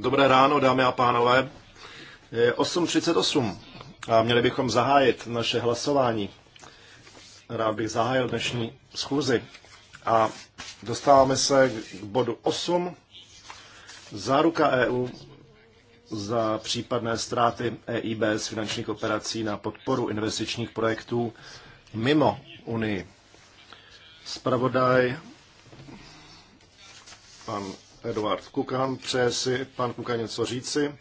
Dobré ráno, dámy a pánové. Je 8.38 a měli bychom zahájit naše hlasování. Rád bych zahájil dnešní schůzi. A dostáváme se k bodu 8. Záruka EU za případné ztráty EIB z finančních operací na podporu investičních projektů mimo Unii. Spravodaj pan Eduard Kukan. Přeje si pan Kukan něco říci.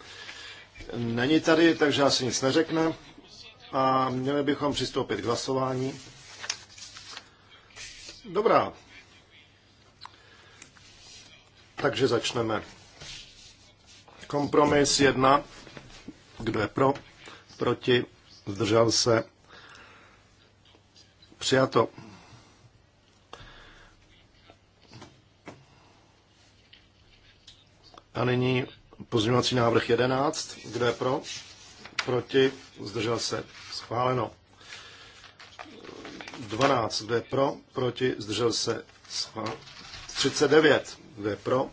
Není tady, takže asi nic neřekne. A měli bychom přistoupit k hlasování. Dobrá. Takže začneme. Kompromis 1. Kdo je pro? Proti? Zdržel se? Přijato. A nyní pozměňovací návrh 11. Kdo je pro? Proti? Zdržel se? Schváleno. 12. Kdo je pro? Proti? Zdržel se? Schváleno. 39. Kdo je pro?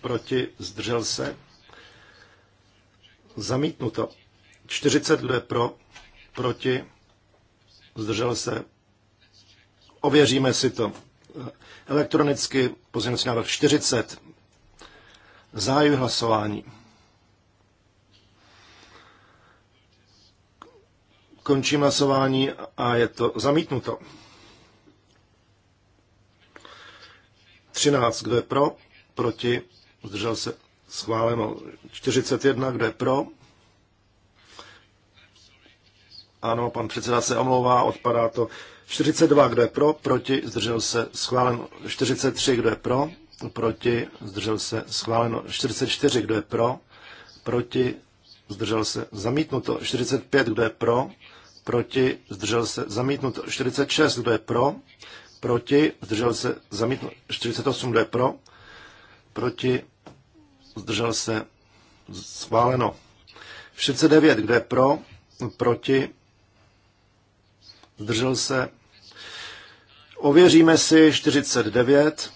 Proti? Zdržel se? Zamítnuto. 40. Kdo je pro? Proti? Zdržel se? Ověříme si to. Elektronicky pozměňovací návrh 40. Zájem hlasování. Končím hlasování a je to zamítnuto. 13, kdo je pro, proti, zdržel se, schváleno. 41, kdo je pro, ano, pan předseda se omlouvá, odpadá to. 42, kdo je pro, proti, zdržel se, schváleno 43, kdo je pro, proti, zdržel se, schváleno 44, kdo je pro, proti, zdržel se, zamítnuto 45, kdo je pro, proti, zdržel se, zamítnuto 46, kdo je pro, proti, zdržel se, zamítnuto 48, kdo je pro, proti, zdržel se, schváleno 49, kdo je pro, proti, zdržel se, ověříme si 49,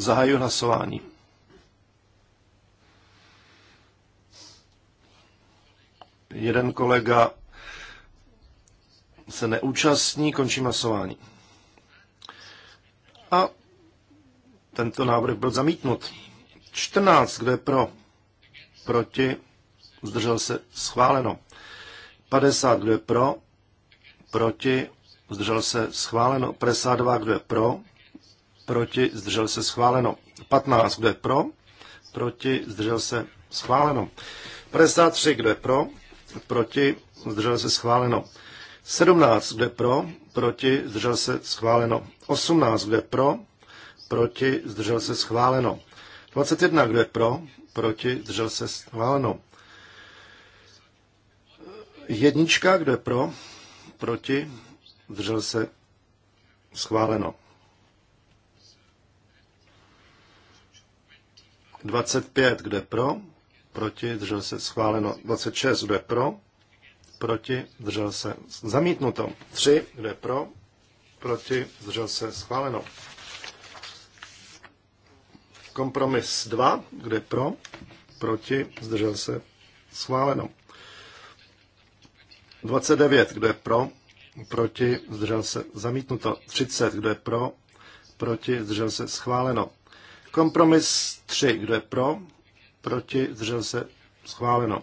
Zahaju hlasování. Jeden kolega se neúčastní, končí hlasování. A tento návrh byl zamítnut. 14, kdo je pro? Proti? Zdržel se schváleno. 50, kdo je pro? Proti? Zdržel se schváleno. 52, kdo je pro? proti, zdržel se schváleno. 15, kdo je pro, proti, zdržel se schváleno. 53, kdo je pro, proti, zdržel se schváleno. 17, kdo je pro, proti, zdržel se schváleno. 18, kdo je pro, proti, zdržel se schváleno. 21, kdo je pro, proti, zdržel se schváleno. Jednička, kdo je pro, proti, zdržel se schváleno. 25, kde pro, proti, držel se schváleno. 26, kde pro, proti, držel se zamítnuto. 3, kde pro, proti, zdržel se schváleno. Kompromis 2, kde pro, proti, zdržel se schváleno. 29, kde pro, proti, zdržel se zamítnuto. 30, kde pro, proti, zdržel se schváleno. Kompromis 3. Kdo je pro? Proti? Zdržel se? Schváleno.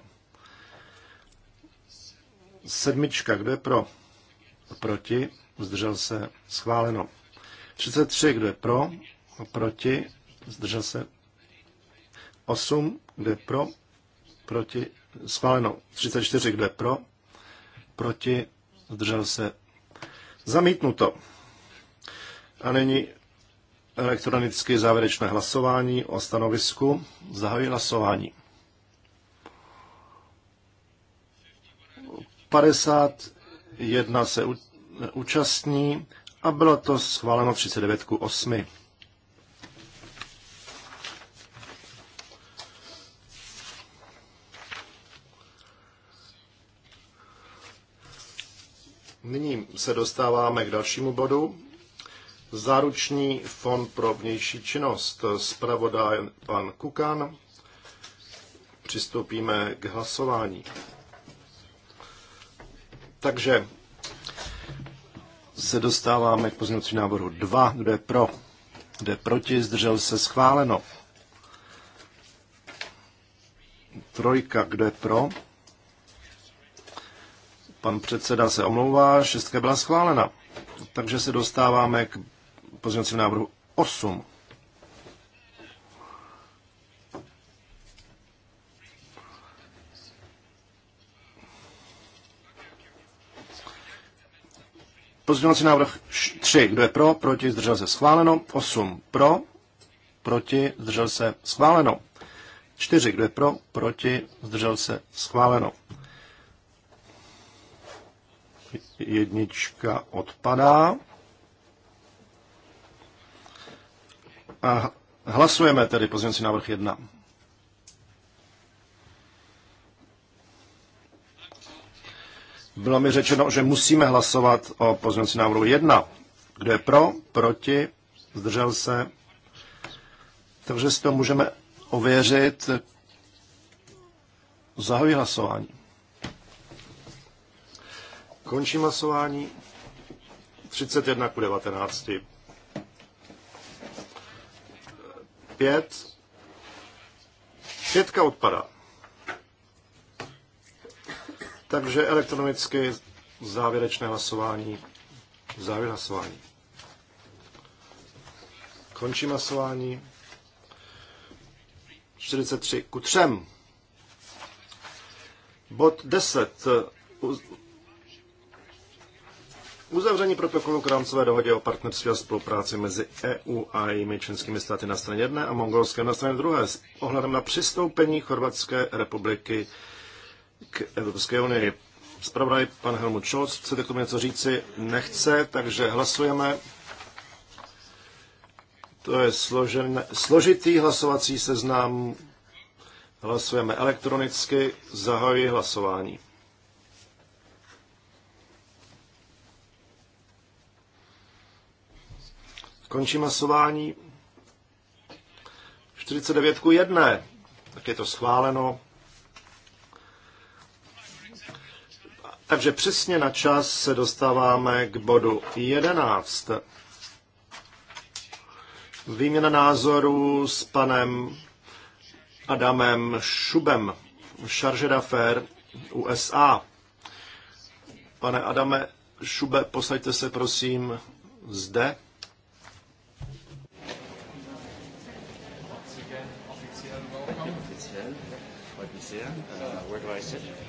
Sedmička. Kdo je pro? Proti? Zdržel se? Schváleno. 33. Kdo je pro? Proti? Zdržel se? 8. Kdo je pro? Proti? Schváleno. 34. Kdo je pro? Proti? Zdržel se? Zamítnuto. A nyní elektronicky závěrečné hlasování o stanovisku. Zahajuji hlasování. 51 se účastní a bylo to schváleno 39 k 8. Nyní se dostáváme k dalšímu bodu, Záruční fond pro vnější činnost. Zpravodá pan Kukan. Přistoupíme k hlasování. Takže se dostáváme k pozměňovacímu návrhu 2. Kdo je pro? Kdo je proti? Zdržel se schváleno. Trojka. Kdo je pro? Pan předseda se omlouvá, šestka byla schválena. Takže se dostáváme k pozměňovacím návrhu 8. Pozměňovací návrh 3. Kdo je pro? Proti? Zdržel se? Schváleno. 8. Pro? Proti? Zdržel se? Schváleno. 4. Kdo je pro? Proti? Zdržel se? Schváleno. Jednička odpadá. A hlasujeme tedy pozměnci návrh 1. Bylo mi řečeno, že musíme hlasovat o pozměnci návrhu 1. Kdo je pro, proti, zdržel se. Takže si to můžeme ověřit. Zahajuji hlasování. Končím hlasování. 31 k 19. Pět. Pětka odpadá. Takže elektronicky závěrečné hlasování. Závěr hlasování. Končím hlasování. 43 ku 3. Bod 10. Uzavření protokolu k rámcové dohodě o partnerství a spolupráci mezi EU a jejími členskými státy na straně jedné a Mongolskem na straně druhé s ohledem na přistoupení Chorvatské republiky k Evropské unii. Zpravodaj pan Helmut Scholz, chcete k tomu něco říci? Nechce, takže hlasujeme. To je složen, složitý hlasovací seznam. Hlasujeme elektronicky, zahajuji hlasování. Končím hlasování. 49 ku 1. Tak je to schváleno. Takže přesně na čas se dostáváme k bodu 11. Výměna názorů s panem Adamem Šubem, Charge d'affaires USA. Pane Adame Šube, posaďte se prosím zde.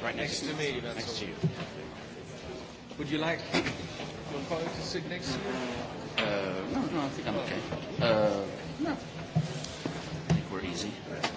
right next, next to me. That's next all. to you. Yeah. Would you like your colleague to sit next to you? Uh, no, no, I think I'm okay. Oh. Uh, no. I think we're easy. Right.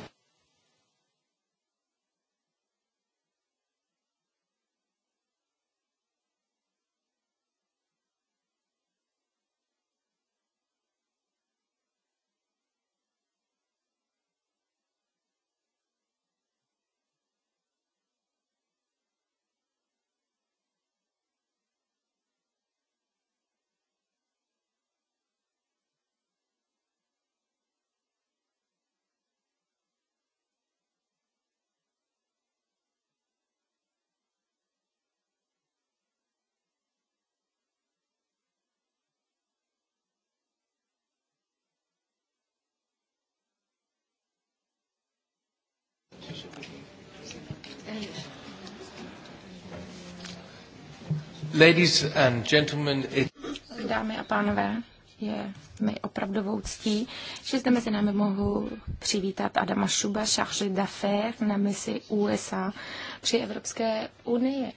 Ladies and gentlemen, Dámy a pánové, je mi opravdovou ctí, že zde mezi námi mohu přivítat Adama Šuba, Charge d'Affaires na misi USA při Evropské unii.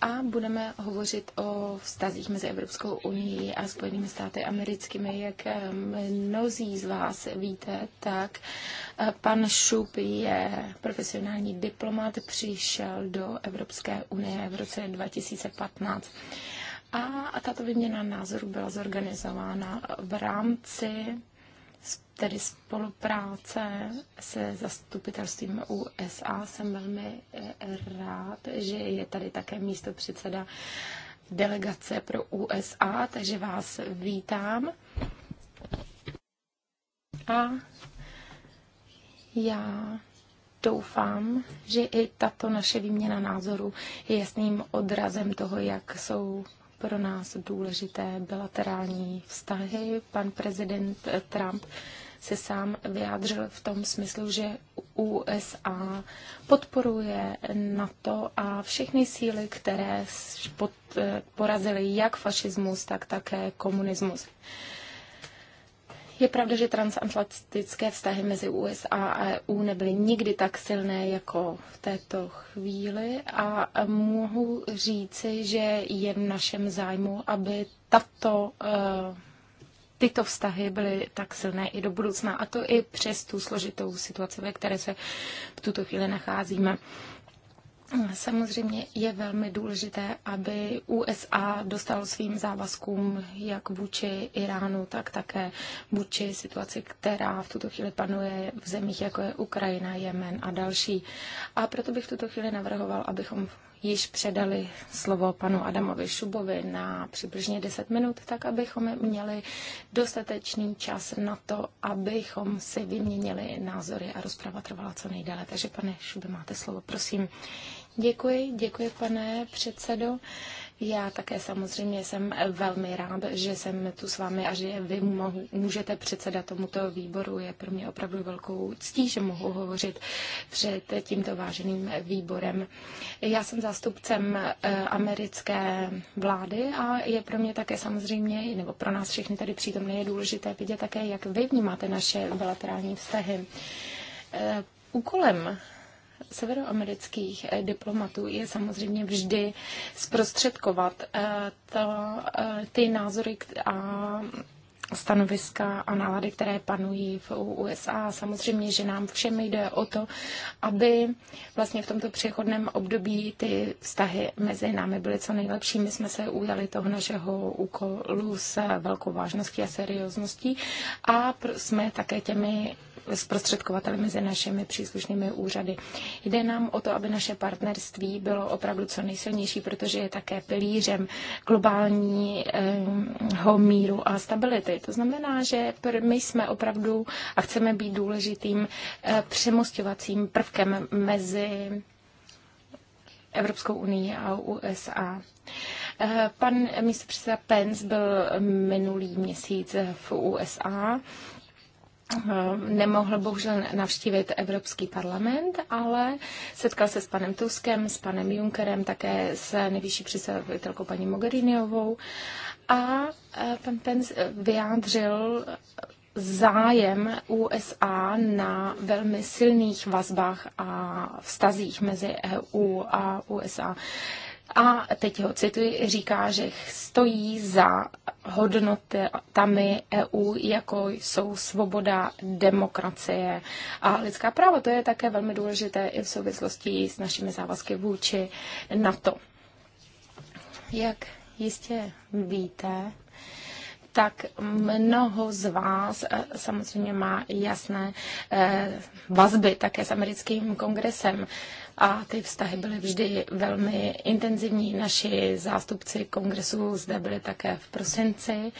A budeme hovořit o vztazích mezi Evropskou unii a Spojenými státy americkými. Jak eh, mnozí z vás víte, tak eh, pan Šup je profesionální diplomat, přišel do Evropské unie v roce 2015. A tato výměna názorů byla zorganizována v rámci tedy spolupráce se zastupitelstvím USA. Jsem velmi eh, rád, že je tady také místo předseda delegace pro USA, takže vás vítám. A já doufám, že i tato naše výměna názorů je jasným odrazem toho, jak jsou pro nás důležité bilaterální vztahy. Pan prezident Trump se sám vyjádřil v tom smyslu, že USA podporuje NATO a všechny síly, které eh, porazily jak fašismus, tak také komunismus. Je pravda, že transatlantické vztahy mezi USA a EU nebyly nikdy tak silné jako v této chvíli a mohu říci, že je v našem zájmu, aby tato eh, tyto vztahy byly tak silné i do budoucna, a to i přes tu složitou situaci, ve které se v tuto chvíli nacházíme. Samozřejmě je velmi důležité, aby USA dostal svým závazkům jak vůči Iránu, tak také vůči situaci, která v tuto chvíli panuje v zemích, jako je Ukrajina, Jemen a další. A proto bych v tuto chvíli navrhoval, abychom již předali slovo panu Adamovi Šubovi na přibližně 10 minut, tak abychom měli dostatečný čas na to, abychom si vyměnili názory a rozprava trvala co nejdéle. Takže pane Šube, máte slovo, prosím. Děkuji, děkuji pane předsedo. Já také samozřejmě jsem velmi rád, že jsem tu s vámi a že vy můžete předsedat tomuto výboru. Je pro mě opravdu velkou ctí, že mohu hovořit před tímto váženým výborem. Já jsem zástupcem eh, americké vlády a je pro mě také samozřejmě, nebo pro nás všechny tady přítomné, je důležité vidět také, jak vy vnímáte naše bilaterální vztahy. Eh, úkolem severoamerických eh, diplomatů je samozřejmě vždy zprostředkovat eh, to, eh, ty názory a stanoviska a nálady, které panují v USA. Samozřejmě, že nám všem jde o to, aby vlastně v tomto přechodném období ty vztahy mezi námi byly co nejlepší. My jsme se ujali toho našeho úkolu s velkou vážností a seriózností a jsme také těmi zprostředkovateli mezi našimi příslušnými úřady. Jde nám o to, aby naše partnerství bylo opravdu co nejsilnější, protože je také pilířem globálního míru a stability. To znamená, že my jsme opravdu a chceme být důležitým eh, přemostovacím prvkem mezi Evropskou unii a USA. Eh, pan místopředseda Pence byl minulý měsíc v USA Eh, nemohl bohužel navštívit Evropský parlament, ale setkal se s panem Tuskem, s panem Junkerem, také s nejvyšší představitelkou paní Mogheriniovou a eh, pan Pence vyjádřil zájem USA na velmi silných vazbách a vztazích mezi EU a USA a teď ho cituji, říká, že stojí za hodnotami EU, jako jsou svoboda, demokracie a lidská práva. To je také velmi důležité i v souvislosti s našimi závazky vůči NATO. Jak jistě víte, tak mnoho z vás eh, samozřejmě má jasné eh, vazby také s americkým kongresem a ty vztahy byly vždy velmi intenzivní. Naši zástupci kongresu zde byli také v prosinci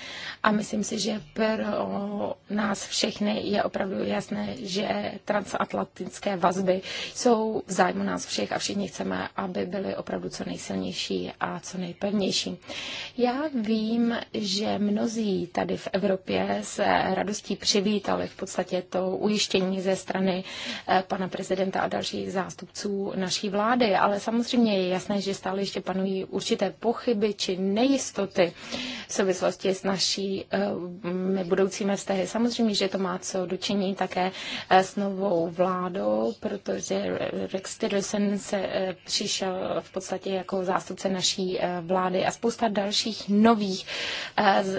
a myslím si, že pro nás všechny je opravdu jasné, že transatlantické vazby jsou v zájmu nás všech a všichni chceme, aby byly opravdu co nejsilnější a co nejpevnější. Já vím, že mnozí tady v Evropě se radostí přivítali v podstatě to ujištění ze strany eh, pana prezidenta a dalších zástupců naší vlády, ale samozřejmě je jasné, že stále ještě panují určité pochyby či nejistoty v souvislosti s našimi eh, budoucími vztahy. Samozřejmě, že to má co dočinění také eh, s novou vládou, protože Rex Tillerson se eh, přišel v podstatě jako zástupce naší vlády a spousta dalších nových,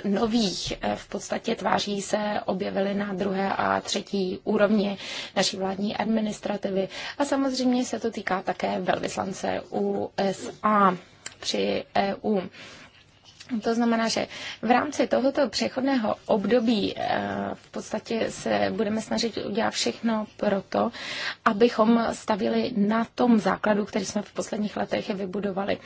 nových v podstatě tváří se objevily na druhé a třetí úrovni naší vládní administrativy. A samozřejmě se to týká také velvyslance USA při EU. To znamená, že v rámci tohoto přechodného období eh, v podstatě se budeme snažit udělat všechno pro to, abychom stavili na tom základu, který jsme v posledních letech vybudovali.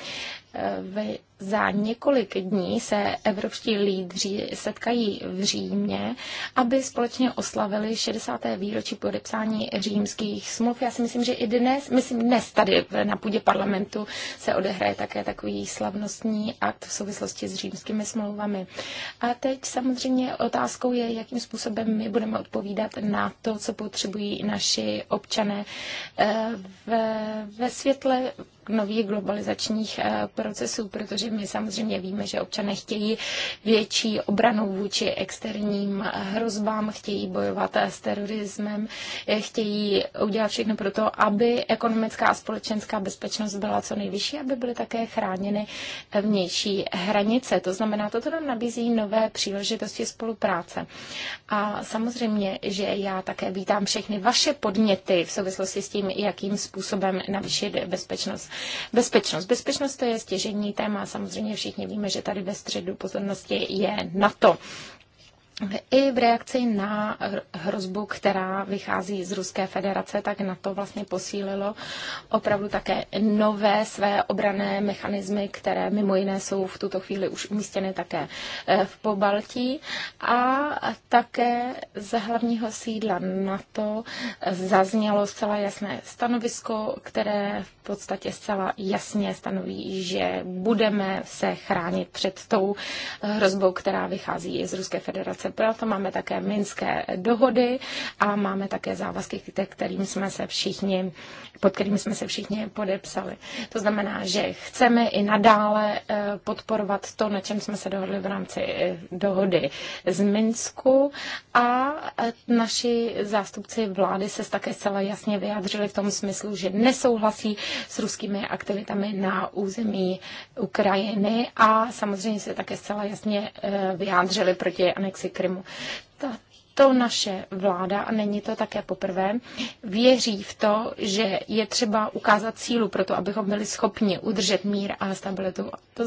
Eh, za několik dní se evropští lídři setkají v Římě, aby společně oslavili 60. výročí podepsání římských smluv. Já si myslím, že i dnes, myslím dnes tady na půdě parlamentu se odehraje také takový slavnostní akt v souvislosti s římskými smlouvami. A teď samozřejmě otázkou je, jakým způsobem my budeme odpovídat na to, co potřebují naši občané eh, ve, ve světle nových globalizačních eh, procesů, protože my samozřejmě víme, že občané chtějí větší obranu vůči externím eh, hrozbám, chtějí bojovat eh, s terorismem, chtějí udělat všechno pro to, aby ekonomická a společenská bezpečnost byla co nejvyšší, aby byly také chráněny vnější hranice. To znamená, toto nám nabízí nové příležitosti spolupráce. A samozřejmě, že já také vítám všechny vaše podněty v souvislosti s tím, jakým způsobem navýšit bezpečnost. Bezpečnost. Bezpečnost to je stěžení téma. Samozřejmě všichni víme, že tady ve středu pozornosti je NATO i v reakci na hrozbu, která vychází z Ruské federace, tak na to vlastně posílilo opravdu také nové své obrané mechanismy, které mimo jiné jsou v tuto chvíli už umístěny také eh, v Pobaltí. A také z hlavního sídla na to zaznělo zcela jasné stanovisko, které v podstatě zcela jasně stanoví, že budeme se chránit před tou hrozbou, která vychází z Ruské federace proto máme také minské dohody a máme také závazky, kterým jsme se všichni, pod kterými jsme se všichni podepsali. To znamená, že chceme i nadále eh, podporovat to, na čem jsme se dohodli v rámci eh, dohody z Minsku a eh, naši zástupci vlády se také zcela jasně vyjádřili v tom smyslu, že nesouhlasí s ruskými aktivitami na území Ukrajiny a samozřejmě se také zcela jasně vyjádřili proti anexi Krymu. Ta, to naše vláda, a není to také poprvé, věří v to, že je třeba ukázat sílu pro to, abychom byli schopni udržet mír a stabilitu. To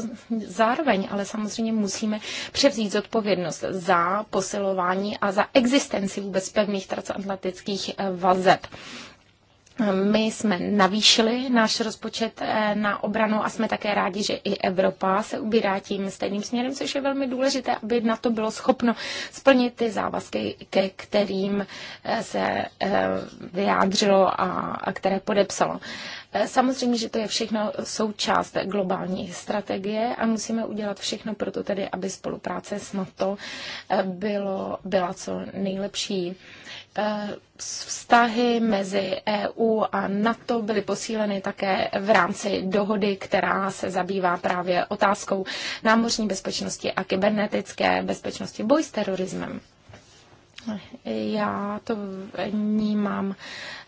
zároveň ale samozřejmě musíme převzít zodpovědnost za posilování a za existenci vůbec pevných transatlantických eh, vazeb. My jsme navýšili náš rozpočet eh, na obranu a jsme také rádi, že i Evropa se ubírá tím stejným směrem, což je velmi důležité, aby na to bylo schopno splnit ty závazky, ke kterým eh, se eh, vyjádřilo a které podepsalo. Samozřejmě, že to je všechno součást globální strategie a musíme udělat všechno pro to tedy, aby spolupráce s NATO bylo, byla co nejlepší vztahy mezi EU a NATO byly posíleny také v rámci dohody, která se zabývá právě otázkou námořní bezpečnosti a kybernetické bezpečnosti, boj s terorismem. Já to vnímám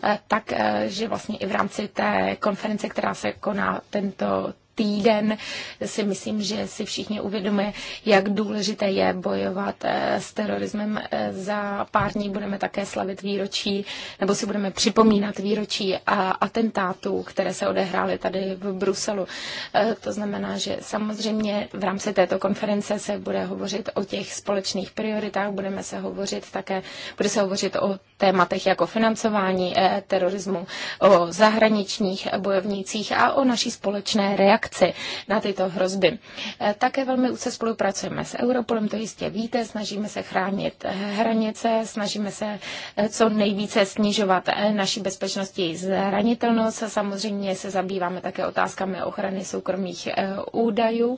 eh, tak, eh, že vlastně i v rámci té konference, která se koná tento týden si myslím, že si všichni uvědomuje, jak důležité je bojovat eh, s terorismem. Eh, za pár dní budeme také slavit výročí, nebo si budeme připomínat výročí a atentátů, které se odehrály tady v Bruselu. Eh, to znamená, že samozřejmě v rámci této konference se bude hovořit o těch společných prioritách, budeme se hovořit také, bude se hovořit o tématech jako financování terorismu, o zahraničních bojovnících a o naší společné reakci reakci na tyto hrozby. Eh, také velmi úzce spolupracujeme s Europolem, to jistě víte, snažíme se chránit eh, hranice, snažíme se eh, co nejvíce snižovat naší bezpečnosti zranitelnost. Samozřejmě se zabýváme také otázkami ochrany soukromých údajů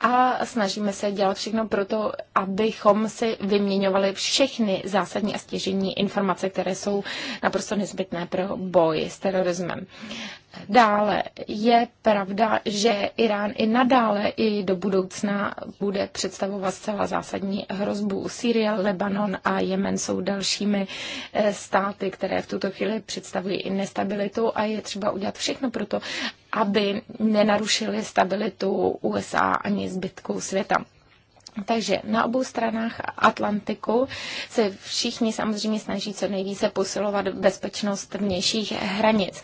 a snažíme se dělat všechno pro to, abychom si vyměňovali všechny zásadní a stěžení informace, které jsou naprosto nezbytné pro boj s terorismem. Dále je pravda, že Irán i nadále i do budoucna bude představovat zcela zásadní hrozbu. Sýrie, Lebanon a Jemen jsou dalšími eh, státy, které v tuto chvíli představují i nestabilitu a je třeba udělat všechno pro to, aby nenarušili stabilitu USA ani zbytku světa. Takže na obou stranách Atlantiku se všichni samozřejmě snaží co nejvíce posilovat bezpečnost vnějších hranic.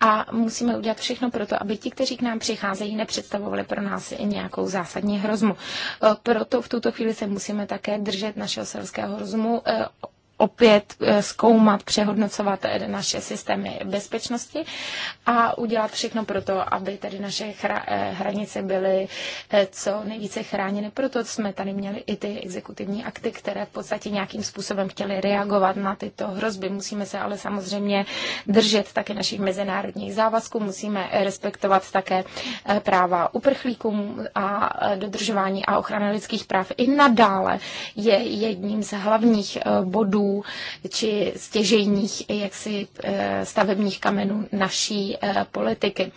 A musíme udělat všechno pro to, aby ti, kteří k nám přicházejí, nepředstavovali pro nás nějakou zásadní hrozmu. E, proto v tuto chvíli se musíme také držet našeho selského rozumu, e, opět eh, zkoumat, přehodnocovat eh, naše systémy bezpečnosti a udělat všechno pro to, aby tady naše eh, hranice byly co nejvíce chráněny. Proto jsme tady měli i ty exekutivní akty, které v podstatě nějakým způsobem chtěly reagovat na tyto hrozby. Musíme se ale samozřejmě držet také našich mezinárodních závazků, musíme respektovat také práva uprchlíků a dodržování a ochrana lidských práv i nadále je jedním z hlavních bodů či stěžejních jaksi eh, stavebních kamenů naší eh, politiky.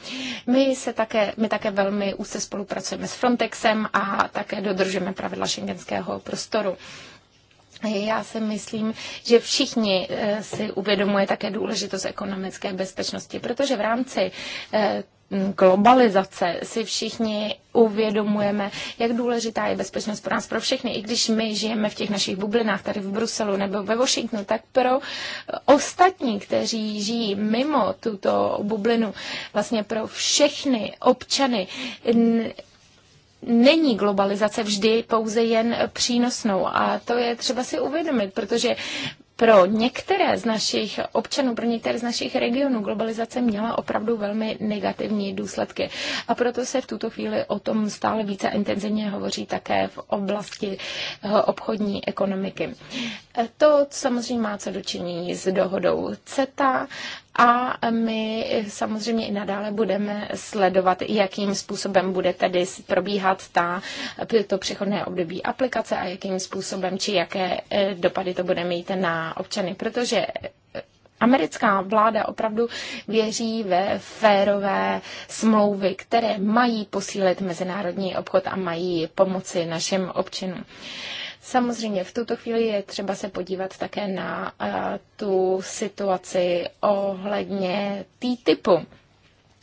My, se také, my také velmi úzce spolupracujeme s Frontexem a také dodržujeme pravidla šengenského prostoru. Já si myslím, že všichni eh, si uvědomuje také důležitost ekonomické bezpečnosti, protože v rámci globalizace si všichni uvědomujeme, jak důležitá je bezpečnost pro nás, pro všechny. I když my žijeme v těch našich bublinách tady v Bruselu nebo ve Washingtonu, tak pro eh, ostatní, kteří žijí mimo tuto bublinu, vlastně pro všechny občany není globalizace vždy pouze jen přínosnou. A to je třeba si uvědomit, protože pro některé z našich občanů, pro některé z našich regionů globalizace měla opravdu velmi negativní důsledky. A proto se v tuto chvíli o tom stále více intenzivně hovoří také v oblasti eh, obchodní ekonomiky. Eh, to samozřejmě má co dočinění s dohodou CETA a my samozřejmě i nadále budeme sledovat, jakým způsobem bude tedy probíhat ta, to přechodné období aplikace a jakým způsobem či jaké eh, dopady to bude mít na občany, protože eh, Americká vláda opravdu věří ve férové smlouvy, které mají posílit mezinárodní obchod a mají pomoci našim občanům. Samozřejmě v tuto chvíli je třeba se podívat také na eh, tu situaci ohledně T-typu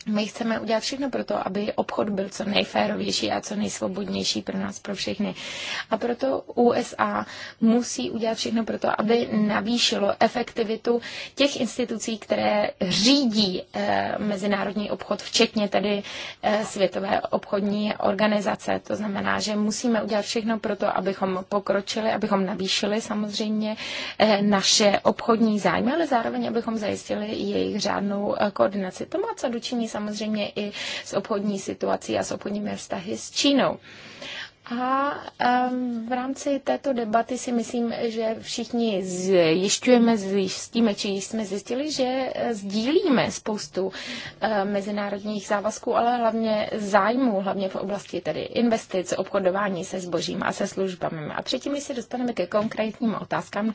my chceme udělat všechno pro to, aby obchod byl co nejférovější a co nejsvobodnější pro nás, pro všechny. A proto USA musí udělat všechno pro to, aby navýšilo efektivitu těch institucí, které řídí eh, mezinárodní obchod, včetně tedy eh, Světové obchodní organizace. To znamená, že musíme udělat všechno pro to, abychom pokročili, abychom navýšili samozřejmě eh, naše obchodní zájmy, ale zároveň abychom zajistili jejich řádnou koordinaci. To má co dočinit samozřejmě i s obchodní situací a s obchodními vztahy s Čínou. A v rámci této debaty si myslím, že všichni zjišťujeme, zjistíme, či jsme zjistili, že eh, sdílíme spoustu eh, mezinárodních závazků, ale hlavně zájmů, hlavně v oblasti tedy investic, obchodování se zbožím a se službami. A předtím, když se dostaneme ke konkrétním otázkám,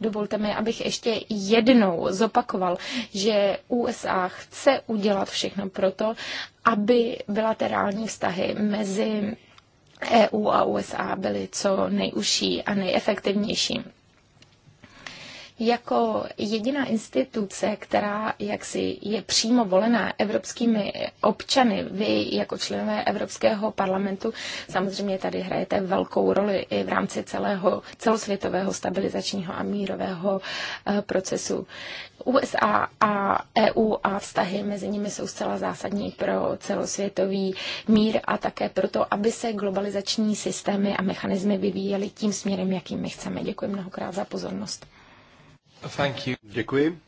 dovolte mi, abych ještě jednou zopakoval, že USA chce udělat všechno proto, aby bilaterální vztahy mezi EU a USA byly co nejužší a nejefektivnější jako jediná instituce, která jaksi je přímo volená evropskými občany, vy jako členové Evropského parlamentu, samozřejmě tady hrajete velkou roli i v rámci celého celosvětového stabilizačního a mírového eh, procesu. USA a EU a vztahy mezi nimi jsou zcela zásadní pro celosvětový mír a také proto, aby se globalizační systémy a mechanismy vyvíjely tím směrem, jakým my chceme. Děkuji mnohokrát za pozornost. Děkuji.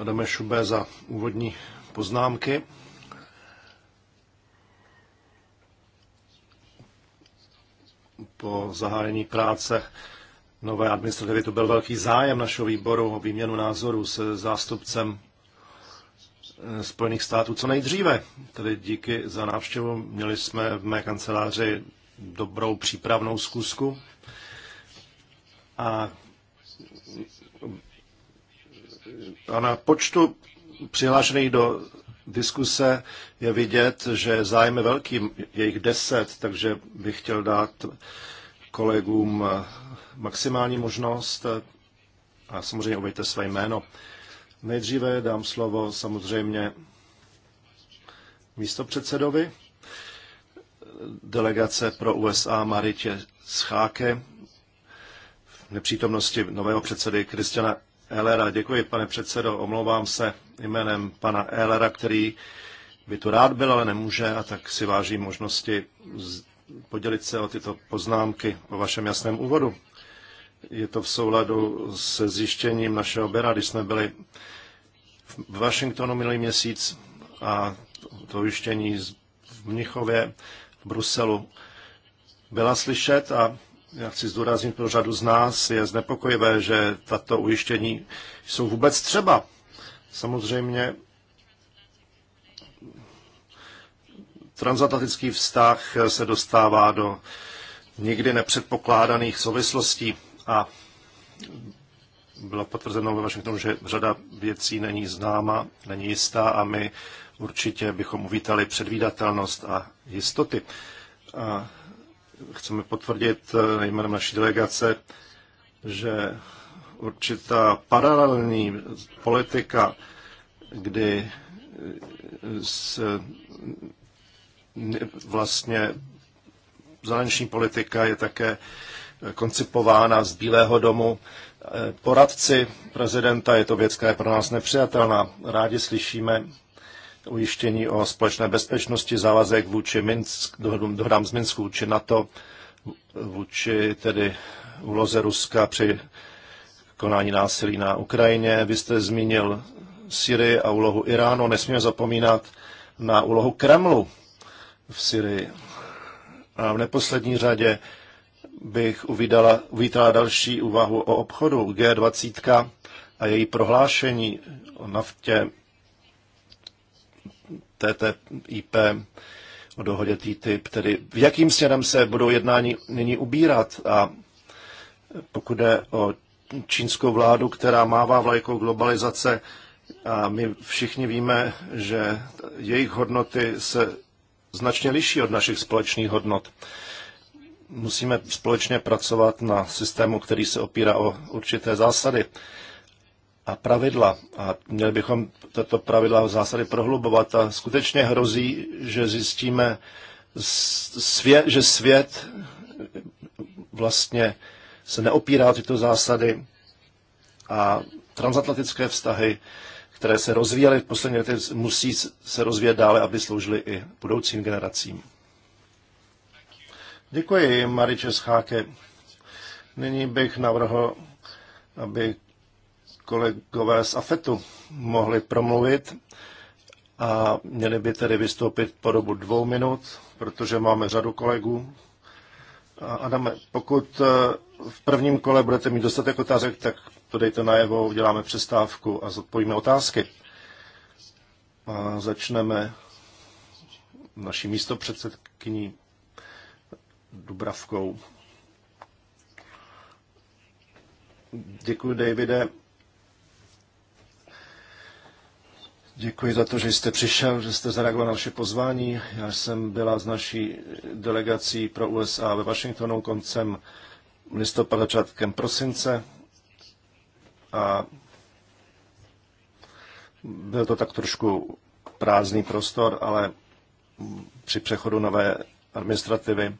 Adame Šubé za úvodní poznámky. Po zahájení práce nové administrativy to byl velký zájem našeho výboru o výměnu názorů se zástupcem eh, Spojených států co nejdříve. Tedy díky za návštěvu. Měli jsme v mé kanceláři dobrou přípravnou zkusku a A na počtu přihlášených do diskuse je vidět, že zájem je velký, je jich deset, takže bych chtěl dát kolegům maximální možnost a samozřejmě obejte své jméno. Nejdříve dám slovo samozřejmě místopředsedovi delegace pro USA Maritě Scháke v nepřítomnosti nového předsedy Kristiana Elera. Děkuji, pane předsedo, omlouvám se jménem pana Elera, který by tu rád byl, ale nemůže a tak si vážím možnosti podělit se o tyto poznámky po vašem jasném úvodu. Je to v souladu se zjištěním našeho Bera, když jsme byli v Washingtonu minulý měsíc a to zjištění v Mnichově, v Bruselu byla slyšet a já chci zdůraznit pro řadu z nás, je znepokojivé, že tato ujištění jsou vůbec třeba. Samozřejmě transatlantický vztah se dostává do nikdy nepředpokládaných souvislostí a bylo potvrzeno ve Washingtonu, že řada věcí není známa, není jistá a my určitě bychom uvítali předvídatelnost a jistoty. A chceme potvrdit eh, jménem naší delegace, že určitá paralelní politika, kdy eh, se eh, vlastně zahraniční politika je také koncipována z Bílého domu. Poradci prezidenta je to věc, která je pro nás nepřijatelná. Rádi slyšíme, ujištění o společné bezpečnosti, závazek vůči Minsk, dohodám, z Minsku vůči NATO, vůči tedy úloze Ruska při konání násilí na Ukrajině. Vy jste zmínil Syrii a úlohu Iránu. Nesmíme zapomínat na úlohu Kremlu v Syrii. A v neposlední řadě bych uvídala, uvítala další úvahu o obchodu G20 a její prohlášení o naftě TTIP, o dohodě TTIP, tedy v jakým směrem se budou jednání nyní ubírat a pokud jde o čínskou vládu, která mává vlajkou globalizace, a my všichni víme, že jejich hodnoty se značně liší od našich společných hodnot. Musíme společně pracovat na systému, který se opírá o určité zásady a pravidla. A měli bychom tato pravidla v zásady prohlubovat a skutečně hrozí, že zjistíme, svět, že svět vlastně se neopírá tyto zásady a transatlantické vztahy, které se rozvíjely v poslední letech, musí se rozvíjet dále, aby sloužily i budoucím generacím. Děkuji, Mariče Scháke. Nyní bych navrhl, aby kolegové z AFETu mohli promluvit a měli by tedy vystoupit po dobu dvou minut, protože máme řadu kolegů. Adame, pokud eh, v prvním kole budete mít dostatek otázek, tak to dejte najevo, uděláme přestávku a zodpovíme otázky. A začneme naší místo předsedkyní Dubravkou. Děkuji, Davide. Děkuji za to, že jste přišel, že jste zareagoval na naše pozvání. Já jsem byla s naší delegací pro USA ve Washingtonu koncem listopadu, začátkem prosince a byl to tak trošku prázdný prostor, ale při přechodu nové administrativy.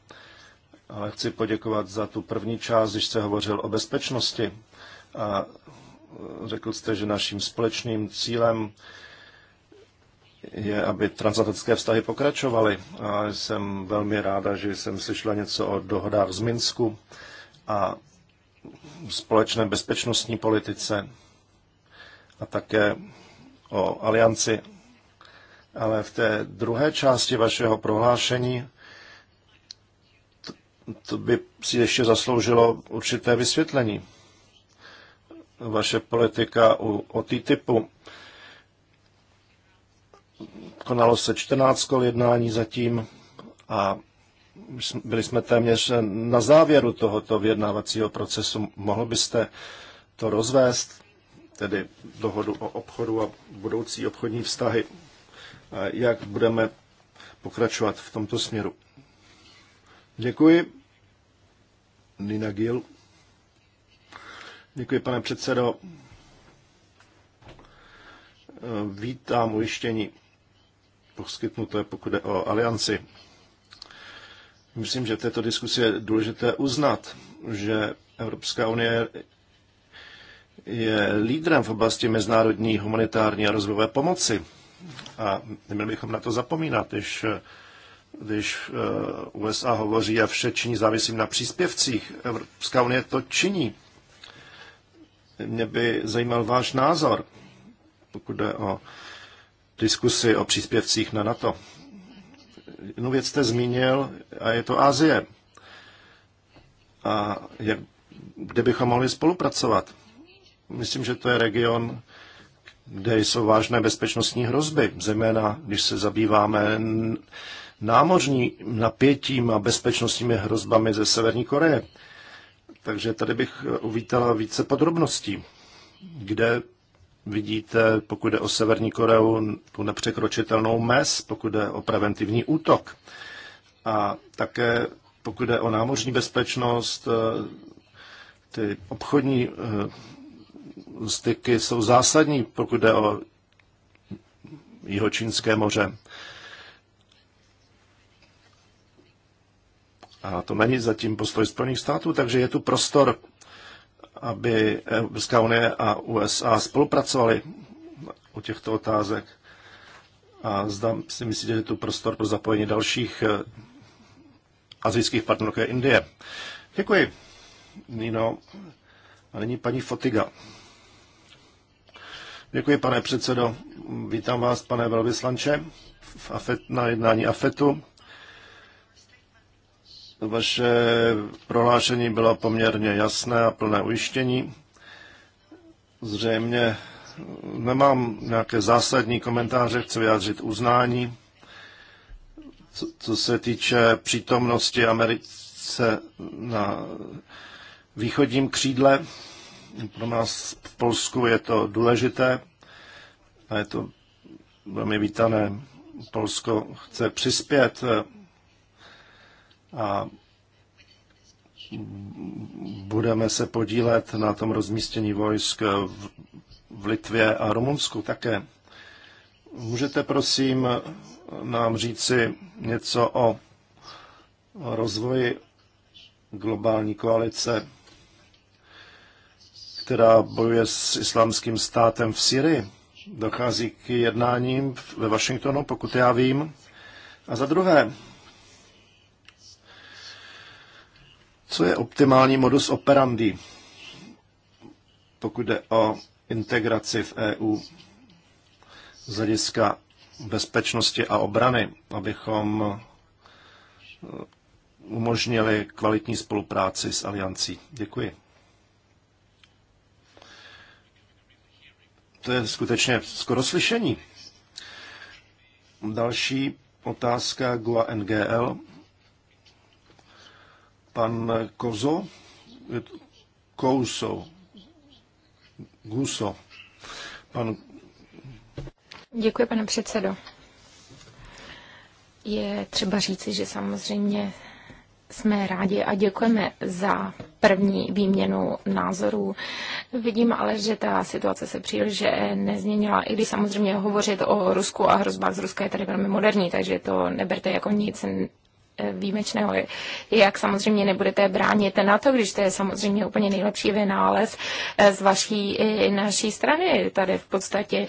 Ale chci poděkovat za tu první část, když jste hovořil o bezpečnosti a řekl jste, že naším společným cílem je, aby transatlantické vztahy pokračovaly. A jsem velmi ráda, že jsem slyšela něco o dohodách z Minsku a společné bezpečnostní politice a také o alianci. Ale v té druhé části vašeho prohlášení to, by si ještě zasloužilo určité vysvětlení. Vaše politika u, o TTIPu typu konalo se 14 kol jednání zatím a byli jsme téměř na závěru tohoto vyjednávacího procesu. Mohl byste to rozvést, tedy dohodu o obchodu a budoucí obchodní vztahy, jak budeme pokračovat v tomto směru. Děkuji. Nina Gil. Děkuji, pane předsedo. Vítám ujištění poskytnuté, pokud jde o alianci. Myslím, že v této diskusi je důležité uznat, že Evropská unie je lídrem v oblasti mezinárodní humanitární a rozvojové pomoci. A neměli bychom na to zapomínat, když, když eh, USA hovoří a vše činí závislým na příspěvcích. Evropská unie to činí. Mě by zajímal váš názor, pokud jde o diskusi o příspěvcích na NATO. Jednu věc jste zmínil a je to Asie. A jak, kde bychom mohli spolupracovat? Myslím, že to je region, kde jsou vážné bezpečnostní hrozby, zejména když se zabýváme námořní napětím a bezpečnostními hrozbami ze Severní Koreje. Takže tady bych uvítala více podrobností, kde vidíte, pokud jde o Severní Koreu, tu nepřekročitelnou mez, pokud jde o preventivní útok. A také pokud jde o námořní bezpečnost, eh, ty obchodní eh, styky jsou zásadní, pokud jde o Jihočínské moře. A to není zatím postoj Spojených států, takže je tu prostor aby Evropská unie a USA spolupracovali u těchto otázek. A zda si myslíte, že tu prostor pro zapojení dalších eh, azijských partnerů, jako je Indie. Děkuji, Nino. A nyní paní Fotiga. Děkuji, pane předsedo. Vítám vás, pane velvyslanče, v AFET, na jednání AFETu. Vaše prohlášení bylo poměrně jasné a plné ujištění. Zřejmě nemám nějaké zásadní komentáře, chci vyjádřit uznání. Co, co se týče přítomnosti Americe na východním křídle, pro nás v Polsku je to důležité a je to velmi vítané. Polsko chce přispět a budeme se podílet na tom rozmístění vojsk v Litvě a Rumunsku také. Můžete prosím nám říci něco o rozvoji globální koalice, která bojuje s islámským státem v Syrii? Dochází k jednáním ve Washingtonu, pokud já vím. A za druhé, Co je optimální modus operandi, pokud jde o integraci v EU z hlediska bezpečnosti a obrany, abychom eh, umožnili kvalitní spolupráci s aliancí. Děkuji. To je skutečně skoro slyšení. Další otázka GUA NGL. Pan Kozo, Kouso, Guso, pan... Děkuji, pane předsedo. Je třeba říci, že samozřejmě jsme rádi a děkujeme za první výměnu názorů. Vidím ale, že ta situace se příliš eh, nezměnila, i když samozřejmě hovořit o Rusku a hrozbách z Ruska je tady velmi moderní, takže to neberte jako nic Eh, výjimečného. Jak samozřejmě nebudete bránit na to, když to je samozřejmě úplně nejlepší vynález eh, z vaší eh, naší strany. Tady v podstatě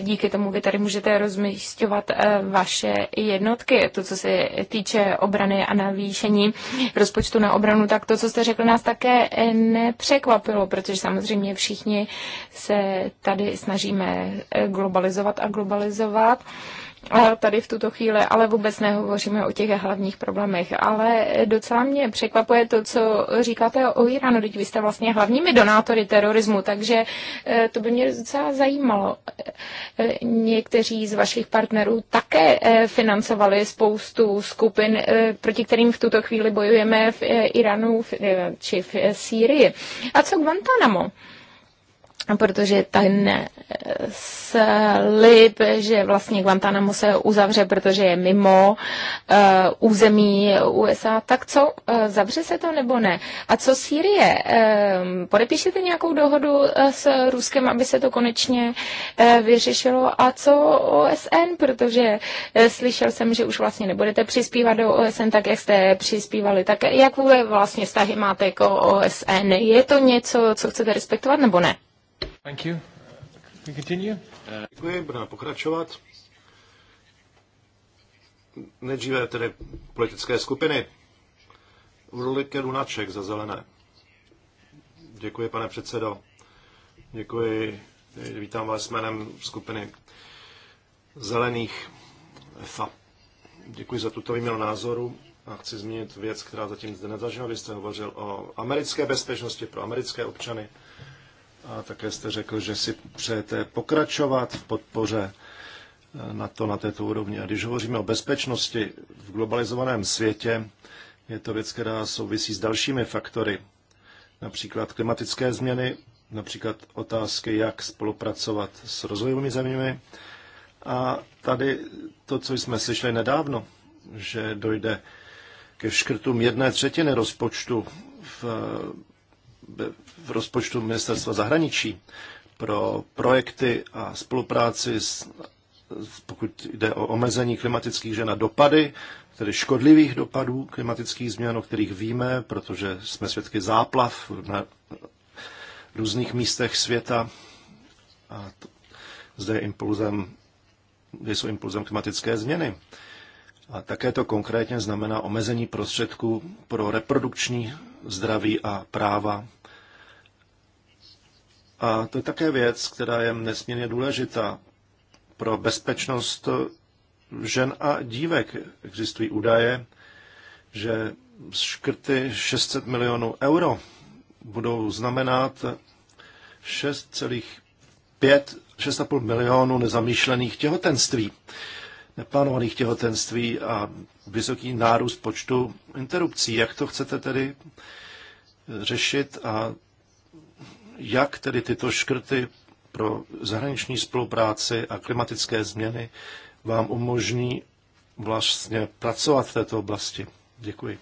díky tomu vy tady můžete rozmístovat vaše jednotky. To, co se týče obrany a navýšení rozpočtu na obranu, tak to, co jste řekl, nás také nepřekvapilo, protože samozřejmě všichni se tady snažíme globalizovat a globalizovat. No. tady v tuto chvíli, ale vůbec nehovoříme o těch hlavních problémech. Ale docela mě překvapuje to, co říkáte o Iránu. Teď vy jste vlastně hlavními donátory terorismu, takže eh, to by mě docela zajímalo. Eh, někteří z vašich partnerů také eh, financovali spoustu skupin, proti kterým v tuto chvíli bojujeme v Iránu či v Sýrii. A co Guantanamo? protože ten slib, že vlastně Guantanamo se uzavře, protože je mimo uh, území USA, tak co, uh, zavře se to nebo ne? A co Sýrie? Um, podepíšete nějakou dohodu s Ruskem, aby se to konečně uh, vyřešilo? A co OSN? Protože uh, slyšel jsem, že už vlastně nebudete přispívat do OSN tak, jak jste přispívali. Tak jak vůbec vlastně vztahy máte jako OSN? Je to něco, co chcete respektovat nebo ne? Thank you. We continue. Děkuji, budeme pokračovat. Nejdříve tedy politické skupiny. Ulrike Lunaček za zelené. Děkuji, pane předsedo. Děkuji. Vítám vás jménem skupiny zelených FA. Děkuji za tuto výměnu názoru a chci zmínit věc, která zatím zde nezažila. Vy jste hovořil o americké bezpečnosti pro americké občany. A také jste řekl, že si přejete pokračovat v podpoře eh, na to na této úrovni. A když hovoříme o bezpečnosti v globalizovaném světě, je to věc, která souvisí s dalšími faktory, například klimatické změny, například otázky, jak spolupracovat s rozvojovými zeměmi. A tady to, co jsme slyšeli nedávno, že dojde ke škrtům jedné třetiny rozpočtu v v rozpočtu ministerstva zahraničí pro projekty a spolupráci, s, pokud jde o omezení klimatických žen a dopady, tedy škodlivých dopadů klimatických změn, o kterých víme, protože jsme svědky záplav na různých místech světa. A to, zde je impulzem, kde jsou impulzem klimatické změny. A také to konkrétně znamená omezení prostředků pro reprodukční zdraví a práva a to je také věc, která je nesmírně důležitá. Pro bezpečnost žen a dívek existují údaje, že škrty 600 milionů euro budou znamenat 6,5 6,5 milionů nezamýšlených těhotenství, neplánovaných těhotenství a vysoký nárůst počtu interrupcí. Jak to chcete tedy řešit a jak tedy tyto škrty pro zahraniční spolupráci a klimatické změny vám umožní vlastně pracovat v této oblasti. Děkuji.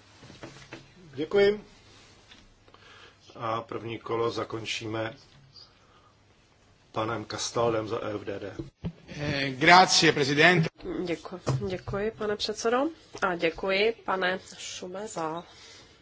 Děkuji. A první kolo zakončíme panem Kastaldem za EFDD. Eh, grazie, prezident. Děkuji, děkuji, pane předsedo. A děkuji, pane Šume, za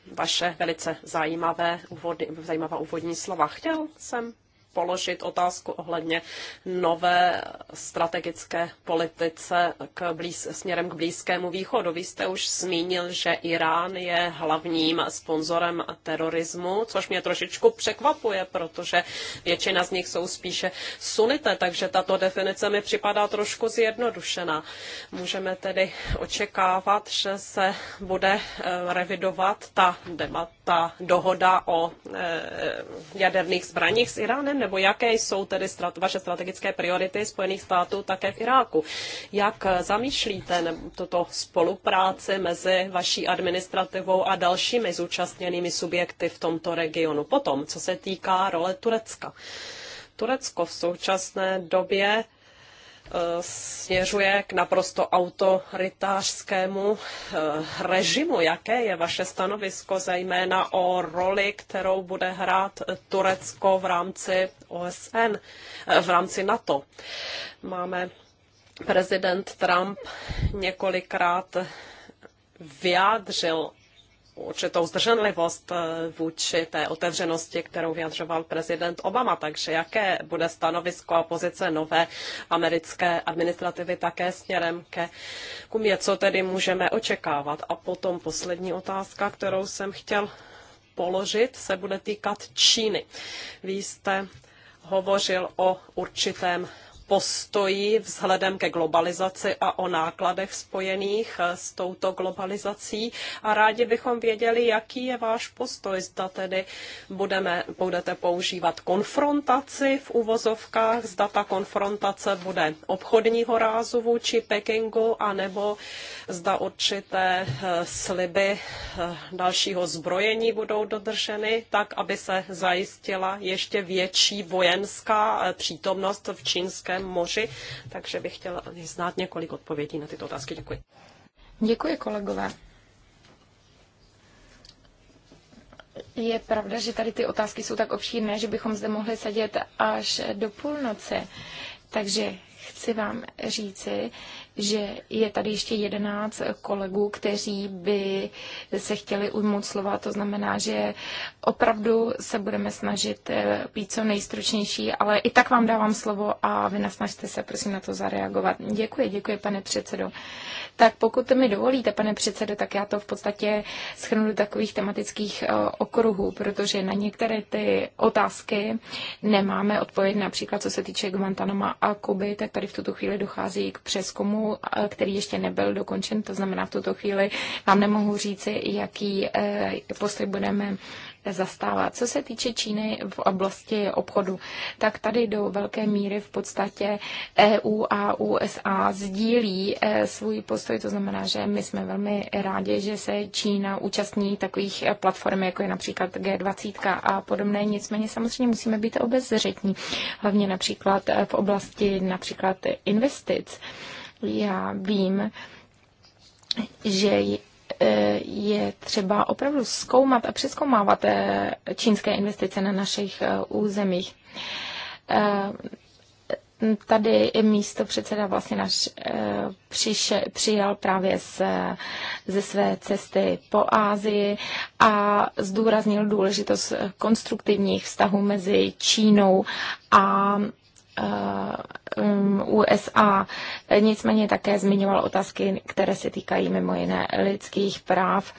vaše velice zajímavé úvody, zajímavá úvodní slova. Chtěl jsem položit otázku ohledně nové strategické politice k blíz, směrem k Blízkému východu. Vy jste už zmínil, že Irán je hlavním sponzorem terorismu, což mě trošičku překvapuje, protože většina z nich jsou spíše sunité, takže tato definice mi připadá trošku zjednodušená. Můžeme tedy očekávat, že se bude eh, revidovat ta debata, dohoda o eh, jaderných zbraních s Iránem nebo jaké jsou tedy strat, vaše strategické priority Spojených států také v Iráku. Jak eh, zamýšlíte toto spolupráci mezi vaší administrativou a dalšími zúčastněnými subjekty v tomto regionu? Potom, co se týká role Turecka. Turecko v současné době směřuje k naprosto autoritářskému eh, režimu. Jaké je vaše stanovisko, zejména o roli, kterou bude hrát Turecko v rámci OSN, eh, v rámci NATO? Máme prezident Trump několikrát vyjádřil určitou zdrženlivost eh, vůči té otevřenosti, kterou vyjadřoval prezident Obama. Takže jaké bude stanovisko a pozice nové americké administrativy také směrem ke kumě, co tedy můžeme očekávat? A potom poslední otázka, kterou jsem chtěl položit, se bude týkat Číny. Vy jste hovořil o určitém postoji vzhledem ke globalizaci a o nákladech spojených eh, s touto globalizací. A rádi bychom věděli, jaký je váš postoj. Zda tedy budeme, budete používat konfrontaci v uvozovkách, zda ta konfrontace bude obchodního rázu vůči Pekingu, anebo zda určité eh, sliby eh, dalšího zbrojení budou dodrženy, tak aby se zajistila ještě větší vojenská přítomnost v čínském Černém moři, takže bych chtěla znát několik odpovědí na tyto otázky. Děkuji. Děkuji, kolegové. Je pravda, že tady ty otázky jsou tak obšírné, že bychom zde mohli sedět až do půlnoci. Takže chci vám říci, že je tady ještě jedenáct kolegů, kteří by se chtěli ujmout slova. To znamená, že opravdu se budeme snažit eh, být co nejstručnější, ale i tak vám dávám slovo a vy nasnažte se, prosím, na to zareagovat. Děkuji, děkuji, pane předsedo. Tak pokud mi dovolíte, pane předsedo, tak já to v podstatě schrnu do takových tematických eh, okruhů, protože na některé ty otázky nemáme odpověď, například co se týče Guantanama a Kuby, tak tady v tuto chvíli dochází k přeskomu který ještě nebyl dokončen, to znamená v tuto chvíli vám nemohu říci, jaký eh, postoj budeme zastávat. Co se týče Číny v oblasti obchodu, tak tady do velké míry v podstatě EU a USA sdílí eh, svůj postoj, to znamená, že my jsme velmi rádi, že se Čína účastní takových platform, jako je například G20 a podobné, nicméně samozřejmě musíme být obezřetní, hlavně například v oblasti například investic já vím, že je třeba opravdu zkoumat a přeskoumávat eh, čínské investice na našich eh, územích. Eh, tady místo předseda vlastně náš přiše, přijal právě z, ze své cesty po Ázii a zdůraznil důležitost konstruktivních vztahů mezi Čínou a Eh, USA. Nicméně také zmiňoval otázky, které se týkají mimo jiné lidských práv.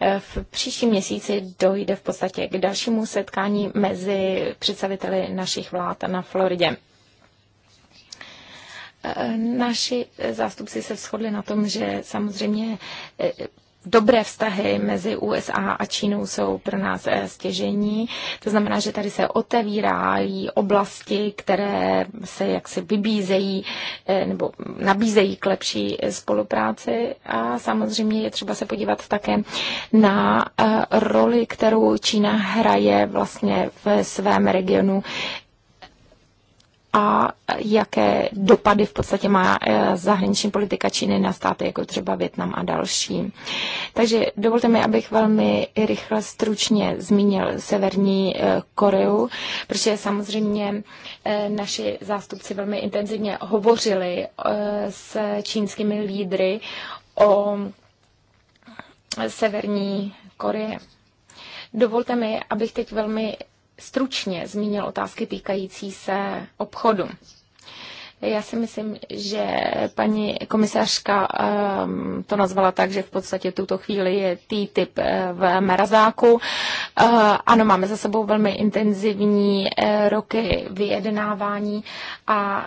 Eh, v příštím měsíci dojde v podstatě k dalšímu setkání mezi představiteli našich vlád na Floridě. Eh, naši zástupci se shodli na tom, že samozřejmě dobré vztahy mezi USA a Čínou jsou pro nás eh, stěžení. To znamená, že tady se otevírají oblasti, které se jaksi vybízejí eh, nebo nabízejí k lepší eh, spolupráci a samozřejmě je třeba se podívat také na roli, kterou Čína hraje vlastně v svém regionu a jaké dopady v podstatě má eh, zahraniční politika Číny na státy, jako třeba Větnam a další. Takže dovolte mi, abych velmi rychle stručně zmínil Severní eh, Koreu, protože samozřejmě eh, naši zástupci velmi intenzivně hovořili s čínskými lídry o Severní Koreje. Dovolte mi, abych teď velmi stručně zmínil otázky týkající se obchodu. Já si myslím, že paní komisařka um, to nazvala tak, že v podstatě tuto chvíli je TTIP eh, v merazáku. Uh, ano, máme za sebou velmi intenzivní uh, roky vyjednávání a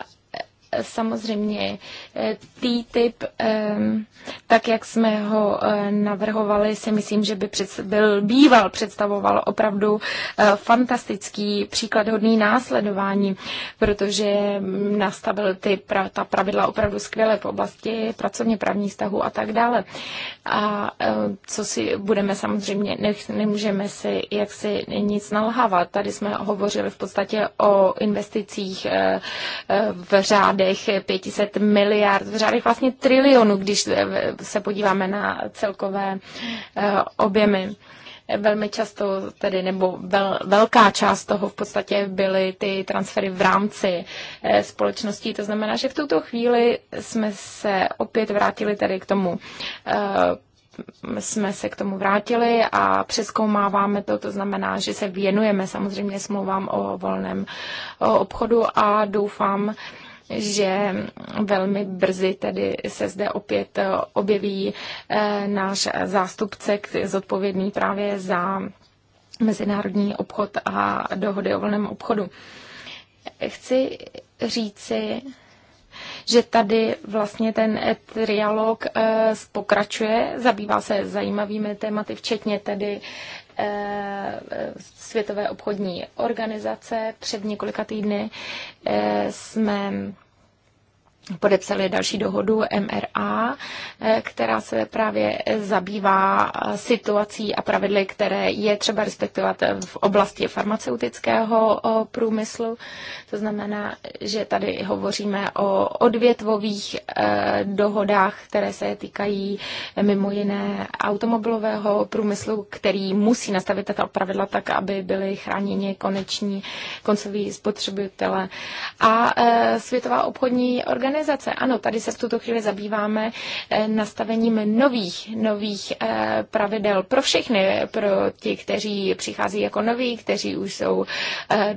samozřejmě eh, TTIP, ehm, tak jak jsme ho eh, navrhovali, si myslím, že by byl býval, představoval opravdu eh, fantastický příklad hodný následování, protože mm, nastavil ty, ta pravidla opravdu skvěle v oblasti pracovně právních vztahů a tak dále. A co si budeme samozřejmě, nech, nemůžeme si jaksi nic nalhávat. Tady jsme hovořili v podstatě o investicích v řádu řádech 500 miliard, v řádech vlastně trilionů, když e, se podíváme na celkové e, objemy velmi často tedy, nebo vel, velká část toho v podstatě byly ty transfery v rámci e, společností. To znamená, že v tuto chvíli jsme se opět vrátili tedy k tomu jsme se k tomu vrátili a přeskoumáváme to, to znamená, že se věnujeme samozřejmě smlouvám o volném obchodu a doufám, že velmi brzy tedy se zde opět eh, objeví eh, náš zástupce zodpovědný právě za mezinárodní obchod a dohody o volném obchodu. Chci říci, že tady vlastně ten trialog eh, pokračuje, zabývá se zajímavými tématy, včetně tedy Eh, Světové obchodní organizace. Před několika týdny eh, jsme podepsali další dohodu MRA, eh, která se právě zabývá eh, situací a pravidly, které je třeba respektovat eh, v oblasti farmaceutického průmyslu. To znamená, že tady hovoříme o odvětvových dohodách, které se týkají mimo jiné automobilového průmyslu, který musí nastavit tato pravidla tak, aby byly chráněni koneční koncoví spotřebitele. A Světová obchodní organizace organizace. Ano, tady se v tuto chvíli zabýváme eh, nastavením nových, nových eh, pravidel pro všechny, pro ti, kteří přichází jako noví, kteří už jsou eh,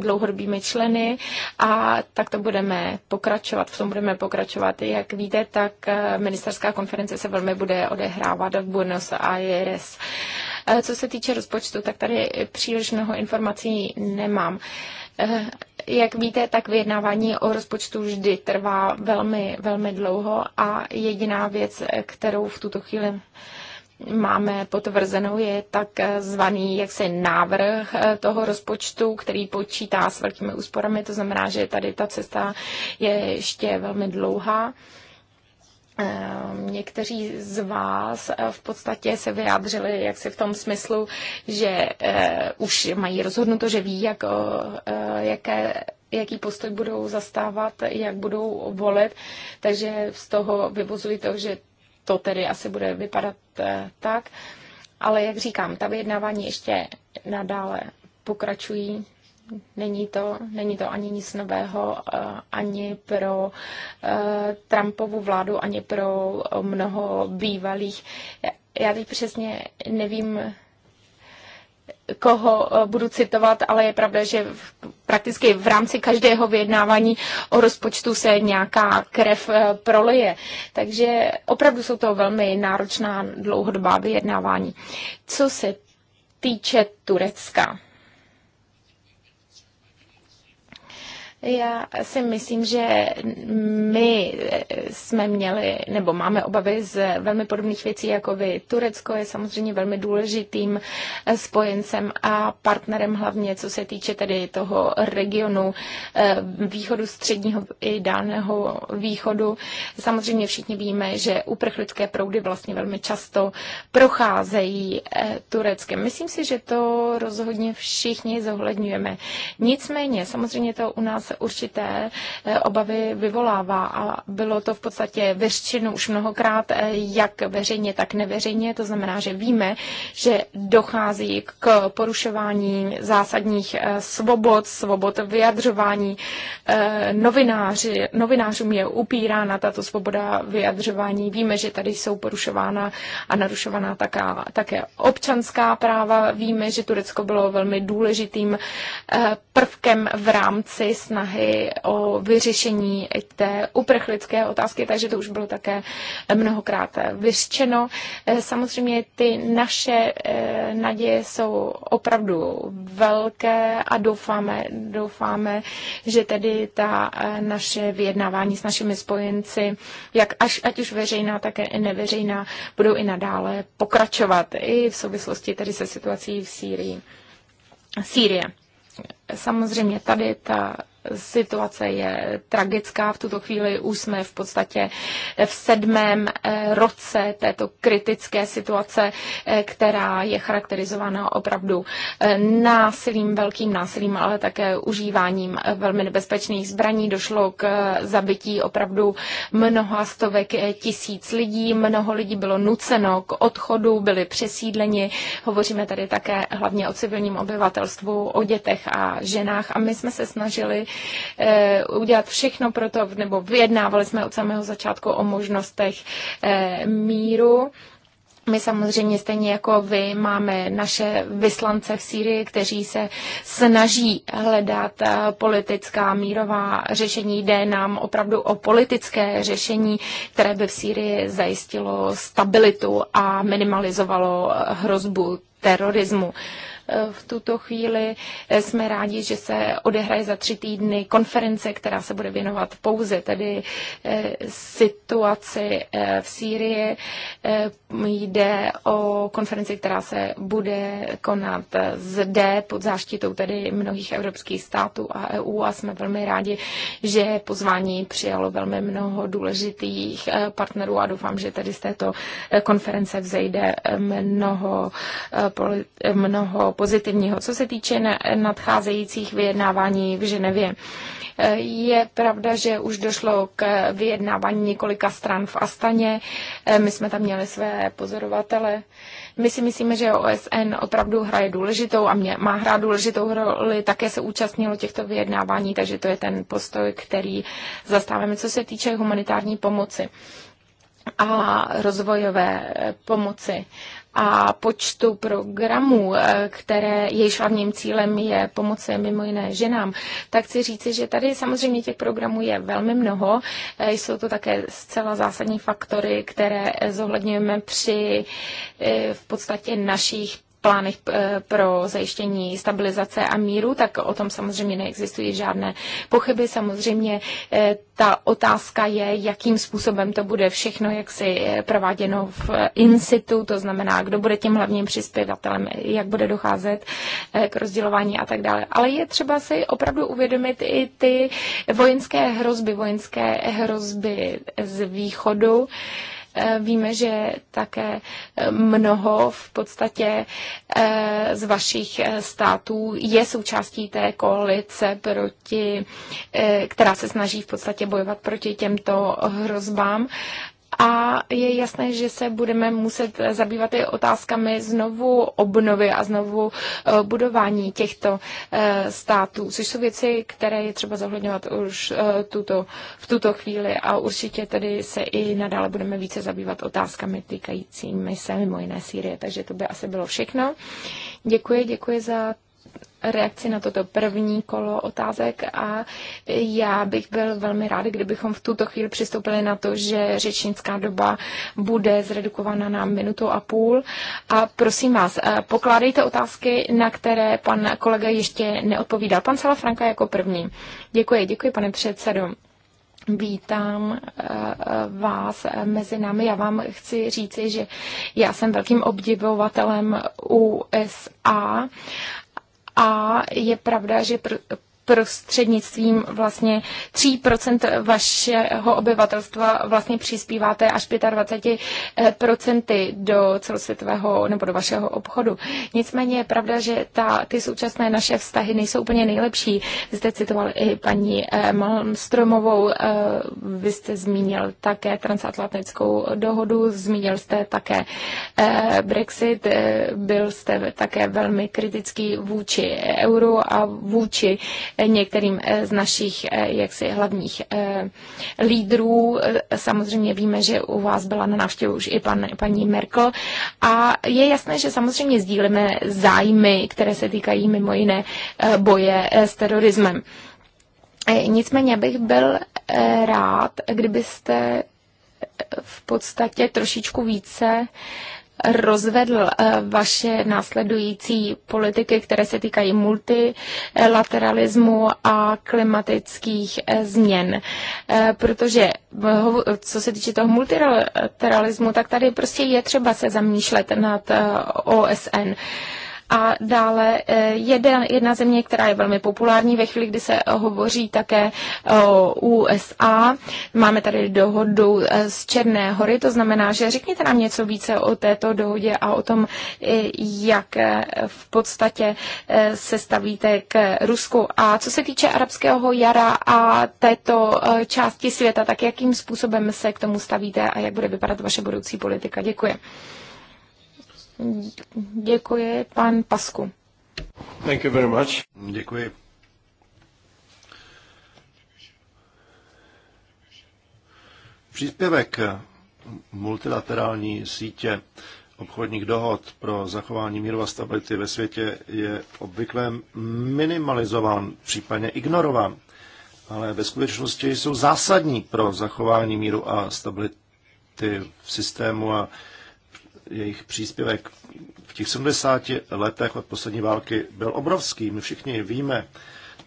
dlouhodobými členy a tak to budeme pokračovat, v tom budeme pokračovat. Jak víte, tak ministerská konference se velmi bude odehrávat v Buenos Aires. Co se týče rozpočtu, tak tady příliš mnoho informací nemám. Jak víte, tak vyjednávání o rozpočtu vždy trvá velmi, velmi dlouho a jediná věc, kterou v tuto chvíli máme potvrzenou, je tak zvaný jaksi návrh toho rozpočtu, který počítá s velkými úsporami. To znamená, že tady ta cesta je ještě velmi dlouhá. Ehm, někteří z vás eh, v podstatě se vyjádřili jaksi v tom smyslu, že eh, už mají rozhodnuto, že ví, jak, eh, jaké jaký postoj budou zastávat, jak budou volit. Takže z toho vyvozuji to, že to tedy asi bude vypadat tak. Ale jak říkám, ta vyjednávání ještě nadále pokračují. Není to, není to ani nic nového, eh, ani pro eh, Trumpovu vládu, ani pro mnoho bývalých. Já teď přesně nevím, koho eh, budu citovat, ale je pravda, že prakticky v rámci každého vyjednávání o rozpočtu se nějaká krev proleje. Takže opravdu jsou to velmi náročná dlouhodobá vyjednávání. Co se týče Turecka, Já si myslím, že my jsme měli, nebo máme obavy z velmi podobných věcí jako vy. Turecko je samozřejmě velmi důležitým spojencem a partnerem hlavně, co se týče tedy toho regionu eh, východu středního i dálného východu. Samozřejmě všichni víme, že uprchlické proudy vlastně velmi často procházejí eh, Tureckem. Myslím si, že to rozhodně všichni zohledňujeme. Nicméně, samozřejmě to u nás určité eh, obavy vyvolává a bylo to v podstatě vyřčeno už mnohokrát, eh, jak veřejně, tak neveřejně. To znamená, že víme, že dochází k porušování zásadních eh, svobod, svobod vyjadřování. Novináři, novinářům je upírána tato svoboda vyjadřování. Víme, že tady jsou porušována a narušovaná taká, také občanská práva. Víme, že Turecko bylo velmi důležitým prvkem v rámci snahy snahy o vyřešení té uprchlické otázky, takže to už bylo také mnohokrát vyřčeno. Eh, samozřejmě ty naše eh, naděje jsou opravdu velké a doufáme, doufáme, že tedy ta eh, naše vyjednávání s našimi spojenci, jak až, ať už veřejná, tak i neveřejná, budou i nadále pokračovat i v souvislosti tedy se situací v Sýrii. Sýrie. Samozřejmě tady ta situace je tragická. V tuto chvíli už jsme v podstatě v sedmém eh, roce této kritické situace, eh, která je charakterizována opravdu eh, násilím, velkým násilím, ale také užíváním velmi nebezpečných zbraní. Došlo k zabití opravdu mnoha stovek tisíc lidí. Mnoho lidí bylo nuceno k odchodu, byli přesídleni. Hovoříme tady také hlavně o civilním obyvatelstvu, o dětech a ženách a my jsme se snažili Eh, udělat všechno pro to, nebo vyjednávali jsme od samého začátku o možnostech eh, míru. My samozřejmě stejně jako vy máme naše vyslance v Sýrii, kteří se snaží hledat eh, politická mírová řešení. Jde nám opravdu o politické řešení, které by v Sýrii zajistilo stabilitu a minimalizovalo hrozbu terorismu v tuto chvíli. Eh, jsme rádi, že se odehraje za tři týdny konference, která se bude věnovat pouze tedy eh, situaci eh, v Sýrii, Jde o konferenci, která se bude konat zde pod záštitou tedy mnohých evropských států a EU a jsme velmi rádi, že pozvání přijalo velmi mnoho důležitých eh, partnerů a doufám, že tedy z této eh, konference vzejde eh, mnoho, mnoho pozitivního. Co se týče nadcházejících vyjednávání v Ženevě, je pravda, že už došlo k vyjednávání několika stran v Astaně. My jsme tam měli své různé pozorovatele. My si myslíme, že OSN opravdu hraje důležitou a mě, má hrát důležitou roli, také se účastnilo těchto vyjednávání, takže to je ten postoj, který zastáváme, co se týče humanitární pomoci a rozvojové pomoci a počtu programů, eh, které jejich hlavním cílem je pomoci mimo jiné ženám, tak chci říci, že tady samozřejmě těch programů je velmi mnoho. Eh, jsou to také zcela zásadní faktory, které eh, zohledňujeme při v podstatě našich plánech eh, pro zajištění stabilizace a míru, tak o tom samozřejmě neexistují žádné pochyby. Samozřejmě eh, ta otázka je, jakým způsobem to bude všechno jaksi eh, prováděno v in situ, to znamená, kdo bude tím hlavním přispěvatelem, jak bude docházet k rozdělování a tak dále. Ale je třeba si opravdu uvědomit i ty vojenské hrozby, vojenské hrozby z východu, Eh, víme, že také eh, mnoho v podstatě eh, z vašich států je součástí té koalice, proti, která se snaží v podstatě bojovat proti těmto hrozbám a je jasné, že se budeme muset zabývat i otázkami znovu obnovy a znovu eh, budování těchto eh, států, což jsou věci, které je třeba zohledňovat už eh, tuto, v tuto chvíli a určitě tedy se i nadále budeme více zabývat otázkami týkajícími se mimo jiné Sýrie. Takže to by asi bylo všechno. Děkuji, děkuji za reakci na toto první kolo otázek a já bych byl velmi rád, kdybychom v tuto chvíli přistoupili na to, že řečnická doba bude zredukována na minutu a půl. A prosím vás, eh, pokládejte otázky, na které pan kolega ještě neodpovídal. Pan Salafranka jako první. Děkuji, děkuji, pane předsedo. Vítám eh, vás eh, mezi námi. Já vám chci říci, že já jsem velkým obdivovatelem USA a je pravda, že prostřednictvím vlastně 3% vašeho obyvatelstva vlastně přispíváte až 25% do celosvětového nebo do vašeho obchodu. Nicméně je pravda, že ta, ty současné naše vztahy nejsou úplně nejlepší. Jste citoval i paní eh, Malmstromovou, eh, vy jste zmínil také transatlantickou dohodu, zmínil jste také eh, Brexit, byl jste také velmi kritický vůči euru a vůči některým eh, z našich eh, jaksi hlavních eh, lídrů. Samozřejmě víme, že u vás byla na návštěvu už i pan, paní Merkel a je jasné, že samozřejmě sdílíme zájmy, které se týkají mimo jiné boje s terorismem. Nicméně bych byl rád, kdybyste v podstatě trošičku více eh, rozvedl eh, vaše následující politiky, které se týkají multilateralismu a klimatických eh, změn. Eh, protože co se týče toho multilateralismu, tak tady prostě je třeba se zamýšlet nad OSN. A dále eh, jeden, jedna země, která je velmi populární ve chvíli, kdy se hovoří také o USA. Máme tady dohodu eh, z Černé hory, to znamená, že řekněte nám něco více o této dohodě a o tom, jak eh, v podstatě se stavíte k Rusku. A co se týče arabského jara a této části světa, tak jakým způsobem se k tomu stavíte a jak bude vypadat vaše budoucí politika? Děkuji. Děkuji, pan Pasku. Thank you very much. Děkuji. Příspěvek multilaterální sítě obchodních dohod pro zachování míru a stability ve světě je obvykle minimalizován, případně ignorován, ale ve skutečnosti jsou zásadní pro zachování míru a stability v systému a jejich příspěvek v těch 70 letech od poslední války byl obrovský. My všichni víme,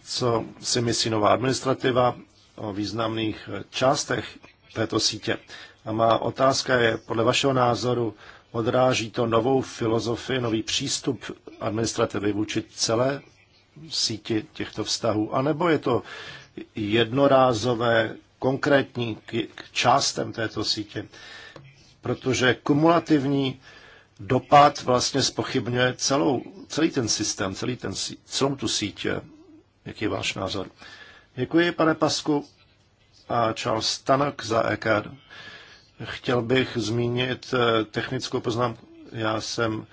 co si myslí nová administrativa o významných eh, částech této sítě. A má otázka je, podle vašeho názoru, odráží to novou filozofii, nový přístup administrativy vůči celé síti těchto vztahů, anebo je to jednorázové, konkrétní k, k částem této sítě protože kumulativní dopad vlastně spochybňuje celou, celý ten systém, celý ten, celou tu síť. Jaký je váš názor? Děkuji, pane Pasku. A Charles Stanek za EKR. Chtěl bych zmínit eh, technickou poznámku. Já jsem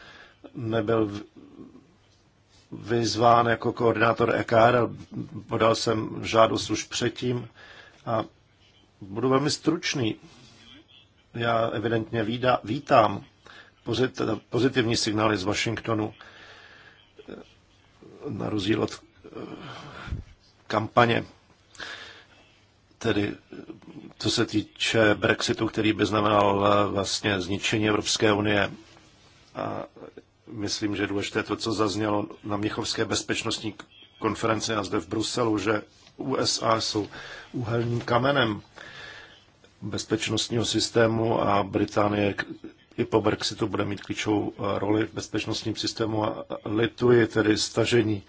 nebyl vyzván jako koordinátor EKR, podal jsem žádost už předtím a budu velmi stručný já evidentně vída, vítám pozit, pozitivní signály z Washingtonu, na rozdíl od eh, kampaně, tedy co se týče Brexitu, který by znamenal eh, vlastně zničení Evropské unie. A myslím, že důležité to, co zaznělo na Měchovské bezpečnostní konferenci a zde v Bruselu, že USA jsou úhelným kamenem bezpečnostního systému a Británie i po Brexitu bude mít klíčovou eh, roli v bezpečnostním systému a lituje tedy stažení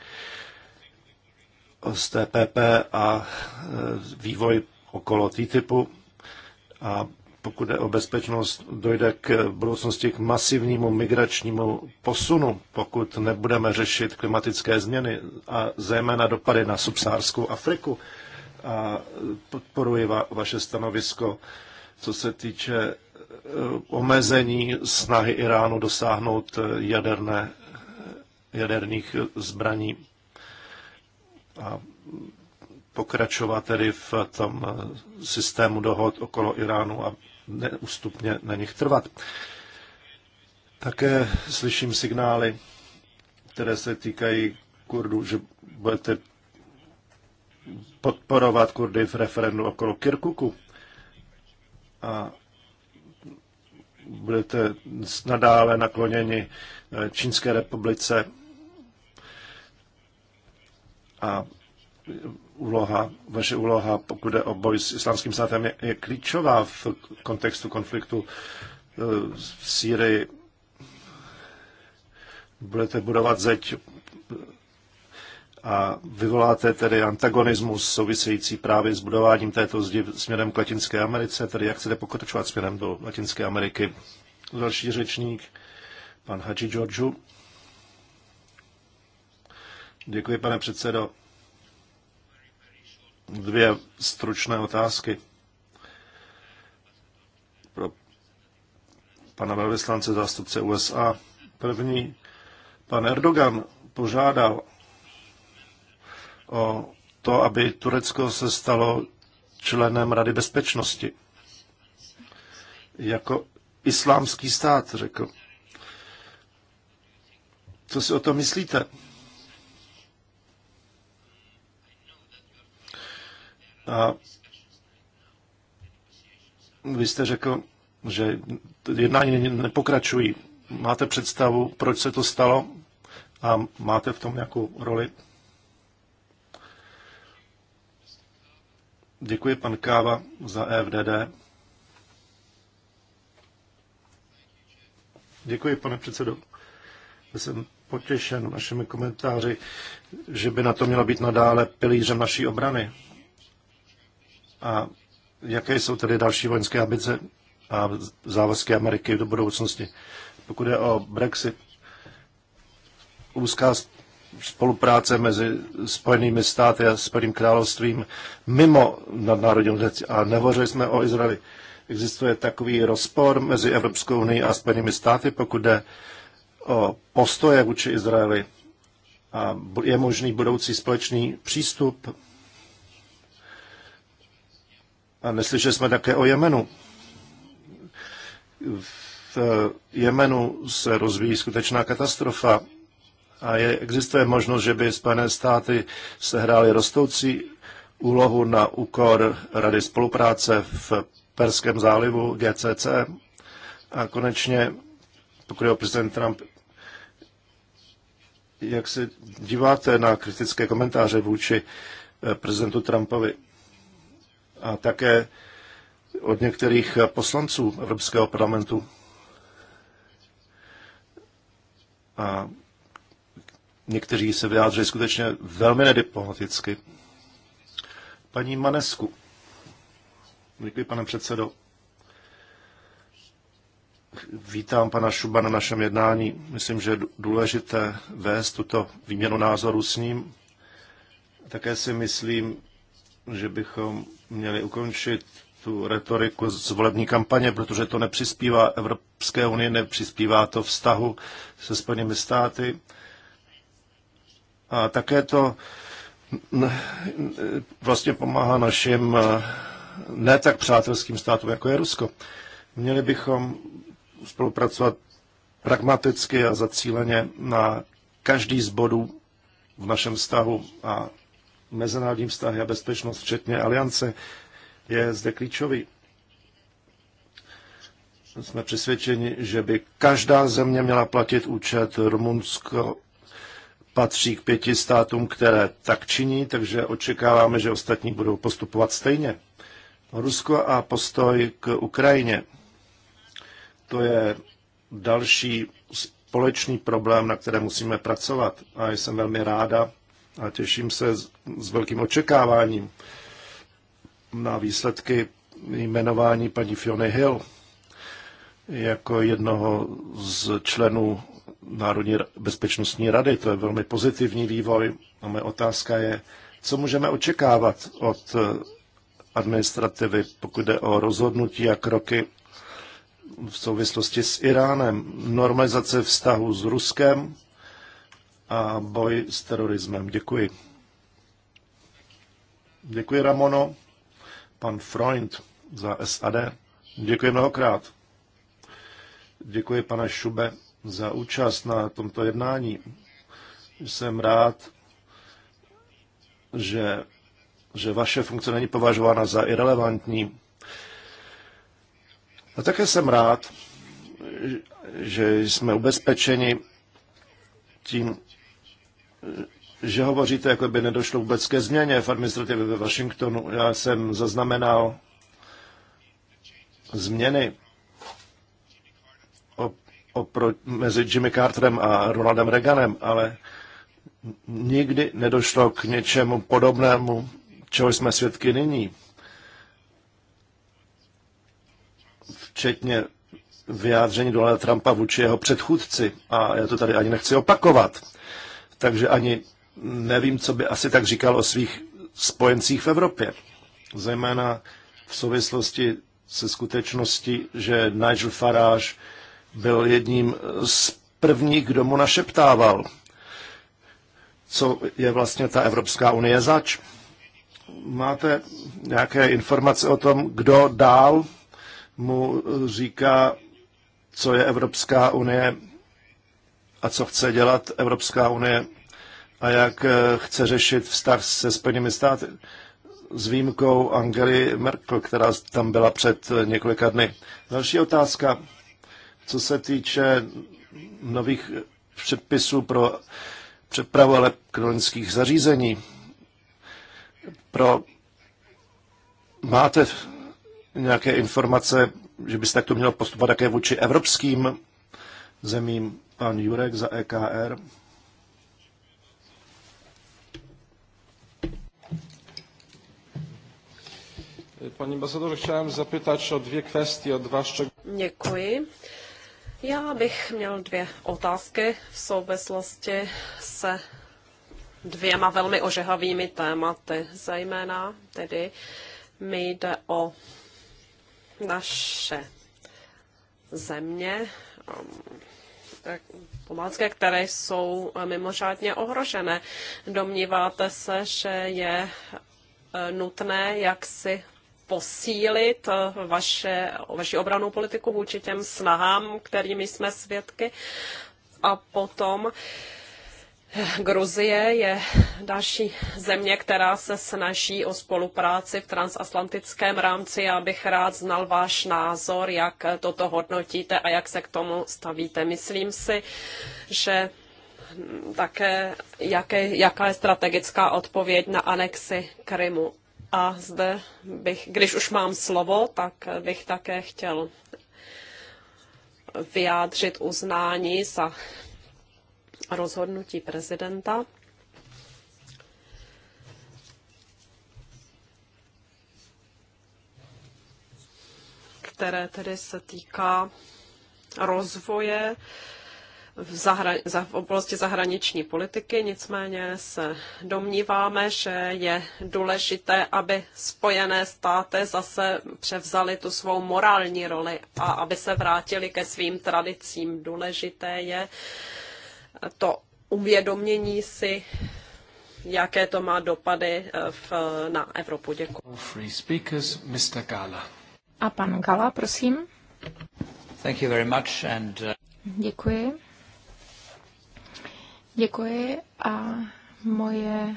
z TPP a eh, vývoj okolo TTIPu. A pokud jde o bezpečnost, dojde k budoucnosti k masivnímu migračnímu posunu, pokud nebudeme řešit klimatické změny a zejména dopady na subsárskou Afriku, a podporuji va, vaše stanovisko, co se týče e, omezení snahy Iránu dosáhnout e, jaderné, e, jaderných zbraní a pokračovat tedy v tom systému dohod okolo Iránu a neústupně na nich trvat. Také slyším signály, které se týkají Kurdů, že budete podporovat Kurdy v referendu okolo Kirkuku a budete nadále nakloněni eh, Čínské republice a úloha, vaše úloha, pokud jde o boj s islámským státem, je, je klíčová v kontextu konfliktu eh, v Sýrii. Budete budovat zeď a vyvoláte tedy antagonismus související právě s budováním této zdi směrem k Latinské Americe, tedy jak chcete pokračovat směrem do Latinské Ameriky. Další řečník, pan Hadži Georgiou. Děkuji, pane předsedo. Dvě stručné otázky pro pana velvyslance zástupce USA. První, pan Erdogan požádal o to, aby Turecko se stalo členem Rady bezpečnosti. Jako islámský stát, řekl. Co si o to myslíte? A vy jste řekl, že jednání nepokračují. Máte představu, proč se to stalo a máte v tom nějakou roli? Děkuji pan Káva za EFDD. Děkuji, pane předsedo. Jsem potěšen vašimi komentáři, že by na to mělo být nadále pilířem naší obrany. A jaké jsou tedy další vojenské ambice a závazky Ameriky do budoucnosti? Pokud je o Brexit, úzká spolupráce mezi Spojenými státy a Spojeným královstvím mimo nadnárodní organizaci. A nehovořili jsme o Izraeli. Existuje takový rozpor mezi Evropskou unii a Spojenými státy, pokud jde o postoje vůči Izraeli. A je možný budoucí společný přístup. A neslyšeli jsme také o Jemenu. V Jemenu se rozvíjí skutečná katastrofa a je, existuje možnost, že by Spojené státy sehrály rostoucí úlohu na úkor Rady spolupráce v Perském zálivu GCC. A konečně, pokud je o prezident Trump, jak se díváte na kritické komentáře vůči eh, prezidentu Trumpovi a také od některých poslanců Evropského parlamentu? A Někteří se vyjádřili skutečně velmi nediplomaticky. Paní Manesku. Děkuji, pane předsedo. Vítám pana Šuba na našem jednání. Myslím, že je důležité vést tuto výměnu názoru s ním. Také si myslím, že bychom měli ukončit tu retoriku z volební kampaně, protože to nepřispívá Evropské unii, nepřispívá to vztahu se Spojenými státy a také to vlastně pomáhá našim eh, ne tak přátelským státům, jako je Rusko. Měli bychom spolupracovat pragmaticky a zacíleně na každý z bodů v našem vztahu a mezinárodním vztahy a bezpečnost, včetně aliance, je zde klíčový. Jsme přesvědčeni, že by každá země měla platit účet Rumunsko patří k pěti státům, které tak činí, takže očekáváme, že ostatní budou postupovat stejně. Rusko a postoj k Ukrajině. To je další společný problém, na které musíme pracovat. A jsem velmi ráda a těším se s, s velkým očekáváním na výsledky jmenování paní Fiony Hill jako jednoho z členů Národní bezpečnostní rady. To je velmi pozitivní vývoj a moje otázka je, co můžeme očekávat od eh, administrativy, pokud jde o rozhodnutí a kroky v souvislosti s Iránem, normalizace vztahu s Ruskem a boj s terorismem. Děkuji. Děkuji, Ramono. Pan Freund za SAD. Děkuji mnohokrát. Děkuji, pane Šube za účast na tomto jednání. Jsem rád, že, že vaše funkce není považována za irrelevantní. A také jsem rád, že jsme ubezpečeni tím, že hovoříte, jako by nedošlo vůbec ke změně v administrativě ve Washingtonu. Já jsem zaznamenal změny opro- mezi Jimmy Carterem a Ronaldem Reaganem, ale nikdy nedošlo k něčemu podobnému, čeho jsme svědky nyní. Včetně vyjádření Donalda Trumpa vůči jeho předchůdci. A já to tady ani nechci opakovat. Takže ani nevím, co by asi tak říkal o svých spojencích v Evropě. Zejména v souvislosti se skutečností, že Nigel Farage byl jedním z prvních, kdo mu našeptával, co je vlastně ta Evropská unie zač. Máte nějaké informace o tom, kdo dál mu říká, co je Evropská unie a co chce dělat Evropská unie a jak eh, chce řešit vztah se Spojenými státy. S výjimkou Angely Merkel, která tam byla před eh, několika dny. Další otázka. Co se týče nových předpisů pro přepravu elektronických zařízení, pro máte nějaké informace, že byste takto měl postupovat také vůči evropským zemím? Pan Jurek za EKR. Panie ambasadorze, chciałem zapytać o dwie kwestie, o dwa szczegóły. Dziękuję. Já bych měl dvě otázky v souvislosti se dvěma velmi ožehavými tématy. Zejména tedy mi jde o naše země, um, pomalské, které jsou mimořádně ohrožené. Domníváte se, že je eh, nutné jak si posílit eh, vaše, vaši obranou politiku vůči těm snahám, kterými jsme svědky. A potom eh, Gruzie je další země, která se snaží o spolupráci v transatlantickém rámci. Já bych rád znal váš názor, jak toto hodnotíte a jak se k tomu stavíte. Myslím si, že také jaké, jaká je strategická odpověď na anexi Krymu. A zde bych, když už mám slovo, tak bych také chtěl vyjádřit uznání za rozhodnutí prezidenta. které tedy se týká rozvoje v, zahra- v oblasti zahraniční politiky, nicméně se domníváme, že je důležité, aby Spojené státy zase převzaly tu svou morální roli a aby se vrátili ke svým tradicím. Důležité je to uvědomění si, jaké to má dopady eh, v, na Evropu. Děkuji. A pan Gala, prosím. Thank you very much and, uh... Děkuji. Děkuji a moje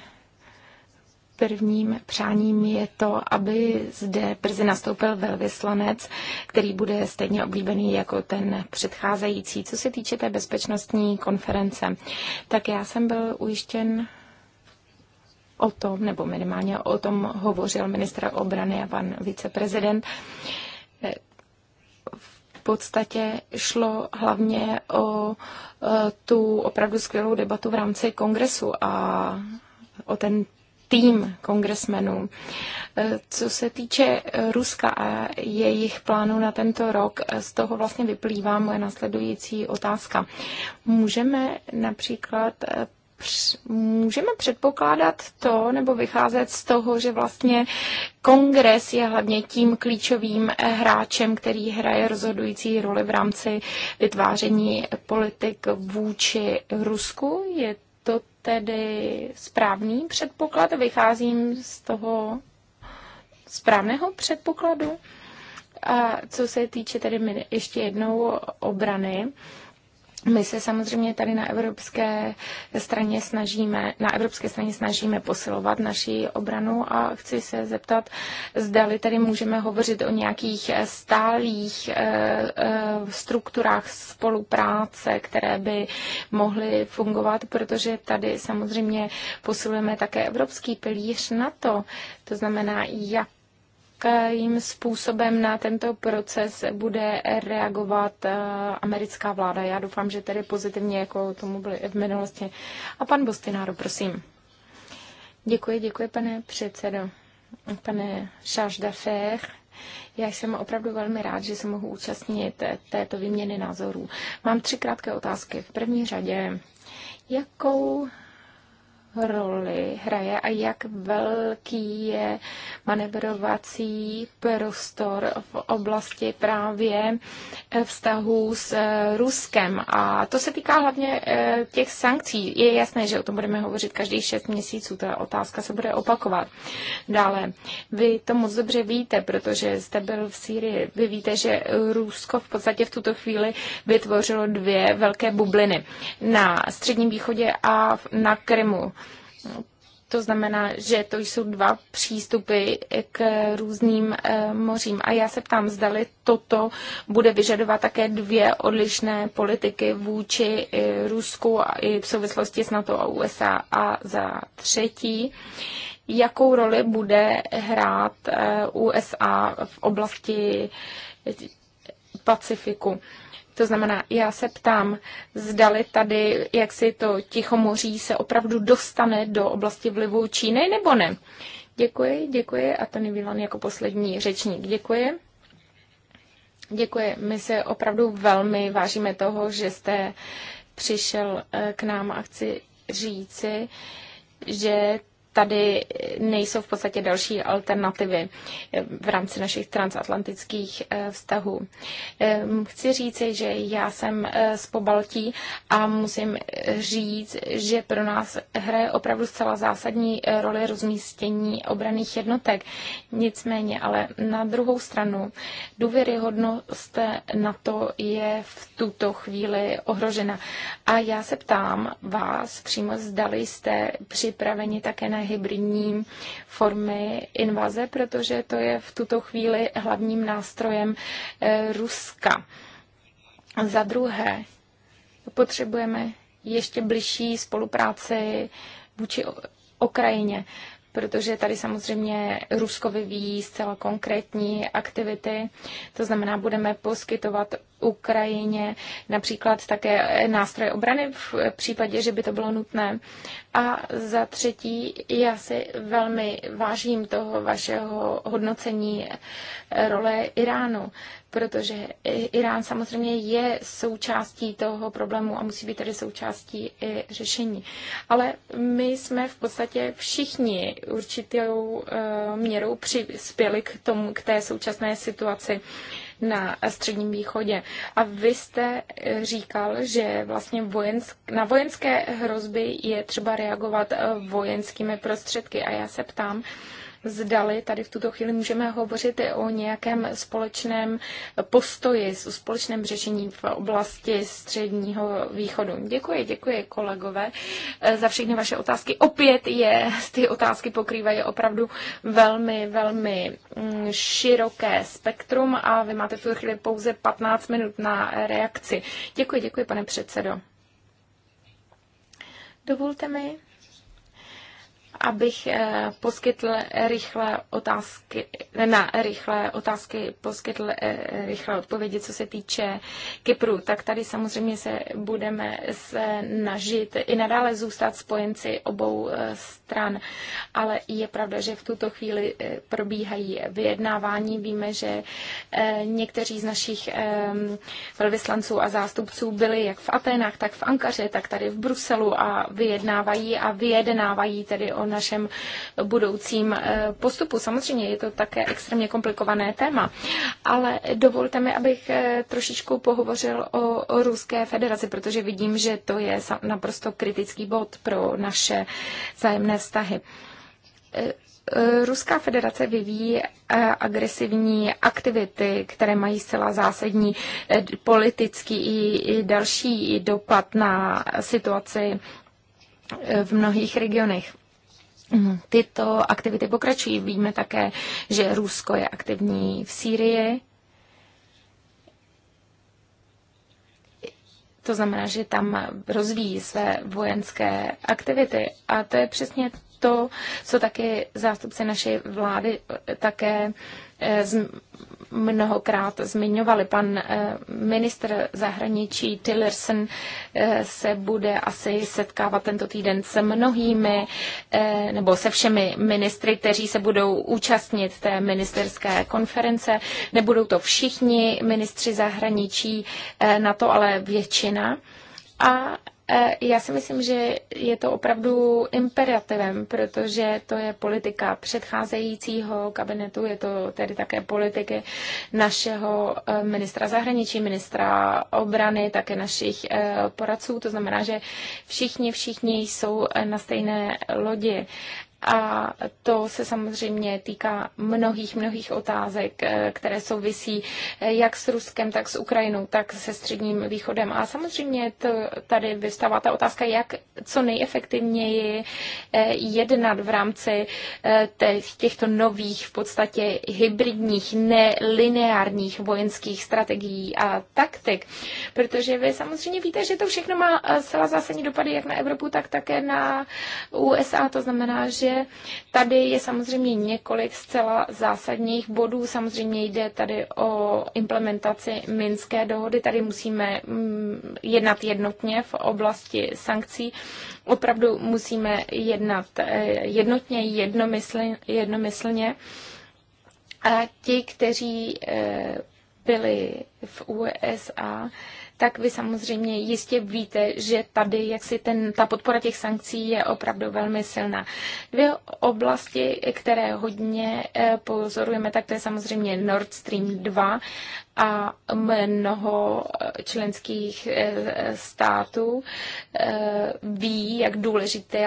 prvním přáním je to, aby zde brzy nastoupil velvyslanec, který bude stejně oblíbený jako ten předcházející. Co se týče té bezpečnostní konference, tak já jsem byl ujištěn o tom, nebo minimálně o tom hovořil ministr obrany a pan viceprezident. V podstatě šlo hlavně o e, tu opravdu skvělou debatu v rámci kongresu a o ten tým kongresmenů. E, co se týče Ruska a jejich plánu na tento rok, z toho vlastně vyplývá moje následující otázka. Můžeme například můžeme předpokládat to, nebo vycházet z toho, že vlastně kongres je hlavně tím klíčovým eh, hráčem, který hraje rozhodující roli v rámci vytváření politik vůči Rusku. Je to tedy správný předpoklad? Vycházím z toho správného předpokladu? A co se týče tedy ještě jednou obrany, my se samozřejmě tady na evropské straně snažíme, na evropské straně snažíme posilovat naši obranu a chci se zeptat, li tady můžeme hovořit o nějakých eh, stálých eh, eh, strukturách spolupráce, které by mohly fungovat, protože tady samozřejmě posilujeme také evropský pilíř to. To znamená, jak jakým způsobem na tento proces bude reagovat eh, americká vláda. Já doufám, že tedy pozitivně, jako tomu byly v minulosti. A pan Bostináro, prosím. Děkuji, děkuji, pane předsedo. Pane Charles d'Affaires, já jsem opravdu velmi rád, že se mohu účastnit této výměny názorů. Mám tři krátké otázky. V první řadě, jakou roli hraje a jak velký je manevrovací prostor v oblasti právě eh, vztahů s eh, Ruskem. A to se týká hlavně eh, těch sankcí. Je jasné, že o tom budeme hovořit každý šest měsíců, ta otázka se bude opakovat. Dále, vy to moc dobře víte, protože jste byl v Sýrii. Vy víte, že Rusko v podstatě v tuto chvíli vytvořilo dvě velké bubliny na Středním východě a na Krymu. To znamená, že to jsou dva přístupy k různým eh, mořím. A já se ptám, zdali toto bude vyžadovat také dvě odlišné politiky vůči eh, Rusku i v souvislosti s NATO a USA. A za třetí, jakou roli bude hrát eh, USA v oblasti Pacifiku. To znamená, já se ptám, zdali tady, jak si to Tichomoří se opravdu dostane do oblasti vlivu Číny nebo ne. Děkuji, děkuji a Tony Vilon jako poslední řečník. Děkuji. Děkuji. My se opravdu velmi vážíme toho, že jste přišel eh, k nám a chci říci, že tady nejsou v podstatě další alternativy v rámci našich transatlantických eh, vztahů. Ehm, chci říci, že já jsem eh, z Pobaltí a musím eh, říct, že pro nás hraje opravdu zcela zásadní roli rozmístění obraných jednotek. Nicméně, ale na druhou stranu důvěryhodnost na to je v tuto chvíli ohrožena. A já se ptám vás přímo, zdali jste připraveni také na různé hybridní formy invaze, protože to je v tuto chvíli hlavním nástrojem eh, Ruska. Za druhé, potřebujeme ještě bližší spolupráci vůči Ukrajině protože tady samozřejmě Rusko vyvíjí zcela konkrétní aktivity, to znamená, budeme poskytovat Ukrajině například také nástroje obrany v případě, že by to bylo nutné. A za třetí, já si velmi vážím toho vašeho hodnocení role Iránu protože Irán samozřejmě je součástí toho problému a musí být tedy součástí i řešení. Ale my jsme v podstatě všichni určitou eh, měrou přispěli k, tomu, k té současné situaci na Středním východě. A vy jste eh, říkal, že vlastně vojensk, na vojenské hrozby je třeba reagovat eh, vojenskými prostředky. A já se ptám, zdali tady v tuto chvíli můžeme hovořit i o nějakém společném postoji, společném řešení v oblasti středního východu. Děkuji, děkuji kolegové eh, za všechny vaše otázky. Opět je, ty otázky pokrývají opravdu velmi, velmi mm, široké spektrum a vy máte v tuto chvíli pouze 15 minut na reakci. Děkuji, děkuji, pane předsedo. Dovolte mi abych eh, poskytl rychlé otázky, na rychlé otázky poskytl eh, rychlé odpovědi, co se týče Kypru, tak tady samozřejmě se budeme snažit i nadále zůstat spojenci obou eh, stran, ale je pravda, že v tuto chvíli probíhají vyjednávání. Víme, že někteří z našich velvyslanců a zástupců byli jak v Atenách, tak v Ankaře, tak tady v Bruselu a vyjednávají a vyjednávají tedy o našem budoucím eh, postupu. Samozřejmě je to také extrémně komplikované téma, ale dovolte mi, abych eh, trošičku pohovořil o, Ruské federaci, protože vidím, že to je naprosto kritický bod pro naše zájemné vztahy. Eh, Ruská federace vyvíjí agresivní aktivity, které mají zcela zásadní politický i další dopad na situaci v mnohých regionech. Mhm. Tyto aktivity pokračují. Víme také, že Rusko je aktivní v Sýrii. To znamená, že tam rozvíjí své vojenské aktivity. A to je přesně to, co taky zástupci naší vlády také Eh, mnohokrát zmiňovali. Pan eh, ministr zahraničí Tillerson eh, se bude asi setkávat tento týden se mnohými nebo se všemi ministry, kteří se budou účastnit té ministerské konference. Nebudou to všichni ministři zahraničí na to, ale většina. A E, já si myslím, že je to opravdu imperativem, protože to je politika předcházejícího kabinetu, je to tedy také politiky našeho e, ministra zahraničí, ministra obrany, také našich e, poradců. To znamená, že všichni, všichni jsou na stejné lodi a to se samozřejmě týká mnohých, mnohých otázek, eh, které souvisí eh, jak s Ruskem, tak s Ukrajinou, tak se Středním východem. A samozřejmě to, tady vystává ta otázka, jak co nejefektivněji eh, jednat v rámci těchto nových, v podstatě hybridních, nelineárních vojenských strategií a taktik. Protože vy samozřejmě víte, že to všechno má zcela zásadní dopady jak na Evropu, tak také na USA. To znamená, že případě tady je samozřejmě několik zcela zásadních bodů. Samozřejmě jde tady o implementaci Minské dohody. Tady musíme mm, jednat jednotně v oblasti sankcí. Opravdu musíme jednat eh, jednotně, jednomyslně. jednomyslně. A ti, kteří eh, byli v USA, tak vy samozřejmě jistě víte, že tady jaksi ten, ta podpora těch sankcí je opravdu velmi silná. Dvě oblasti, které hodně eh, pozorujeme, tak to je samozřejmě Nord Stream 2 a mnoho eh, členských eh, států ví, jak důležitý,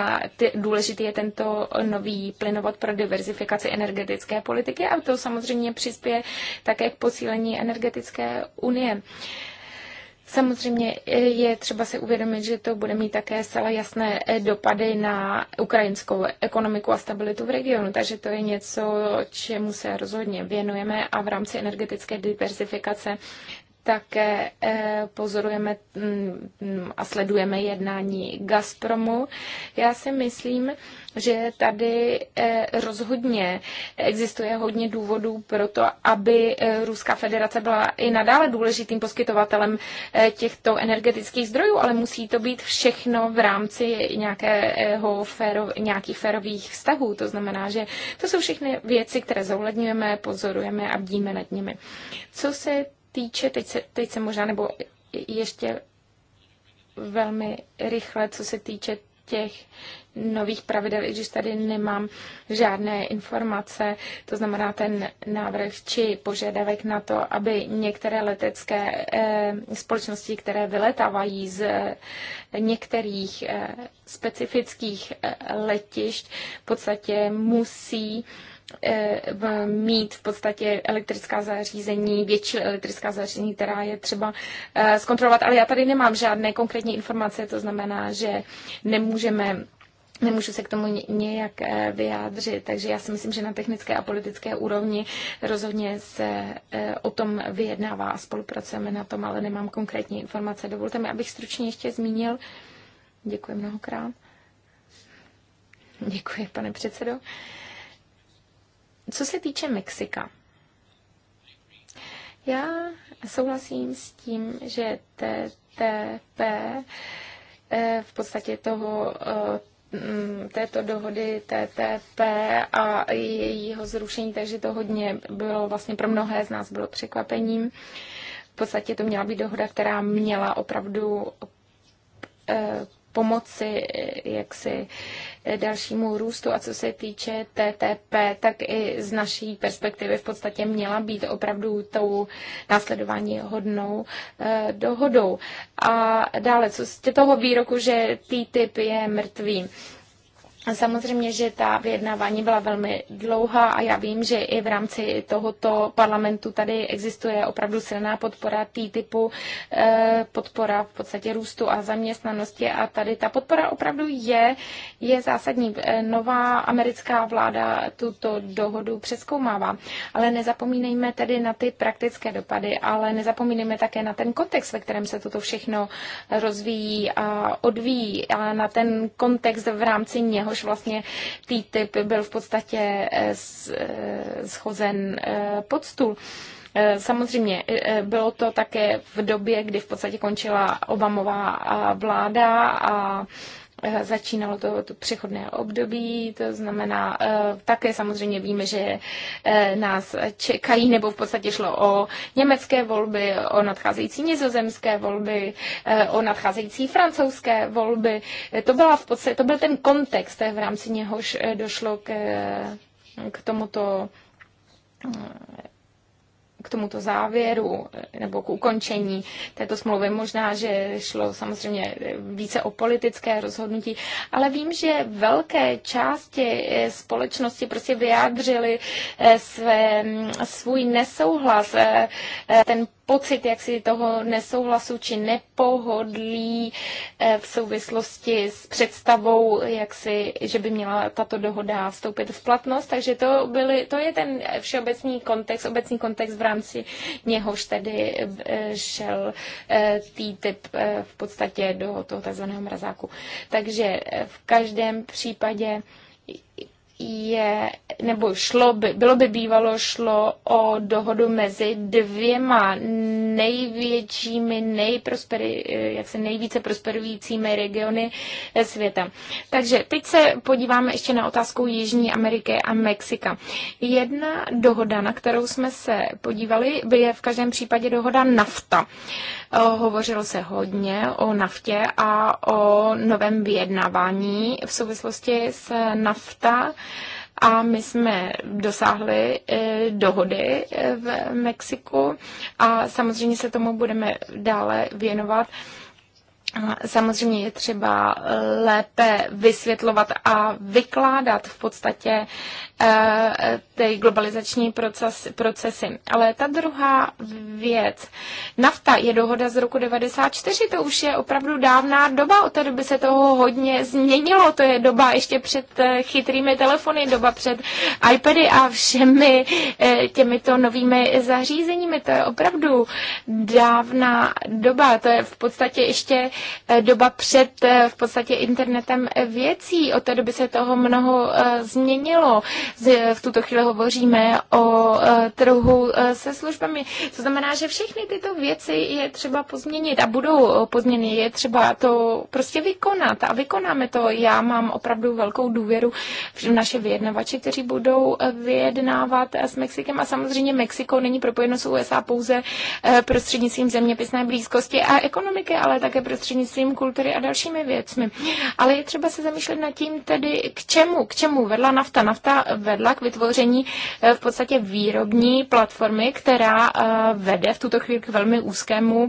důležitý je tento nový plynovod pro diverzifikaci energetické politiky a to samozřejmě přispěje také k posílení energetické unie. Samozřejmě e, je třeba si uvědomit, že to bude mít také zcela jasné e, dopady na ukrajinskou ekonomiku a stabilitu v regionu, takže to je něco, čemu se rozhodně věnujeme a v rámci energetické diversifikace také eh, pozorujeme mm, a sledujeme jednání Gazpromu. Já si myslím, že tady eh, rozhodně existuje hodně důvodů pro to, aby eh, Ruská federace byla i nadále důležitým poskytovatelem těchto energetických zdrojů, ale musí to být všechno v rámci nějakého féro, nějakých férových vztahů. To znamená, že to jsou všechny věci, které zohledňujeme, pozorujeme a bdíme nad nimi. Co se týče, teď se, teď se možná, nebo ještě velmi rychle, co se týče těch nových pravidel, i když tady nemám žádné informace, to znamená ten návrh či požadavek na to, aby některé letecké eh, společnosti, které vyletávají z eh, některých eh, specifických letišť, v podstatě musí Eh, mít v podstatě elektrická zařízení, větší elektrická zařízení, která je třeba eh, zkontrolovat. Ale já tady nemám žádné konkrétní informace, to znamená, že nemůžeme nemůžu se k tomu nějak eh, vyjádřit, takže já si myslím, že na technické a politické úrovni rozhodně se o tom vyjednává a spolupracujeme na tom, ale nemám konkrétní informace. Dovolte mi, abych stručně ještě zmínil. Děkuji mnohokrát. Děkuji, pane předsedo. Co se týče Mexika, já souhlasím s tím, že TTP eh, v podstatě toho eh, mm, této dohody TTP a jejího zrušení, takže to hodně bylo vlastně pro mnohé z nás bylo překvapením. V podstatě to měla být dohoda, která měla opravdu eh, pomoci jaksi dalšímu růstu. A co se týče TTP, tak i z naší perspektivy v podstatě měla být opravdu tou následování hodnou eh, dohodou. A dále, co z toho výroku, že TTIP je mrtvý. Samozřejmě, že ta vyjednávání byla velmi dlouhá a já vím, že i v rámci tohoto parlamentu tady existuje opravdu silná podpora tý typu eh, podpora v podstatě růstu a zaměstnanosti a tady ta podpora opravdu je, je zásadní. Eh, nová americká vláda tuto dohodu přeskoumává, ale nezapomínejme tedy na ty praktické dopady, ale nezapomínejme také na ten kontext, ve kterém se toto všechno rozvíjí a odvíjí a na ten kontext v rámci něho čehož vlastně TTIP byl v podstatě eh, eh, schozen eh, pod stůl. Samozřejmě bylo to také v době, kdy v podstatě končila Obamová vláda a Eh, začínalo to, to přechodné období, to znamená, eh, také samozřejmě víme, že eh, nás čekají, nebo v podstatě šlo o německé volby, o nadcházející nizozemské volby, o nadcházející francouzské volby. To, byla v podstatě, to byl ten kontext, v rámci něhož došlo k, k tomuto k tomuto závěru eh, nebo k ukončení této smlouvy. Možná, že šlo samozřejmě eh, více o politické rozhodnutí, ale vím, že velké části eh, společnosti prostě vyjádřili své, mm, svůj nesouhlas. Ten pocit jaksi toho nesouhlasu či nepohodlí eh, v souvislosti s představou, jaksi, že by měla tato dohoda vstoupit v platnost. Takže to, byly, to je ten všeobecný kontext, obecný kontext, v rámci něhož tedy eh, šel eh, TTIP v podstatě do toho tzv. mrazáku. Takže v každém případě je, nebo šlo by, bylo by bývalo šlo o dohodu mezi dvěma největšími, nejprosperi, eh, jak se nejvíce prosperujícími regiony eh, světa. Takže teď se podíváme ještě na otázku Jižní Ameriky a Mexika. Jedna dohoda, na kterou jsme se podívali, je v každém případě dohoda NAFTA. Eh, hovořilo se hodně o naftě a o novém vyjednávání v souvislosti s NAFTA a my jsme dosáhli eh, dohody eh, v Mexiku a samozřejmě se tomu budeme dále věnovat. Samozřejmě je třeba eh, lépe vysvětlovat a vykládat v podstatě Eh, ty globalizační proces, procesy. Ale ta druhá věc, nafta je dohoda z roku 94, to už je opravdu dávná doba, od té doby se toho hodně změnilo, to je doba ještě před eh, chytrými telefony, doba před iPady a všemi eh, těmito novými zařízeními, to je opravdu dávná doba, to je v podstatě ještě doba před v podstatě internetem věcí, od té doby se toho mnoho změnilo v tuto chvíli hovoříme o e, trhu e, se službami. To znamená, že všechny tyto věci je třeba pozměnit a budou pozměny. Je třeba to prostě vykonat a vykonáme to. Já mám opravdu velkou důvěru v naše vyjednavači, kteří budou e, vyjednávat s Mexikem a samozřejmě Mexiko není propojeno s USA pouze prostřednictvím zeměpisné blízkosti a ekonomiky, ale také prostřednictvím kultury a dalšími věcmi. Ale je třeba se zamýšlet nad tím tedy, k čemu, k čemu vedla nafta. Nafta vedla k vytvoření eh, v podstatě výrobní platformy, která eh, vede v tuto chvíli k velmi úzkému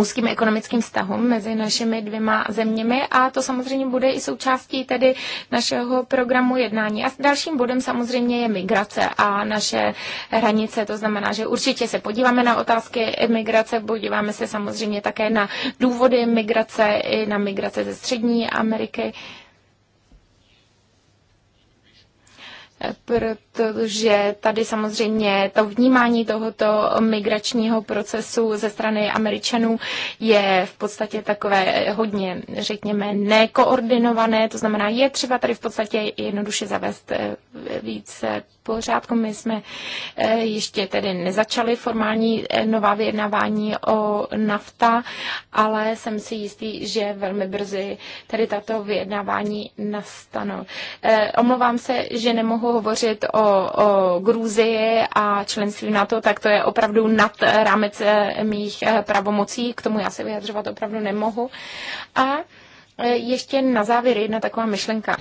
úzkým ekonomickým vztahům mezi našimi dvěma zeměmi a to samozřejmě bude i součástí tedy našeho programu jednání. A dalším bodem samozřejmě je migrace a naše hranice, to znamená, že určitě se podíváme na otázky migrace, podíváme se samozřejmě také na důvody migrace i na migrace ze Střední Ameriky. protože tady samozřejmě to vnímání tohoto migračního procesu ze strany Američanů je v podstatě takové hodně, řekněme, nekoordinované, to znamená, je třeba tady v podstatě jednoduše zavést eh, více pořádku. My jsme eh, ještě tedy nezačali formální eh, nová vyjednávání o nafta, ale jsem si jistý, že velmi brzy tady tato vyjednávání nastanou. Omlouvám se, že nemohu hovořit hovořit o, o Gruzii a členství NATO, tak to je opravdu nad rámec eh, mých eh, pravomocí. K tomu já se vyjadřovat opravdu nemohu. A eh, ještě na závěr jedna taková myšlenka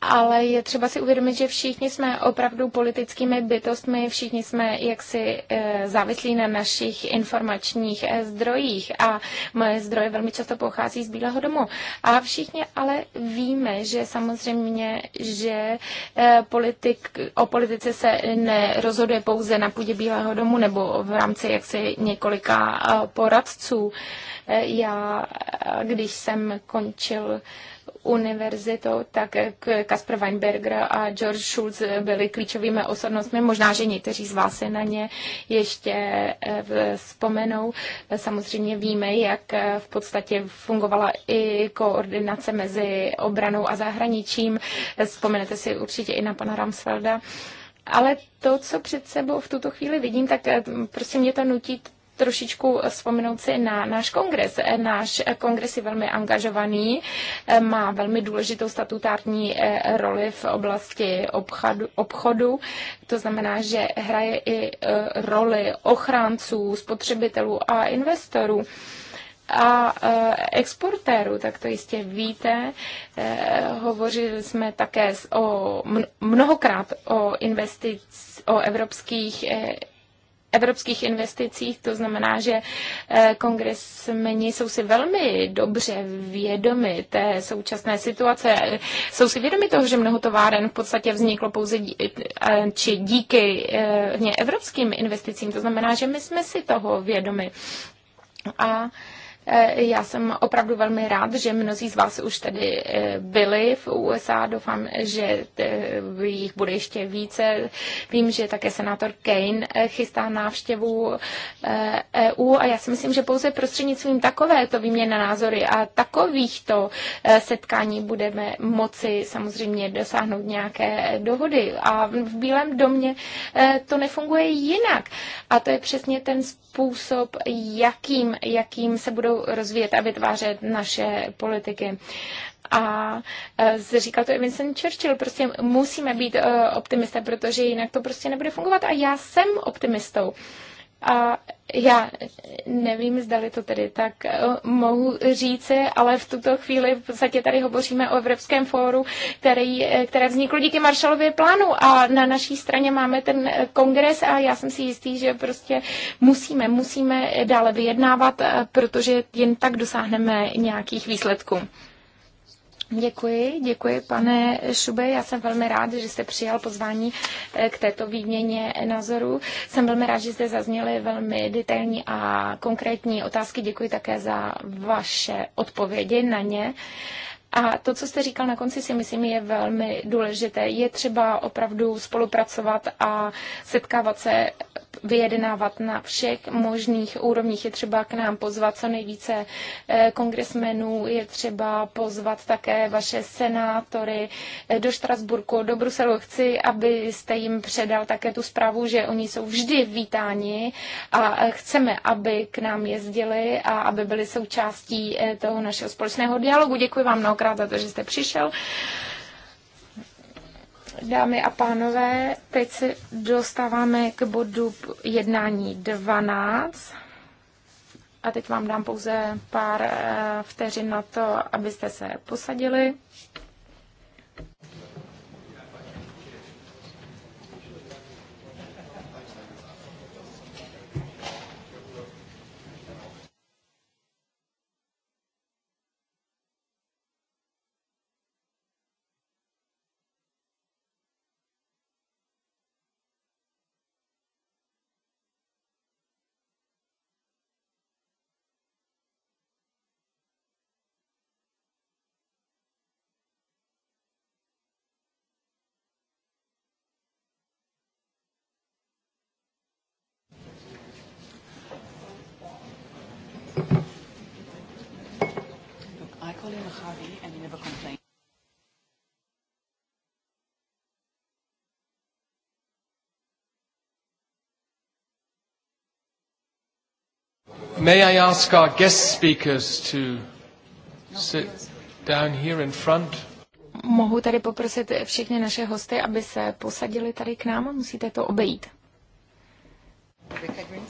ale je třeba si uvědomit, že všichni jsme opravdu politickými bytostmi, všichni jsme jaksi eh, závislí na našich informačních eh, zdrojích a moje zdroje velmi často pochází z Bílého domu. A všichni ale víme, že samozřejmě, že eh, politik, o politice se nerozhoduje pouze na půdě Bílého domu nebo v rámci jaksi několika poradců. Já, když jsem končil univerzitou, tak Kasper Weinberger a George Schulz byli klíčovými osobnostmi. Možná, že někteří z vás se na ně ještě eh, vzpomenou. Samozřejmě víme, jak eh, v podstatě fungovala i koordinace mezi obranou a zahraničím. Vzpomenete si určitě i na pana Ramsfelda. Ale to, co před sebou v tuto chvíli vidím, tak eh, prostě mě to nutí trošičku vzpomenout si na náš kongres. Náš kongres je velmi angažovaný, eh, má velmi důležitou statutární eh, roli v oblasti obchodu, obchodu. To znamená, že hraje i eh, roli ochránců, spotřebitelů a investorů a exportérů, tak to jistě víte. Hovořili jsme také o, mnohokrát o investic, o evropských evropských investicích. To znamená, že eh, kongresmeni jsou si velmi dobře vědomi té současné situace. Jsou si vědomi toho, že mnoho továren v podstatě vzniklo pouze dí, eh, či díky eh, evropským investicím. To znamená, že my jsme si toho vědomi. A Eh, já jsem opravdu velmi rád, že mnozí z vás už tedy eh, byli v USA. Doufám, že eh, jich bude ještě více. Vím, že také senátor Kane chystá návštěvu EU e a já si myslím, že pouze prostřednictvím takovéto výměny názory a takovýchto setkání budeme moci samozřejmě dosáhnout nějaké dohody. A v Bílém domě to nefunguje jinak. A to je přesně ten způsob, jakým, jakým se budou rozvíjet a vytvářet naše politiky. A e, říkal to i Vincent Churchill, prostě musíme být e, optimista, protože jinak to prostě nebude fungovat. A já jsem optimistou. A já nevím, zdali to tedy tak eh, mohu říci, ale v tuto chvíli v podstatě tady hovoříme o Evropském fóru, který, eh, které vzniklo díky Marshallově plánu a na naší straně máme ten eh, kongres a já jsem si jistý, že prostě musíme, musíme dále vyjednávat, protože jen tak dosáhneme nějakých výsledků. Děkuji, děkuji pane Šube. Já jsem velmi rád, že jste přijal pozvání eh, k této výměně názorů. Jsem velmi rád, že jste zazněli velmi detailní a konkrétní otázky. Děkuji také za vaše odpovědi na ně. A to, co jste říkal na konci, si myslím, je velmi důležité. Je třeba opravdu spolupracovat a setkávat se vyjednávat na všech možných úrovních. Je třeba k nám pozvat co nejvíce eh, kongresmenů, je třeba pozvat také vaše senátory eh, do Štrasburku, do Bruselu. Chci, abyste jim předal také tu zprávu, že oni jsou vždy vítáni a eh, chceme, aby k nám jezdili a aby byli součástí toho našeho společného dialogu. Děkuji vám mnohokrát za to, že jste přišel. Dámy a pánové, teď se dostáváme k bodu jednání 12. A teď vám dám pouze pár eh, vteřin na to, abyste se posadili. May I ask our guest speakers to sit down here in front? Mohu tady poprosit všechny naše hosty, aby se posadili tady k nám musíte to obejít. Rebecca Green.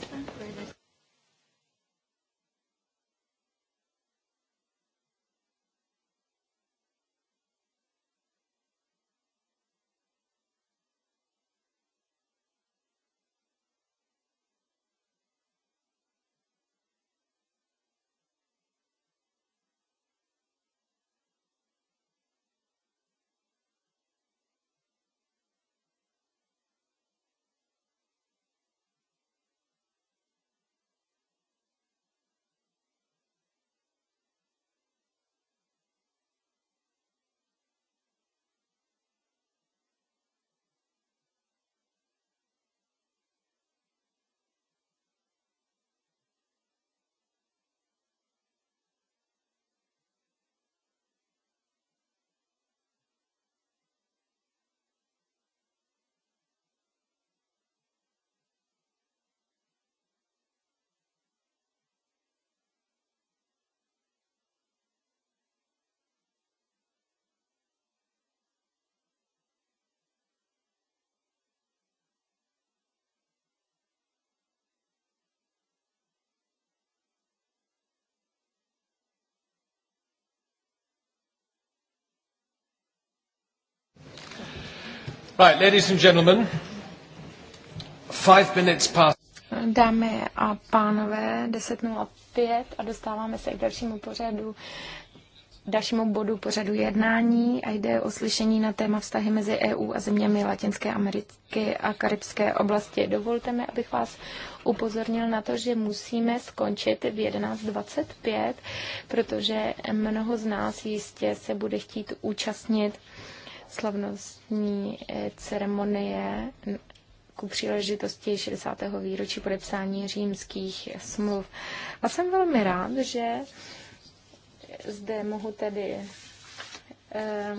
Right, ladies and gentlemen, five minutes past. Dámy a pánové, 10.05 a dostáváme se k dalšímu pořadu dalšímu bodu pořadu jednání a jde o slyšení na téma vztahy mezi EU a zeměmi Latinské Ameriky a Karibské oblasti. Dovolte mi, abych vás upozornil na to, že musíme skončit v 11.25, protože mnoho z nás jistě se bude chtít účastnit slavnostní eh, ceremonie ku příležitosti 60. výročí podepsání římských smluv. A jsem velmi rád, že zde mohu tedy eh,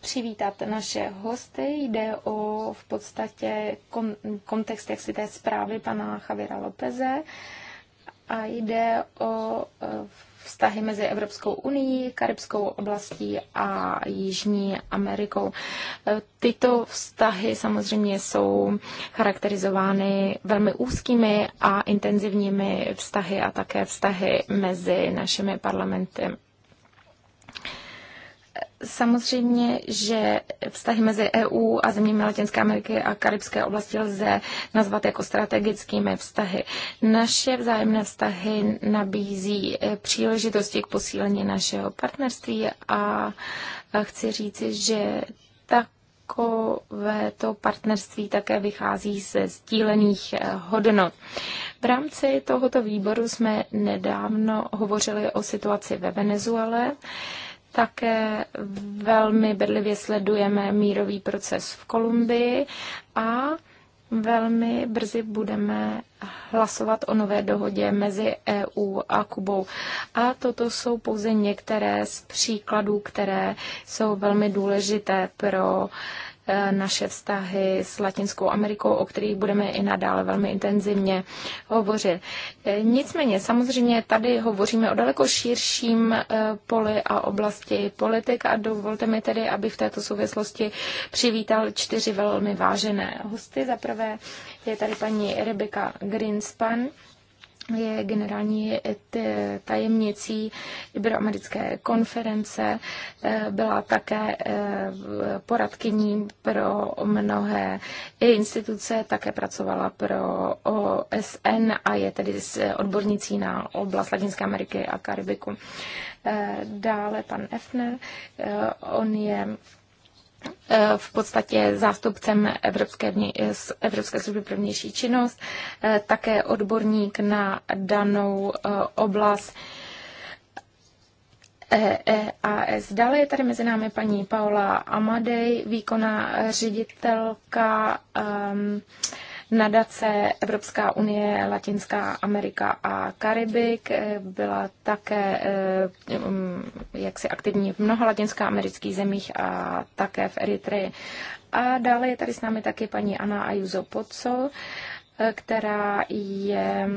přivítat naše hosty. Jde o v podstatě kon, kontext jaksi té zprávy pana Javiera Lopeze a jde o eh, v vztahy mezi Evropskou unii, Karibskou oblastí a Jižní Amerikou. E, tyto vztahy samozřejmě jsou charakterizovány velmi úzkými a intenzivními vztahy a také vztahy mezi našimi parlamenty, Samozřejmě, že vztahy mezi EU a zeměmi Latinské Ameriky a Karibské oblasti lze nazvat jako strategickými vztahy. Naše vzájemné vztahy nabízí eh, příležitosti k posílení našeho partnerství a eh, chci říci, že takové to partnerství také vychází ze sdílených eh, hodnot. V rámci tohoto výboru jsme nedávno hovořili o situaci ve Venezuele také velmi bedlivě sledujeme mírový proces v Kolumbii a Velmi brzy budeme hlasovat o nové dohodě mezi EU a Kubou. A toto jsou pouze některé z příkladů, které jsou velmi důležité pro uh, Eh, naše vztahy s Latinskou Amerikou, o kterých budeme i nadále velmi intenzivně hovořit. Eh, nicméně, samozřejmě tady hovoříme o daleko širším eh, poli a oblasti politik a dovolte mi tedy, aby v této souvislosti přivítal čtyři velmi vážené hosty. Za prvé je tady paní Rebecca Greenspan, je generální eh, tajemnicí Iberoamerické konference, eh, byla také eh, poradkyní pro mnohé instituce, také pracovala pro OSN a je tedy odbornicí na oblast Latinské Ameriky a Karibiku. Dále pan Efner, on je Eh, v podstatě zástupcem Evropské, Evropské služby pro vnější činnost, eh, také odborník na danou eh, oblast. EEAS. Dále je tady mezi námi paní Paola Amadej, výkonná ředitelka um, nadace Evropská unie, Latinská Amerika a Karibik. Eh, byla také eh, um, jaksi aktivní v mnoha latinskoamerických zemích a také v Eritreji. A dále je tady s námi taky paní Ana Ayuso Poco, eh, která je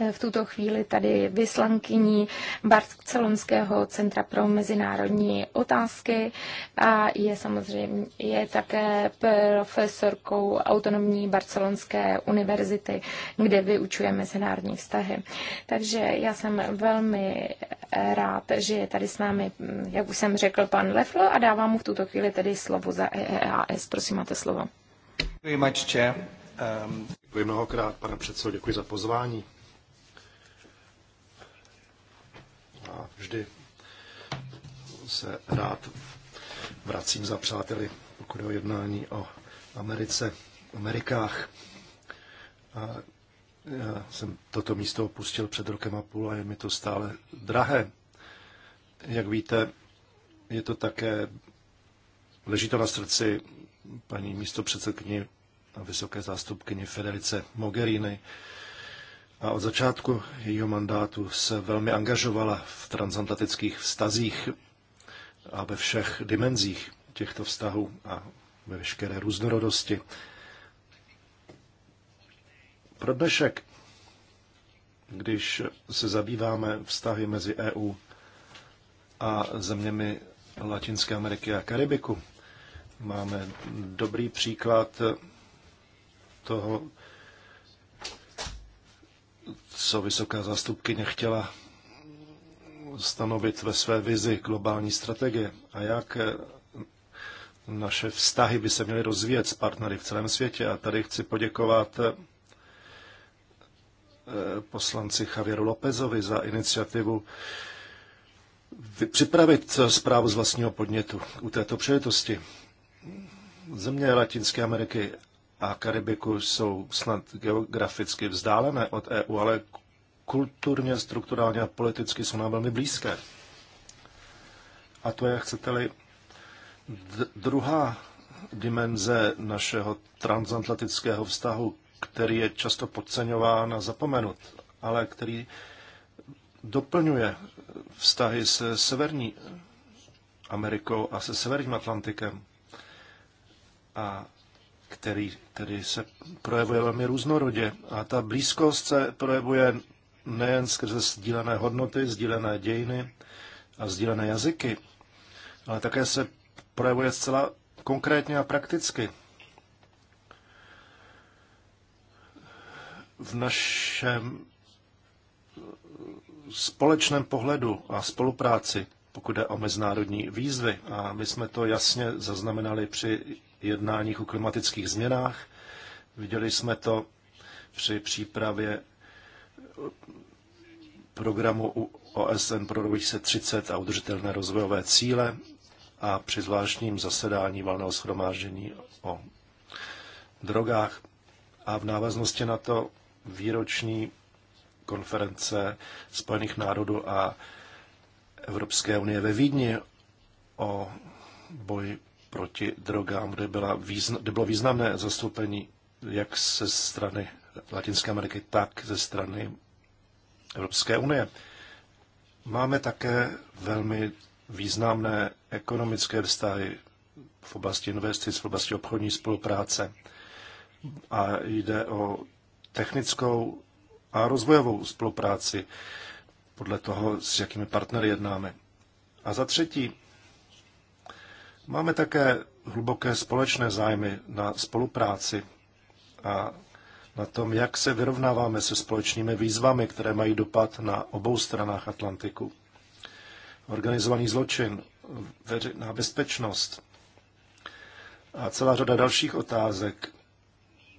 Eh, v tuto chvíli tady vyslankyní Barcelonského centra pro mezinárodní otázky a je samozřejmě je také profesorkou autonomní Barcelonské univerzity, kde vyučuje mezinárodní vztahy. Takže já jsem velmi rád, že je tady s námi, hm, jak už jsem řekl, pan Lefl a dávám mu v tuto chvíli tedy slovo za EEAS. Prosím, máte slovo. Děkuji, Děkuji mnohokrát, pane předsedo, děkuji za pozvání. a vždy se rád vracím za přáteli, pokud je o jednání o Americe, Amerikách. A já jsem toto místo opustil před rokem a půl a je mi to stále drahé. Jak víte, je to také, leží to na srdci paní místo předsedkyni a vysoké zástupkyni Federice Mogherini, a od začátku jejího mandátu se velmi angažovala v transatlantických vztazích a ve všech dimenzích těchto vztahů a ve veškeré různorodosti. Pro dnešek, když se zabýváme vztahy mezi EU a zeměmi Latinské Ameriky a Karibiku, máme dobrý příklad toho, co vysoká zástupkyně chtěla stanovit ve své vizi globální strategie a jak eh, naše vztahy by se měly rozvíjet s partnery v celém světě. A tady chci poděkovat eh, poslanci Javieru Lopezovi za iniciativu připravit zprávu z vlastního podnětu u této přejetosti. Země Latinské Ameriky a Karibiku jsou snad geograficky vzdálené od EU, ale kulturně, strukturálně a politicky jsou nám velmi blízké. A to je, chcete-li, druhá dimenze našeho transatlantického vztahu, který je často podceňován a zapomenut, ale který doplňuje vztahy se Severní Amerikou a se Severním Atlantikem. A který, který se projevuje velmi různorodě. A ta blízkost se projevuje nejen skrze sdílené hodnoty, sdílené dějiny a sdílené jazyky, ale také se projevuje zcela konkrétně a prakticky. V našem společném pohledu a spolupráci, pokud jde o mezinárodní výzvy. A my jsme to jasně zaznamenali při jednáních o klimatických změnách. Viděli jsme to při přípravě programu OSN pro 2030 a udržitelné rozvojové cíle a při zvláštním zasedání valného schromáždění o drogách a v návaznosti na to výroční konference Spojených národů a Evropské unie ve Vídni o boji proti drogám, kde, byla význa, kde bylo významné zastoupení jak ze strany Latinské Ameriky, tak ze strany Evropské unie. Máme také velmi významné ekonomické vztahy v oblasti investic, v oblasti obchodní spolupráce. A jde o technickou a rozvojovou spolupráci podle toho, s jakými partnery jednáme. A za třetí, Máme také hluboké společné zájmy na spolupráci a na tom, jak se vyrovnáváme se společnými výzvami, které mají dopad na obou stranách Atlantiku. Organizovaný zločin, veřejná bezpečnost a celá řada dalších otázek,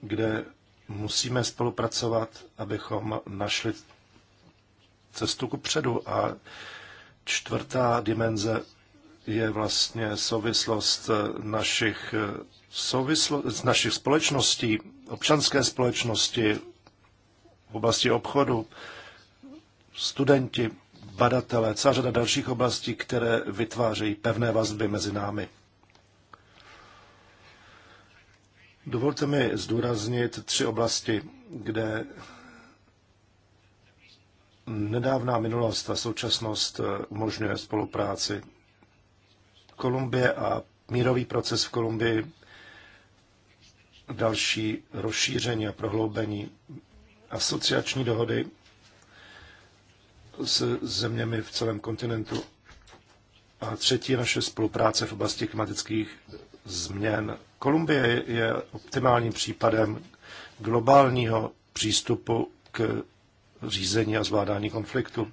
kde musíme spolupracovat, abychom našli cestu ku předu. A čtvrtá dimenze je vlastně souvislost eh, našich, eh, souvislo, našich společností, občanské společnosti v oblasti obchodu, studenti, badatelé, celá řada dalších oblastí, které vytvářejí pevné vazby mezi námi. Dovolte mi zdůraznit tři oblasti, kde nedávná minulost a současnost eh, umožňuje spolupráci Kolumbie a mírový proces v Kolumbii, další rozšíření a prohloubení asociační dohody s zeměmi v celém kontinentu. A třetí naše spolupráce v oblasti klimatických změn. Kolumbie je optimálním případem globálního přístupu k řízení a zvládání konfliktu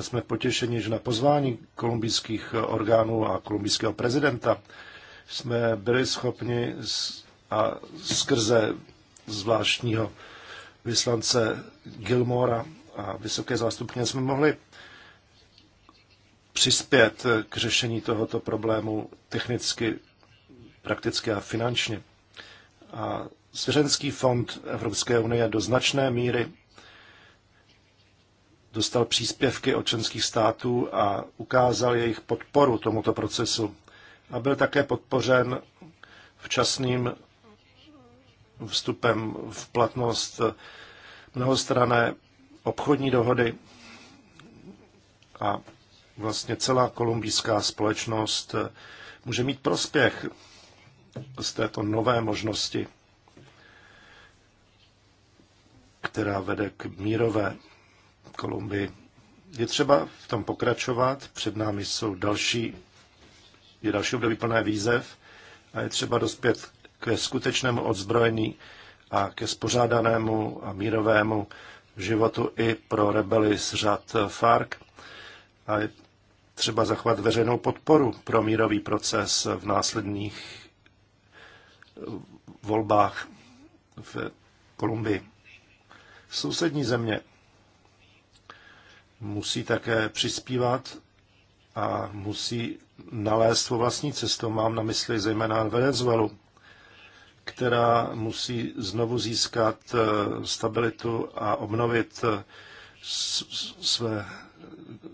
jsme potěšeni, že na pozvání kolumbijských orgánů a kolumbijského prezidenta jsme byli schopni a skrze zvláštního vyslance Gilmora a vysoké zástupně jsme mohli přispět k řešení tohoto problému technicky, prakticky a finančně. A Svěřenský fond Evropské unie do značné míry dostal příspěvky od členských států a ukázal jejich podporu tomuto procesu. A byl také podpořen včasným vstupem v platnost mnohostrané obchodní dohody a vlastně celá kolumbijská společnost může mít prospěch z této nové možnosti, která vede k mírové Kolumbii. Je třeba v tom pokračovat, před námi jsou další, je další období plné výzev a je třeba dospět ke skutečnému odzbrojení a ke spořádanému a mírovému životu i pro rebely z řad FARC. A je třeba zachovat veřejnou podporu pro mírový proces v následných eh, volbách v Kolumbii. Sousední země musí také přispívat a musí nalézt svou vlastní cestu. Mám na mysli zejména Venezuelu, která musí znovu získat eh, stabilitu a obnovit eh, své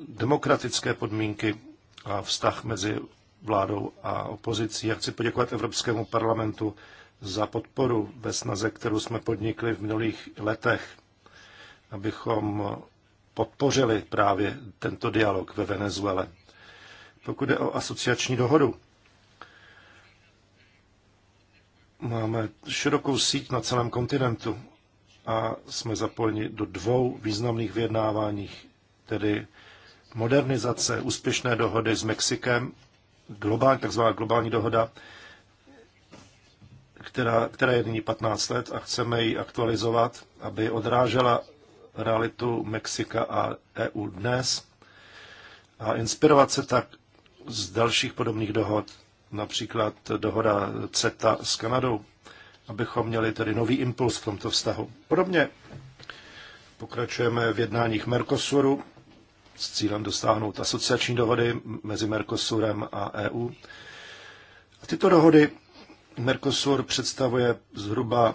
demokratické podmínky a vztah mezi vládou a opozicí. Já chci poděkovat Evropskému parlamentu za podporu ve snaze, kterou jsme podnikli v minulých letech, abychom podpořili právě tento dialog ve Venezuele. Pokud jde o asociační dohodu, máme širokou síť na celém kontinentu a jsme zapojeni do dvou významných vyjednáváních, tedy modernizace úspěšné dohody s Mexikem, globální, takzvaná globální dohoda, která, která je nyní 15 let a chceme ji aktualizovat, aby odrážela realitu Mexika a EU dnes a inspirovat se tak z dalších podobných dohod, například dohoda CETA s Kanadou, abychom měli tedy nový impuls v tomto vztahu. Podobně pokračujeme v jednáních Mercosuru s cílem dosáhnout asociační dohody mezi Mercosurem a EU. A tyto dohody Mercosur představuje zhruba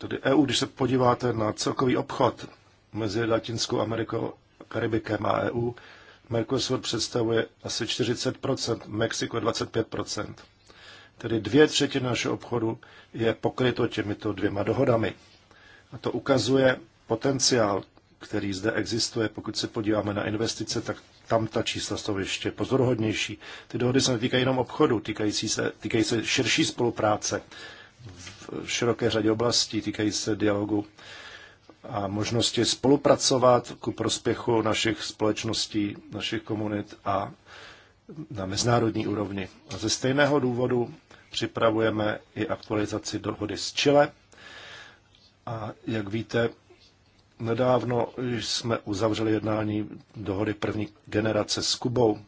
tedy EU, když se podíváte na celkový obchod mezi Latinskou Amerikou, Karibikem a EU, Mercosur představuje asi 40%, Mexiko 25%. Tedy dvě třetiny našeho obchodu je pokryto těmito dvěma dohodami. A to ukazuje potenciál, který zde existuje. Pokud se podíváme na investice, tak tam ta čísla jsou ještě pozoruhodnější. Ty dohody se netýkají jenom obchodu, týkají se, týkají se širší spolupráce v široké řadě oblastí týkají se dialogu a možnosti spolupracovat ku prospěchu našich společností, našich komunit a na mezinárodní úrovni. A ze stejného důvodu připravujeme i aktualizaci dohody s Chile. A jak víte, nedávno jsme uzavřeli jednání dohody první generace s Kubou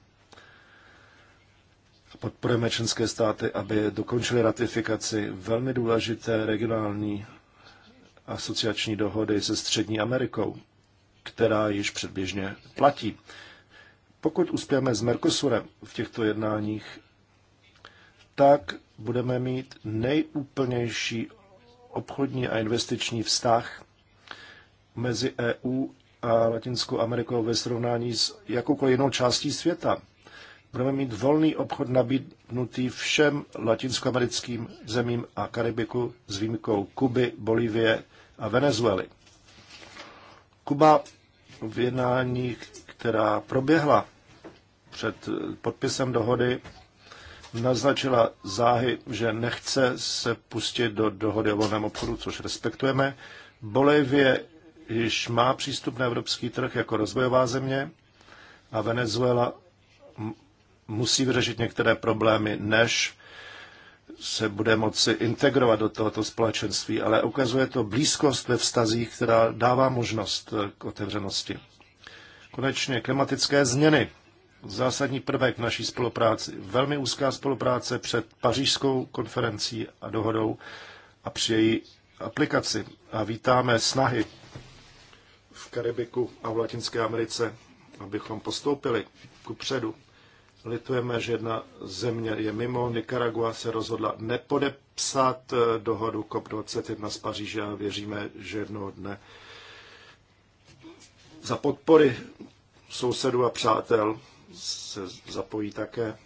a podporujeme členské státy, aby dokončily ratifikaci velmi důležité regionální asociační dohody se Střední Amerikou, která již předběžně platí. Pokud uspějeme s Mercosurem v těchto jednáních, tak budeme mít nejúplnější obchodní a investiční vztah mezi EU a Latinskou Amerikou ve srovnání s jakoukoliv jinou částí světa budeme mít volný obchod nabídnutý všem latinskoamerickým zemím a Karibiku s výjimkou Kuby, Bolívie a Venezuely. Kuba v jednání, která proběhla před eh, podpisem dohody, naznačila záhy, že nechce se pustit do dohody o volném obchodu, což respektujeme. Bolívie již má přístup na evropský trh jako rozvojová země a Venezuela musí vyřešit některé problémy, než se bude moci integrovat do tohoto společenství, ale ukazuje to blízkost ve vztazích, která dává možnost k otevřenosti. Konečně klimatické změny. Zásadní prvek naší spolupráci. Velmi úzká spolupráce před pařížskou konferencí a dohodou a při její aplikaci. A vítáme snahy v Karibiku a v Latinské Americe, abychom postoupili ku předu Litujeme, že jedna země je mimo. Nicaragua se rozhodla nepodepsat eh, dohodu COP21 z Paříže a věříme, že jednoho dne za podpory sousedů a přátel se zapojí také.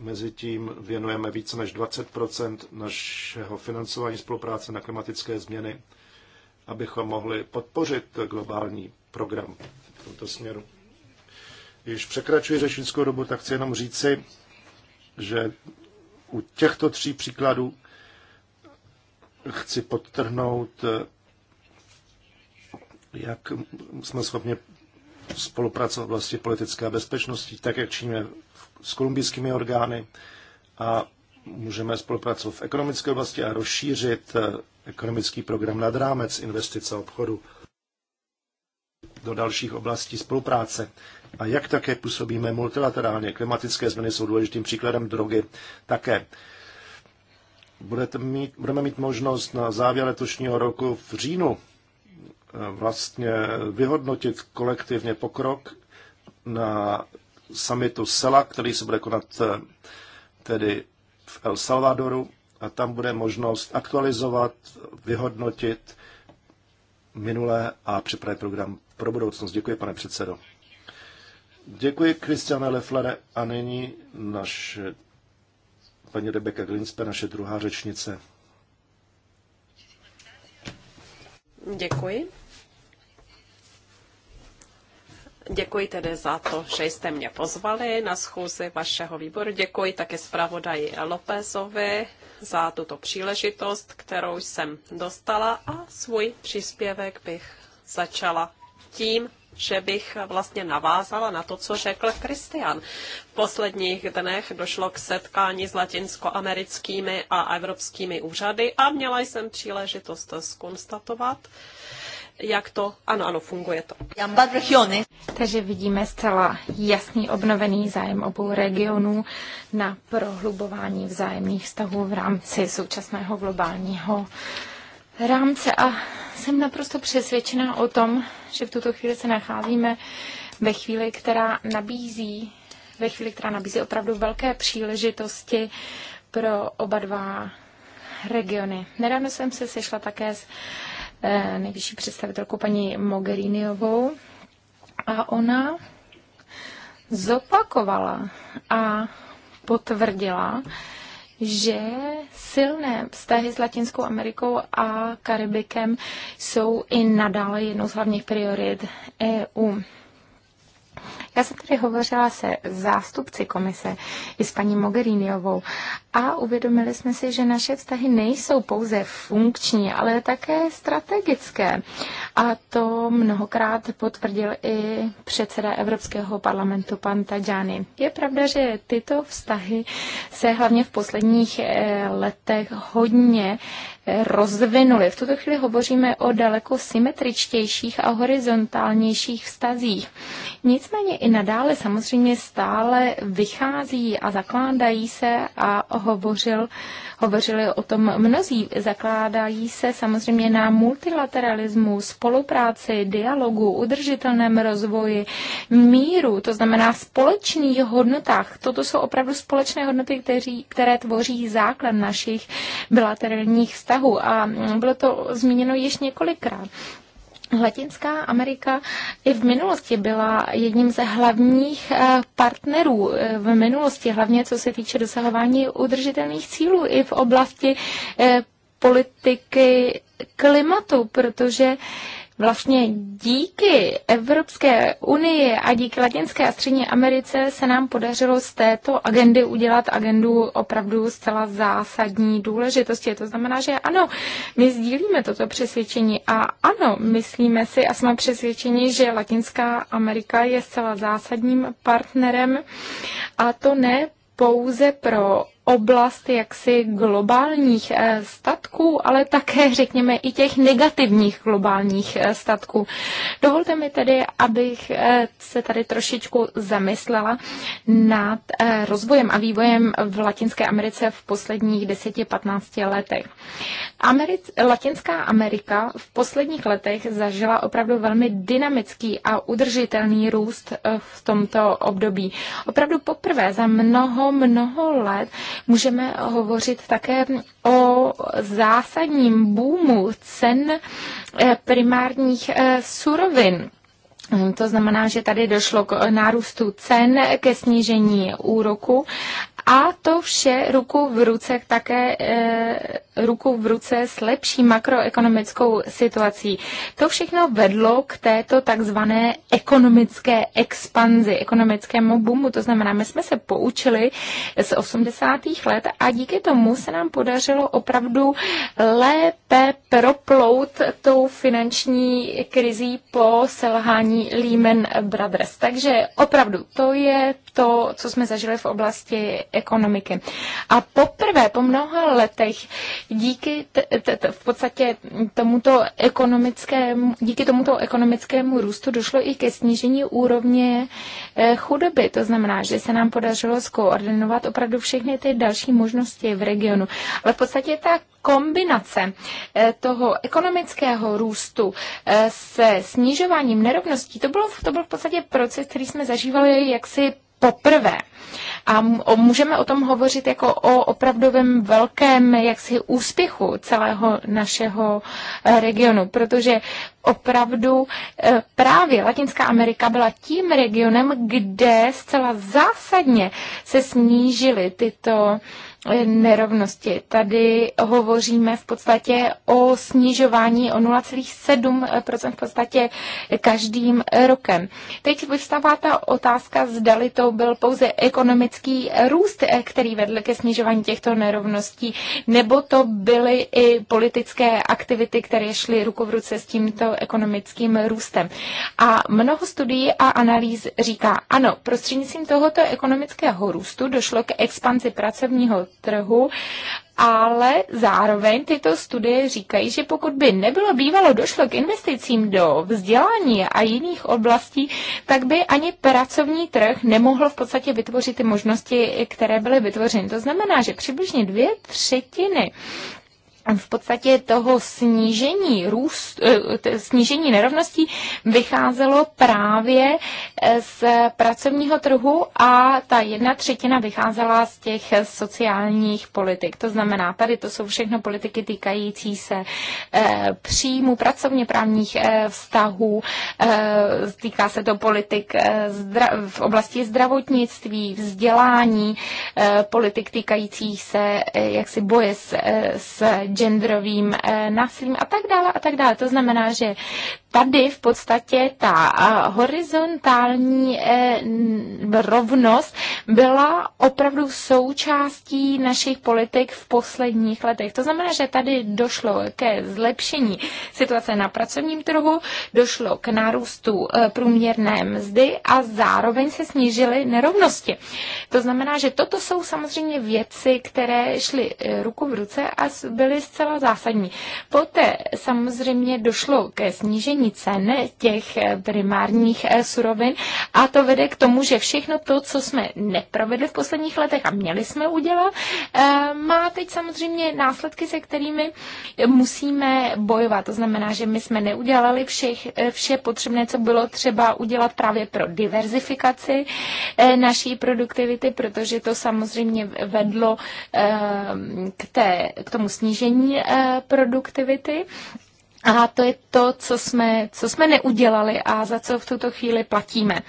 Mezitím věnujeme více než 20 našeho financování spolupráce na klimatické změny, abychom mohli podpořit globální program v tomto směru již překračuji řečnickou dobu, tak chci jenom říci, že u těchto tří příkladů chci podtrhnout, jak jsme schopni spolupracovat v oblasti politické bezpečnosti, tak jak činíme s kolumbijskými orgány a můžeme spolupracovat v ekonomické oblasti a rozšířit eh, ekonomický program nad rámec investice a obchodu do dalších oblastí spolupráce. A jak také působíme multilaterálně. Klimatické změny jsou důležitým příkladem drogy také. Budete mít, budeme mít možnost na závěr letošního roku v říjnu eh, vlastně vyhodnotit kolektivně pokrok na samitu SELA, který se bude konat eh, tedy v El Salvadoru a tam bude možnost aktualizovat, vyhodnotit minulé a připravit program pro budoucnost. Děkuji, pane předsedo. Děkuji, Kristiane Leflere. A nyní naše paní Rebeka Glinspe, naše druhá řečnice. Děkuji. Děkuji tedy za to, že jste mě pozvali na schůzi vašeho výboru. Děkuji také zpravodaji Lópezovi za tuto příležitost, kterou jsem dostala a svůj příspěvek bych začala tím, že bych vlastně navázala na to, co řekl Kristian. V posledních dnech došlo k setkání s latinskoamerickými a evropskými úřady a měla jsem příležitost to skonstatovat, jak to, ano, ano, funguje to. Takže vidíme zcela jasný obnovený zájem obou regionů na prohlubování vzájemných vztahů v rámci současného globálního rámce a jsem naprosto přesvědčena o tom, že v tuto chvíli se nacházíme ve chvíli, která nabízí, ve chvíli, která nabízí opravdu velké příležitosti pro oba dva regiony. Nedávno jsem se sešla také s eh, nejvyšší představitelkou paní Mogheriniovou a ona zopakovala a potvrdila, že silné vztahy s Latinskou Amerikou a Karibikem jsou i nadále jednou z hlavních priorit EU. Já jsem tady hovořila se zástupci komise i s paní Mogheriniovou a uvědomili jsme si, že naše vztahy nejsou pouze funkční, ale také strategické. A to mnohokrát potvrdil i předseda Evropského parlamentu pan Tajani. Je pravda, že tyto vztahy se hlavně v posledních eh, letech hodně rozvinuli. V tuto chvíli hovoříme o daleko symetričtějších a horizontálnějších vztazích. Nicméně i nadále samozřejmě stále vychází a zakládají se a hovořil hovořili o tom mnozí. Zakládají se samozřejmě na multilateralismu, spolupráci, dialogu, udržitelném rozvoji, míru, to znamená společných hodnotách. Toto jsou opravdu společné hodnoty, kteří, které tvoří základ našich bilaterálních vztahů. A bylo to zmíněno již několikrát. Latinská Amerika i v minulosti byla jedním ze hlavních eh, partnerů eh, v minulosti, hlavně co se týče dosahování udržitelných cílů i v oblasti eh, politiky klimatu, protože Vlastně díky Evropské unii a díky Latinské a Střední Americe se nám podařilo z této agendy udělat agendu opravdu zcela zásadní důležitosti. To znamená, že ano, my sdílíme toto přesvědčení a ano, myslíme si a jsme přesvědčeni, že Latinská Amerika je zcela zásadním partnerem a to ne pouze pro oblast jaksi globálních eh, statků, ale také, řekněme, i těch negativních globálních eh, statků. Dovolte mi tedy, abych eh, se tady trošičku zamyslela nad rozvojem a vývojem v Latinské Americe v posledních 10-15 letech. Americ- Latinská Amerika v posledních letech zažila opravdu velmi dynamický a udržitelný růst v tomto období. Opravdu poprvé za mnoho, mnoho let můžeme hovořit také o zásadním boomu cen eh, primárních eh, surovin. To znamená, že tady došlo k nárůstu cen, ke snížení úroku a to vše ruku v ruce také e, ruku v ruce s lepší makroekonomickou situací. To všechno vedlo k této takzvané ekonomické expanzi, ekonomickému boomu. To znamená, my jsme se poučili z 80. let a díky tomu se nám podařilo opravdu lépe proplout tou finanční krizí po selhání Lehman Brothers. Takže opravdu to je to, co jsme zažili v oblasti ekonomiky. A poprvé po mnoha letech díky t- t- t- v podstatě tomuto ekonomickému, díky tomuto ekonomickému růstu došlo i ke snížení úrovně eh, chudoby. To znamená, že se nám podařilo skoordinovat opravdu všechny ty další možnosti v regionu. Ale v podstatě ta kombinace eh, toho ekonomického růstu eh, se snižováním nerovností, to, bylo, to byl v podstatě proces, který jsme zažívali jaksi poprvé. A můžeme o tom hovořit jako o opravdovém velkém jaksi úspěchu celého našeho eh, regionu, protože opravdu eh, právě Latinská Amerika byla tím regionem, kde zcela zásadně se snížily tyto nerovnosti. Tady hovoříme v podstatě o snižování o 0,7% v podstatě každým rokem. Teď vystává ta otázka, zdali to byl pouze ekonomický růst, eh, který vedl ke snižování těchto nerovností, nebo to byly i politické aktivity, které šly ruku v ruce s tímto ekonomickým růstem. A mnoho studií a analýz říká, ano, prostřednictvím tohoto ekonomického růstu došlo k expanzi pracovního trhu, ale zároveň tyto studie říkají, že pokud by nebylo bývalo došlo k investicím do vzdělání a jiných oblastí, tak by ani pracovní trh nemohl v podstatě vytvořit ty možnosti, které byly vytvořeny. To znamená, že přibližně dvě třetiny v podstatě toho snížení růst, eh, snížení nerovností vycházelo právě eh, z pracovního trhu a ta jedna třetina vycházela z těch sociálních politik. To znamená, tady to jsou všechno politiky týkající se eh, příjmu pracovně právních vztahů, týká se to politik v oblasti zdravotnictví, vzdělání, politik týkajících se jaksi boje s, s genderovým eh, násilím a tak dále a tak dále. To znamená, že tady v podstatě ta horizontální eh, rovnost byla opravdu součástí našich politik v posledních letech. To znamená, že tady došlo ke zlepšení situace na pracovním trhu, došlo k nárůstu eh, průměrné mzdy a zároveň se snížily nerovnosti. To znamená, že toto jsou samozřejmě věci, které šly eh, ruku v ruce a byly zcela zásadní. Poté samozřejmě došlo ke snížení globální cen těch eh, primárních eh, surovin a to vede k tomu, že všechno to, co jsme neprovedli v posledních letech a měli jsme udělat, eh, má teď samozřejmě následky, se kterými musíme bojovat. To znamená, že my jsme neudělali všech, vše potřebné, co bylo třeba udělat právě pro diverzifikaci naší produktivity, protože to samozřejmě vedlo k, té, k tomu snížení produktivity. A to je to, co jsme, co jsme neudělali a za co v tuto chvíli platíme.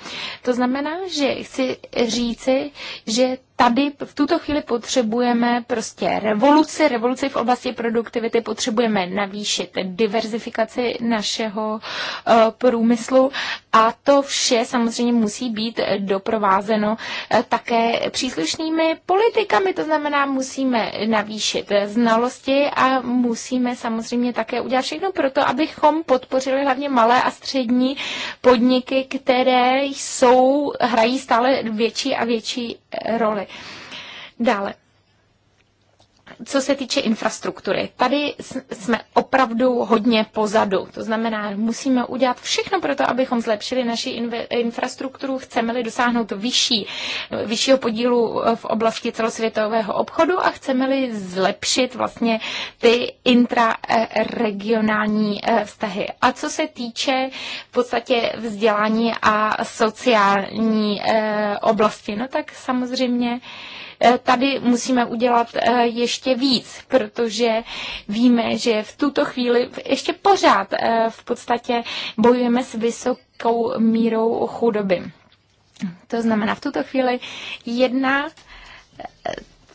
To znamená, že chci říci, že tady v tuto chvíli potřebujeme prostě revoluci, revoluci v oblasti produktivity, potřebujeme navýšit diverzifikaci našeho eh, průmyslu a to vše samozřejmě musí být doprovázeno eh, také příslušnými politikami, to znamená musíme navýšit znalosti a musíme samozřejmě také udělat všechno pro to, abychom podpořili hlavně malé a střední podniky, které jsou, hrají stále větší a větší eh, roli. Dále, co se týče infrastruktury, tady jsme opravdu hodně pozadu. To znamená, musíme udělat všechno pro to, abychom zlepšili naši infrastrukturu, chceme-li dosáhnout vyšší, vyššího podílu v oblasti celosvětového obchodu a chceme-li zlepšit vlastně ty intraregionální eh, vztahy. A co se týče v podstatě vzdělání a sociální eh, oblasti, no tak samozřejmě Eh, tady musíme udělat eh, ještě víc, protože víme, že v tuto chvíli ještě pořád eh, v podstatě bojujeme s vysokou mírou chudoby. To znamená, v tuto chvíli jedna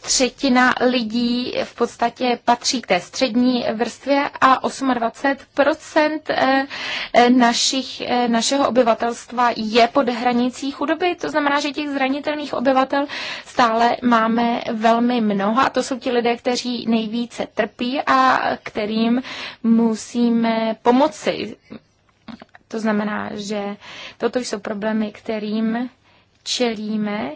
třetina lidí v podstatě patří k té střední vrstvě a 28% eh, eh, našich, eh, našeho obyvatelstva je pod hranicí chudoby. To znamená, že těch zranitelných obyvatel stále máme velmi mnoho a to jsou ti lidé, kteří nejvíce trpí a kterým musíme pomoci. To znamená, že toto jsou problémy, kterým čelíme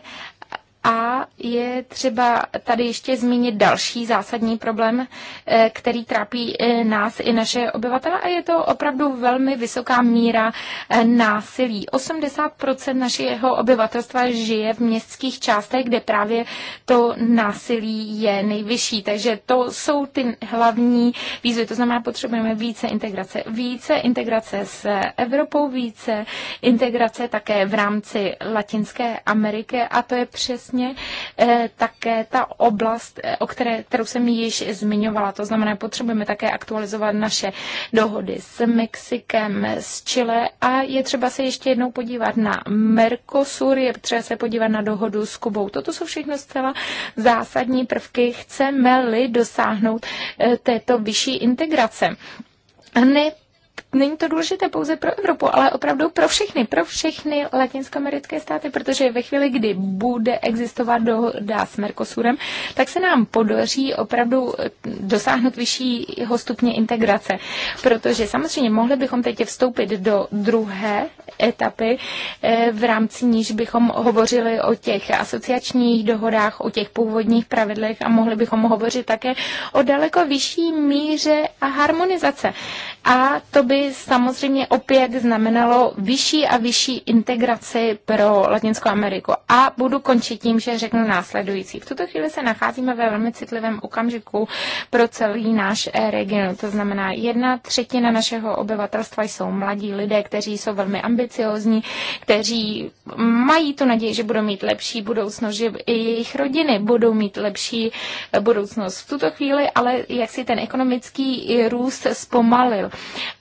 a je třeba tady ještě zmínit další zásadní problém, eh, který trápí eh, nás i naše obyvatele a je to opravdu velmi vysoká míra eh, násilí. 80% našeho obyvatelstva žije v městských částech, kde právě to násilí je nejvyšší. Takže to jsou ty hlavní výzvy. To znamená, potřebujeme více integrace. Více integrace s Evropou, více integrace také v rámci Latinské Ameriky a to je přesně vlastně eh, také ta oblast, eh, o které, kterou jsem již zmiňovala. To znamená, potřebujeme také aktualizovat naše dohody s Mexikem, s Chile a je třeba se ještě jednou podívat na Mercosur, je třeba se podívat na dohodu s Kubou. Toto jsou všechno zcela zásadní prvky, chceme-li dosáhnout eh, této vyšší integrace. Ne není to důležité pouze pro Evropu, ale opravdu pro všechny, pro všechny latinskoamerické státy, protože ve chvíli, kdy bude existovat dohoda s Mercosurem, tak se nám podaří opravdu eh, dosáhnout vyššího stupně integrace. Protože samozřejmě mohli bychom teď vstoupit do druhé etapy, eh, v rámci níž bychom hovořili o těch asociačních dohodách, o těch původních pravidlech a mohli bychom hovořit také o daleko vyšší míře a harmonizace. A to by samozřejmě opět znamenalo vyšší a vyšší integraci pro Latinskou Ameriku. A budu končit tím, že řeknu následující. V tuto chvíli se nacházíme ve velmi citlivém okamžiku pro celý náš region. To znamená, jedna třetina našeho obyvatelstva jsou mladí lidé, kteří jsou velmi ambiciozní, kteří mají tu naději, že budou mít lepší budoucnost, že i jejich rodiny budou mít lepší budoucnost. V tuto chvíli ale jak si ten ekonomický růst zpomalil.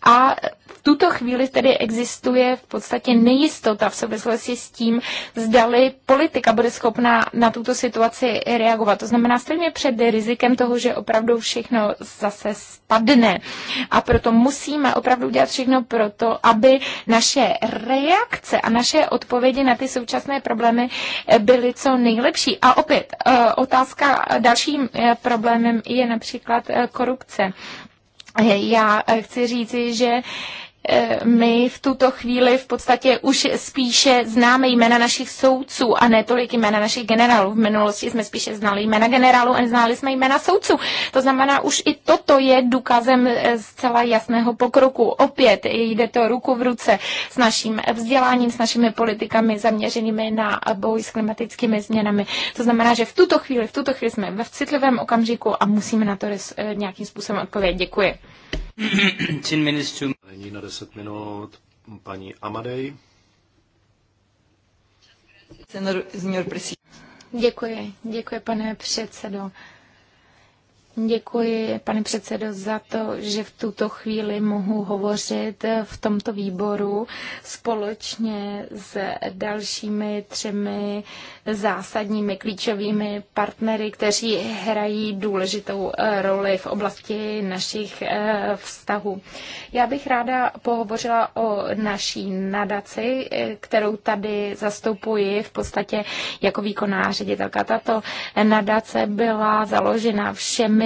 A v tuto chvíli tedy existuje v podstatě nejistota v souvislosti s tím, zdali politika bude schopná na tuto situaci reagovat. To znamená, stojíme před rizikem toho, že opravdu všechno zase spadne. A proto musíme opravdu dělat všechno to, aby naše reakce a naše odpovědi na ty současné problémy eh, byly co nejlepší. A opět, eh, otázka dalším eh, problémem je například korupce. Já eh, chci říci, že Eh, my v tuto chvíli v podstatě už spíše známe jména našich soudců a ne tolik jména našich generálů. V minulosti jsme spíše znali jména generálů a neznali jsme jména soudců. To znamená, už i toto je důkazem eh, zcela jasného pokroku. Opět jde to ruku v ruce s naším vzděláním, s našimi politikami zaměřenými na boj s klimatickými změnami. To znamená, že v tuto chvíli, v tuto chvíli jsme ve citlivém okamžiku a musíme na to eh, nějakým způsobem odpovědět. Děkuji. 10 minutes to... 10 minut paní Amadej. Senor Děkuji, děkuji pane předsedo. Děkuji, pane předsedo, za to, že v tuto chvíli mohu hovořit v tomto výboru společně s dalšími třemi zásadními klíčovými partnery, kteří hrají důležitou eh, roli v oblasti našich eh, vztahů. Já bych ráda pohovořila o naší nadaci, eh, kterou tady zastupuji v podstatě jako výkonná ředitelka. Tato nadace byla založena všemi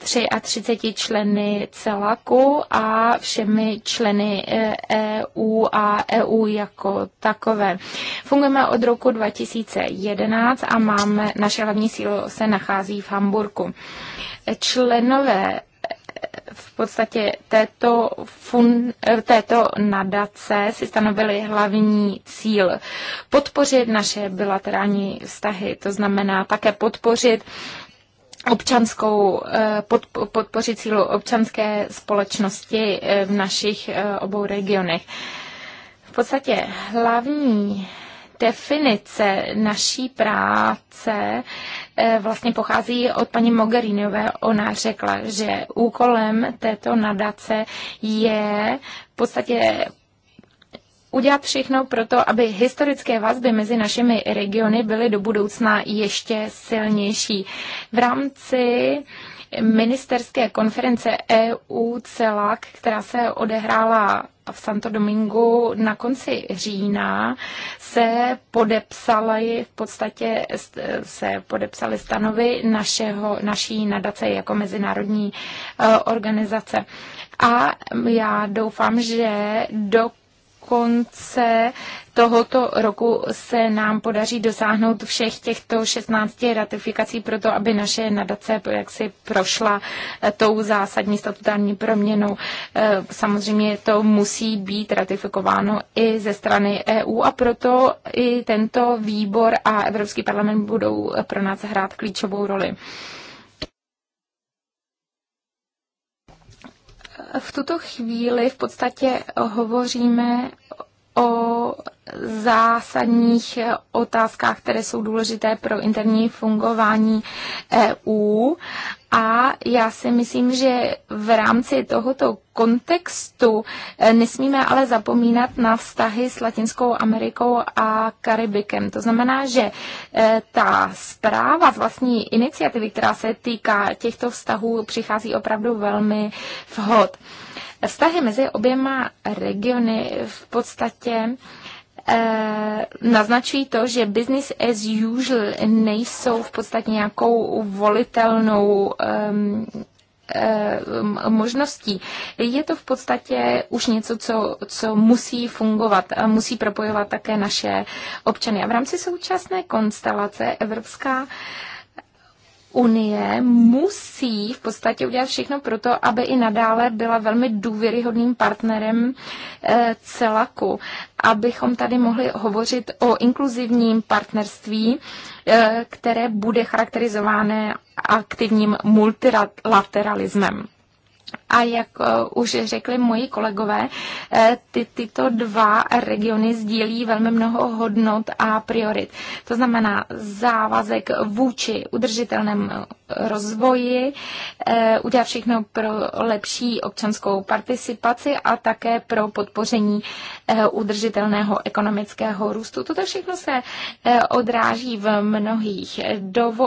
všemi 33 eh, členy celaku a všemi členy EU eh, e a EU jako takové. Fungujeme od roku 2011 a máme, naše hlavní sílo se nachází v Hamburgu. Členové eh, v podstatě této, fun, této nadace si stanovili hlavní cíl podpořit naše bilaterální vztahy, to znamená také podpořit občanskou, eh, podpořit sílu občanské společnosti eh, v našich eh, obou regionech. V podstatě hlavní definice naší práce vlastně pochází od paní Mogherinové. Ona řekla, že úkolem této nadace je v podstatě udělat všechno pro to, aby historické vazby mezi našimi regiony byly do budoucna ještě silnější. V rámci ministerské konference EU CELAC, která se odehrála v Santo Domingu na konci října se podepsaly v podstatě se podepsaly stanovy našeho, naší nadace jako mezinárodní eh, organizace. A já doufám, že do konce tohoto roku se nám podaří dosáhnout všech těchto 16 ratifikací pro to, aby naše nadace jaksi prošla eh, tou zásadní statutární proměnou. Eh, samozřejmě to musí být ratifikováno i ze strany EU a proto i tento výbor a Evropský parlament budou pro nás hrát klíčovou roli. v tuto chvíli v podstatě hovoříme zásadních otázkách, které jsou důležité pro interní fungování EU. A já si myslím, že v rámci tohoto kontextu eh, nesmíme ale zapomínat na vztahy s Latinskou Amerikou a Karibikem. To znamená, že eh, ta zpráva z vlastní iniciativy, která se týká těchto vztahů, přichází opravdu velmi vhod. Vztahy mezi oběma regiony v podstatě Eh, naznačují to, že business as usual nejsou v podstatě nějakou volitelnou um, možností. Je to v podstatě už něco, co, co musí fungovat, musí propojovat také naše občany. A v rámci současné konstelace Evropská uh, unie musí v podstatě udělat všechno pro to, aby i nadále byla velmi důvěryhodným partnerem eh, celaku, abychom tady mohli hovořit o inkluzivním partnerství, eh, které bude charakterizováno aktivním multilateralismem. A jak eh, už řekli moji kolegové, eh, ty, tyto dva regiony sdílí velmi mnoho hodnot a priorit. To znamená závazek vůči udržitelnému rozvoji, eh, udělat všechno pro lepší občanskou participaci a také pro podpoření eh, udržitelného ekonomického růstu. Toto všechno se eh, odráží v mnohých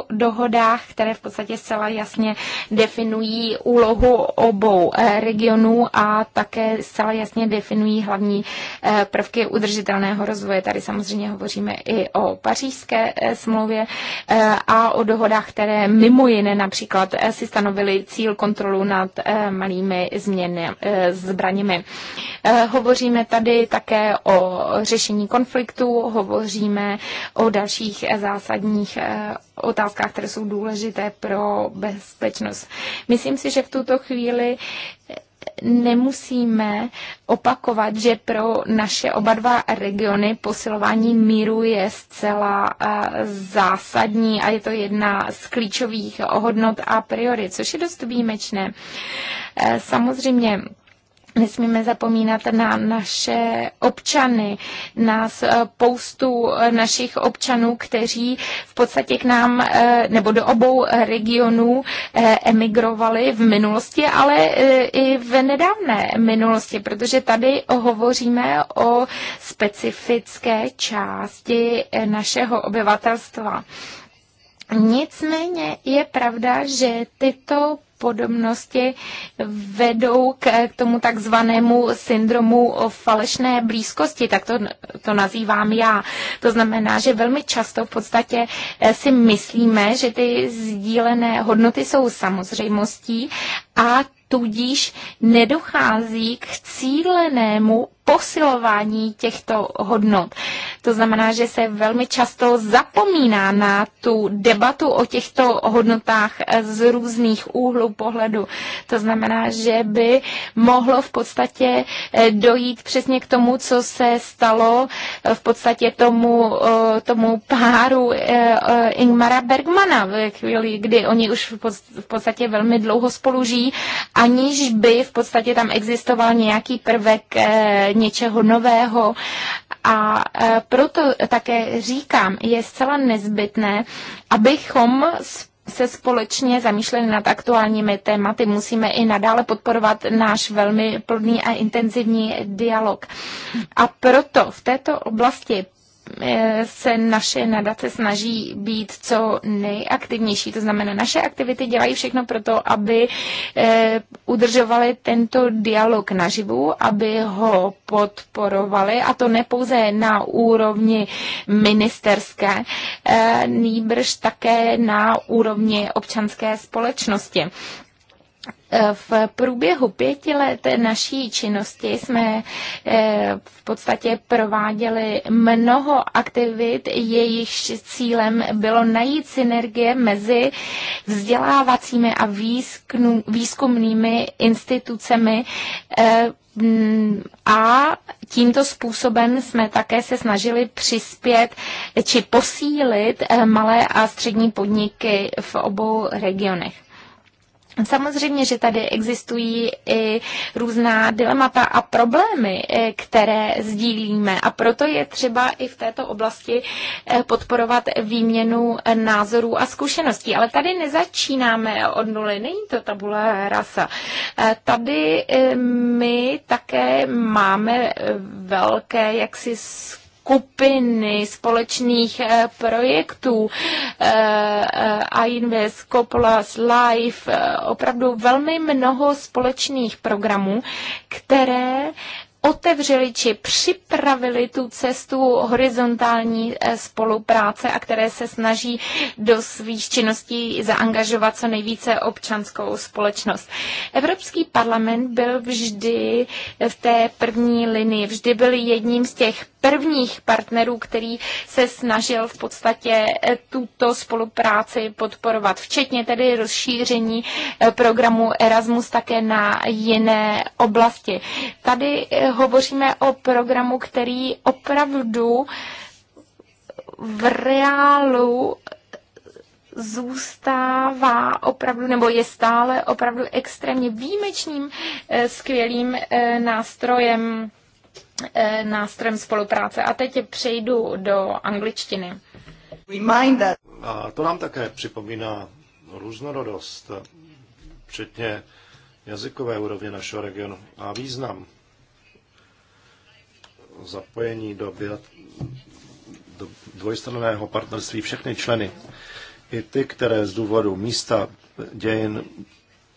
dohodách, které v podstatě zcela jasně definují úlohu obou regionů a také zcela jasně definují hlavní prvky udržitelného rozvoje. Tady samozřejmě hovoříme i o pařížské smlouvě a o dohodách, které mimo Ukrajiny například eh, si stanovili cíl kontrolu nad eh, malými změny, eh, zbraněmi. Hovoříme tady také o řešení konfliktu. hovoříme o dalších zásadních otázkách, které jsou důležité pro bezpečnost. Myslím si, že v tuto chvíli nemusíme opakovat, že pro naše oba dva regiony posilování míru je zcela eh, zásadní a je to jedna z klíčových hodnot a priorit, což je dost výjimečné. Eh, samozřejmě Nesmíme zapomínat na naše občany, na spoustu eh, eh, našich občanů, kteří v podstatě k nám eh, nebo do obou regionů emigrovali v minulosti, ale i v nedávné minulosti, protože tady hovoříme o specifické části našeho obyvatelstva. Nicméně je pravda, že tyto podobnosti vedou k tomu takzvanému syndromu falešné blízkosti, tak to, to nazývám já. To znamená, že velmi často v podstatě eh, si myslíme, že ty sdílené hodnoty jsou samozřejmostí a tudíž nedochází k cílenému posilování těchto hodnot. To znamená, že se velmi často zapomíná na tu debatu o těchto hodnotách z různých úhlů pohledu. To znamená, že by mohlo v podstatě eh, dojít přesně k tomu, co se stalo eh, v podstatě tomu, eh, tomu páru Ingmara Bergmana ve chvíli, kdy oni už v podstatě velmi dlouho spolu žijí, aniž by v podstatě tam existoval nějaký prvek něčeho nového. A e, proto také říkám, je zcela nezbytné, abychom se společně zamýšleli nad aktuálními tématy. Musíme i nadále podporovat náš velmi plodný a intenzivní dialog. A proto v této oblasti Eh, se naše nadace snaží být co nejaktivnější. To znamená, naše aktivity dělají všechno pro to, aby eh, udržovali tento dialog naživu, aby ho podporovali a to ne pouze na úrovni ministerské, eh, nýbrž také na úrovni občanské společnosti. E, v průběhu pěti let naší činnosti jsme e, v podstatě prováděli mnoho aktivit, jejich cílem bylo najít synergie mezi vzdělávacími a výzkumnými institucemi e, a tímto způsobem jsme také se snažili přispět či posílit malé a střední podniky v obou regionech. Samozřejmě, že tady existují i různá dilemata a problémy, e, které sdílíme a proto je třeba i v této oblasti e, podporovat výměnu názorů a zkušeností. Ale tady nezačínáme od nuly, není to tabule rasa. E, tady my také máme velké jaksi zkušenosti skupiny společných eh, projektů iInvest, eh, eh, Copolas, Life, opravdu velmi mnoho společných programů, které otevřeli či připravili tu cestu horizontální spolupráce a které se snaží do svých činností zaangažovat co nejvíce občanskou společnost. Evropský parlament byl vždy v té první linii, vždy byl jedním z těch prvních partnerů, který se snažil v podstatě eh, tuto spolupráci podporovat, včetně tedy rozšíření eh, programu Erasmus také na jiné oblasti. Tady eh, hovoříme o programu, který opravdu v reálu zůstává opravdu, nebo je stále opravdu extrémně výjimečným, skvělým nástrojem Eh, nástrojem spolupráce. A teď přejdu do angličtiny. A to nám také připomíná různorodost, včetně jazykové úrovně našeho regionu a význam zapojení do, do dvojstranného partnerství všechny členy, i ty, které z důvodu místa, dějin,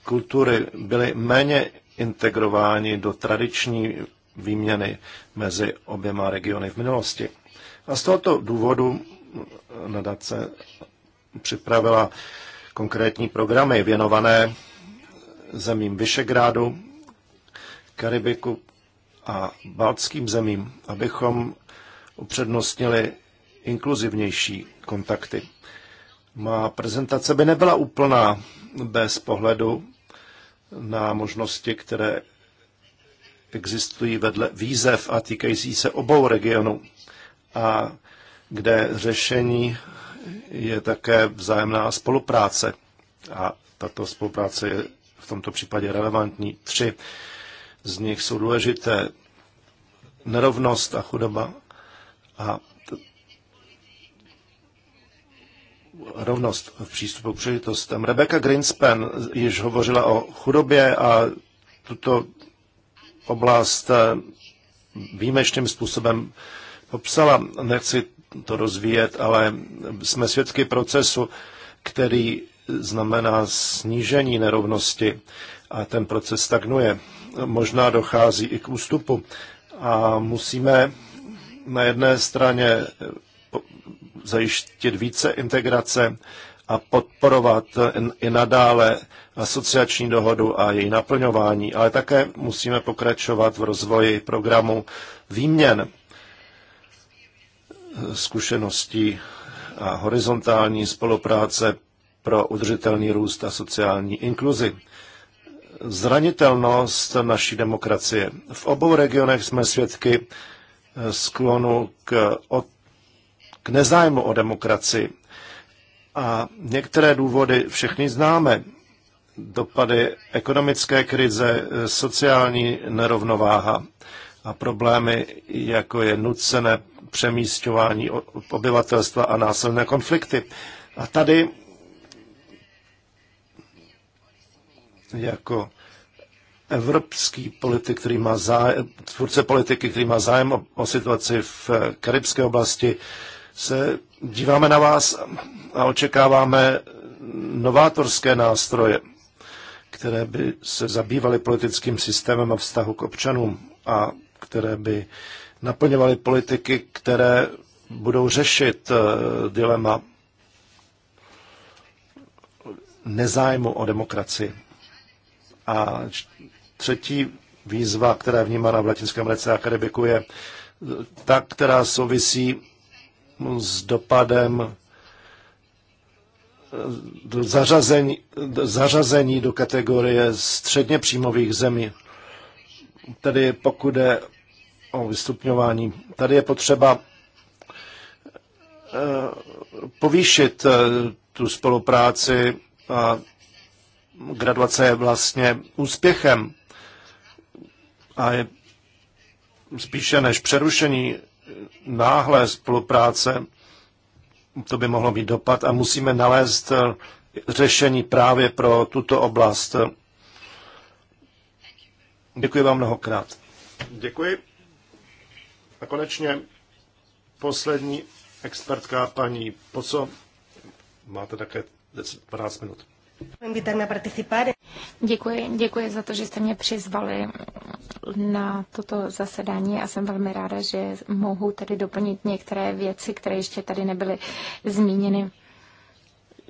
kultury byly méně integrováni do tradiční výměny mezi oběma regiony v minulosti. A z tohoto důvodu nadace připravila konkrétní programy věnované zemím Vyšegrádu, Karibiku a baltským zemím, abychom upřednostnili inkluzivnější kontakty. Má prezentace by nebyla úplná bez pohledu na možnosti, které existují vedle výzev a týkající se obou regionů a kde řešení je také vzájemná spolupráce. A tato spolupráce je v tomto případě relevantní. Tři z nich jsou důležité. Nerovnost a chudoba a rovnost v přístupu k příležitostem. Rebecca Greenspan již hovořila o chudobě a tuto oblast eh, výjimečným způsobem popsala. Nechci to rozvíjet, ale jsme svědky procesu, který znamená snížení nerovnosti a ten proces stagnuje. Možná dochází i k ústupu a musíme na jedné straně eh, zajištit více integrace a podporovat i nadále asociační dohodu a její naplňování, ale také musíme pokračovat v rozvoji programu výměn zkušeností a horizontální spolupráce pro udržitelný růst a sociální inkluzi. Zranitelnost naší demokracie. V obou regionech jsme svědky eh, sklonu k, o, k nezájmu o demokracii. A některé důvody všechny známe dopady ekonomické krize, sociální nerovnováha a problémy, jako je nucené přemístování obyvatelstva a násilné konflikty. A tady jako evropský politik, který má zájem, tvůrce politiky, který má zájem o, o situaci v karibské oblasti, se díváme na vás a očekáváme novátorské nástroje které by se zabývaly politickým systémem a vztahu k občanům a které by naplňovaly politiky, které budou řešit eh, dilema nezájmu o demokracii. A třetí výzva, která je vnímána v Latinské Americe a Karibiku, je ta, která souvisí s dopadem zařazení, zařazení do kategorie středně příjmových zemí. Tedy pokud je o vystupňování, tady je potřeba eh, povýšit eh, tu spolupráci a graduace je vlastně úspěchem a je spíše než přerušení náhlé spolupráce to by mohlo mít dopad a musíme nalézt eh, řešení právě pro tuto oblast. Děkuji vám mnohokrát. Děkuji. A konečně poslední expertka paní Poco. Máte také 10, 12 minut. Děkuji, děkuji za to, že jste mě přizvali na toto zasedání a jsem velmi ráda, že mohu tady doplnit některé věci, které ještě tady nebyly zmíněny.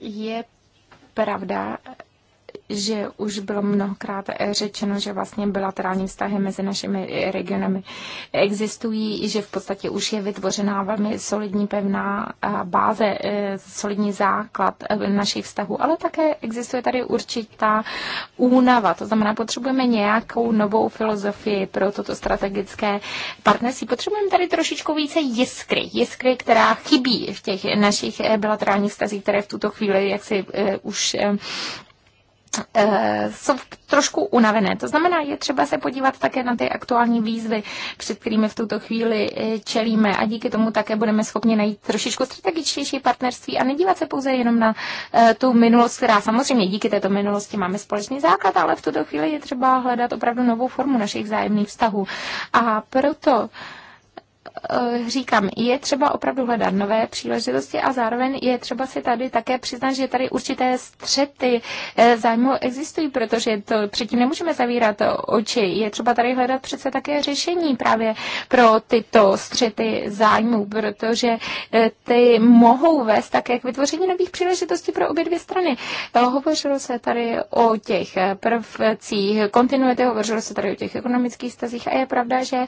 Je pravda, že už bylo mnohokrát řečeno, že vlastně bilaterální vztahy mezi našimi regionami existují, že v podstatě už je vytvořená velmi solidní pevná eh, báze, eh, solidní základ eh, našich vztahů, ale také existuje tady určitá únava. To znamená, potřebujeme nějakou novou filozofii pro toto strategické partnerství. Potřebujeme tady trošičku více jiskry, jiskry, která chybí v těch našich bilaterálních vztazích, které v tuto chvíli jaksi už Eh, jsou trošku unavené. To znamená, je třeba se podívat také na ty aktuální výzvy, před kterými v tuto chvíli eh, čelíme a díky tomu také budeme schopni najít trošičku strategičtější partnerství a nedívat se pouze jenom na eh, tu minulost, která samozřejmě díky této minulosti máme společný základ, ale v tuto chvíli je třeba hledat opravdu novou formu našich vzájemných vztahů. A proto Eh, říkám, je třeba opravdu hledat nové příležitosti a zároveň je třeba si tady také přiznat, že tady určité střety eh, zájmu existují, protože to předtím nemůžeme zavírat oči. Je třeba tady hledat přece také řešení právě pro tyto střety zájmu, protože eh, ty mohou vést také k vytvoření nových příležitostí pro obě dvě strany. Hovořilo se tady o těch prvcích kontinuity, hovořilo se tady o těch ekonomických stazích a je pravda, že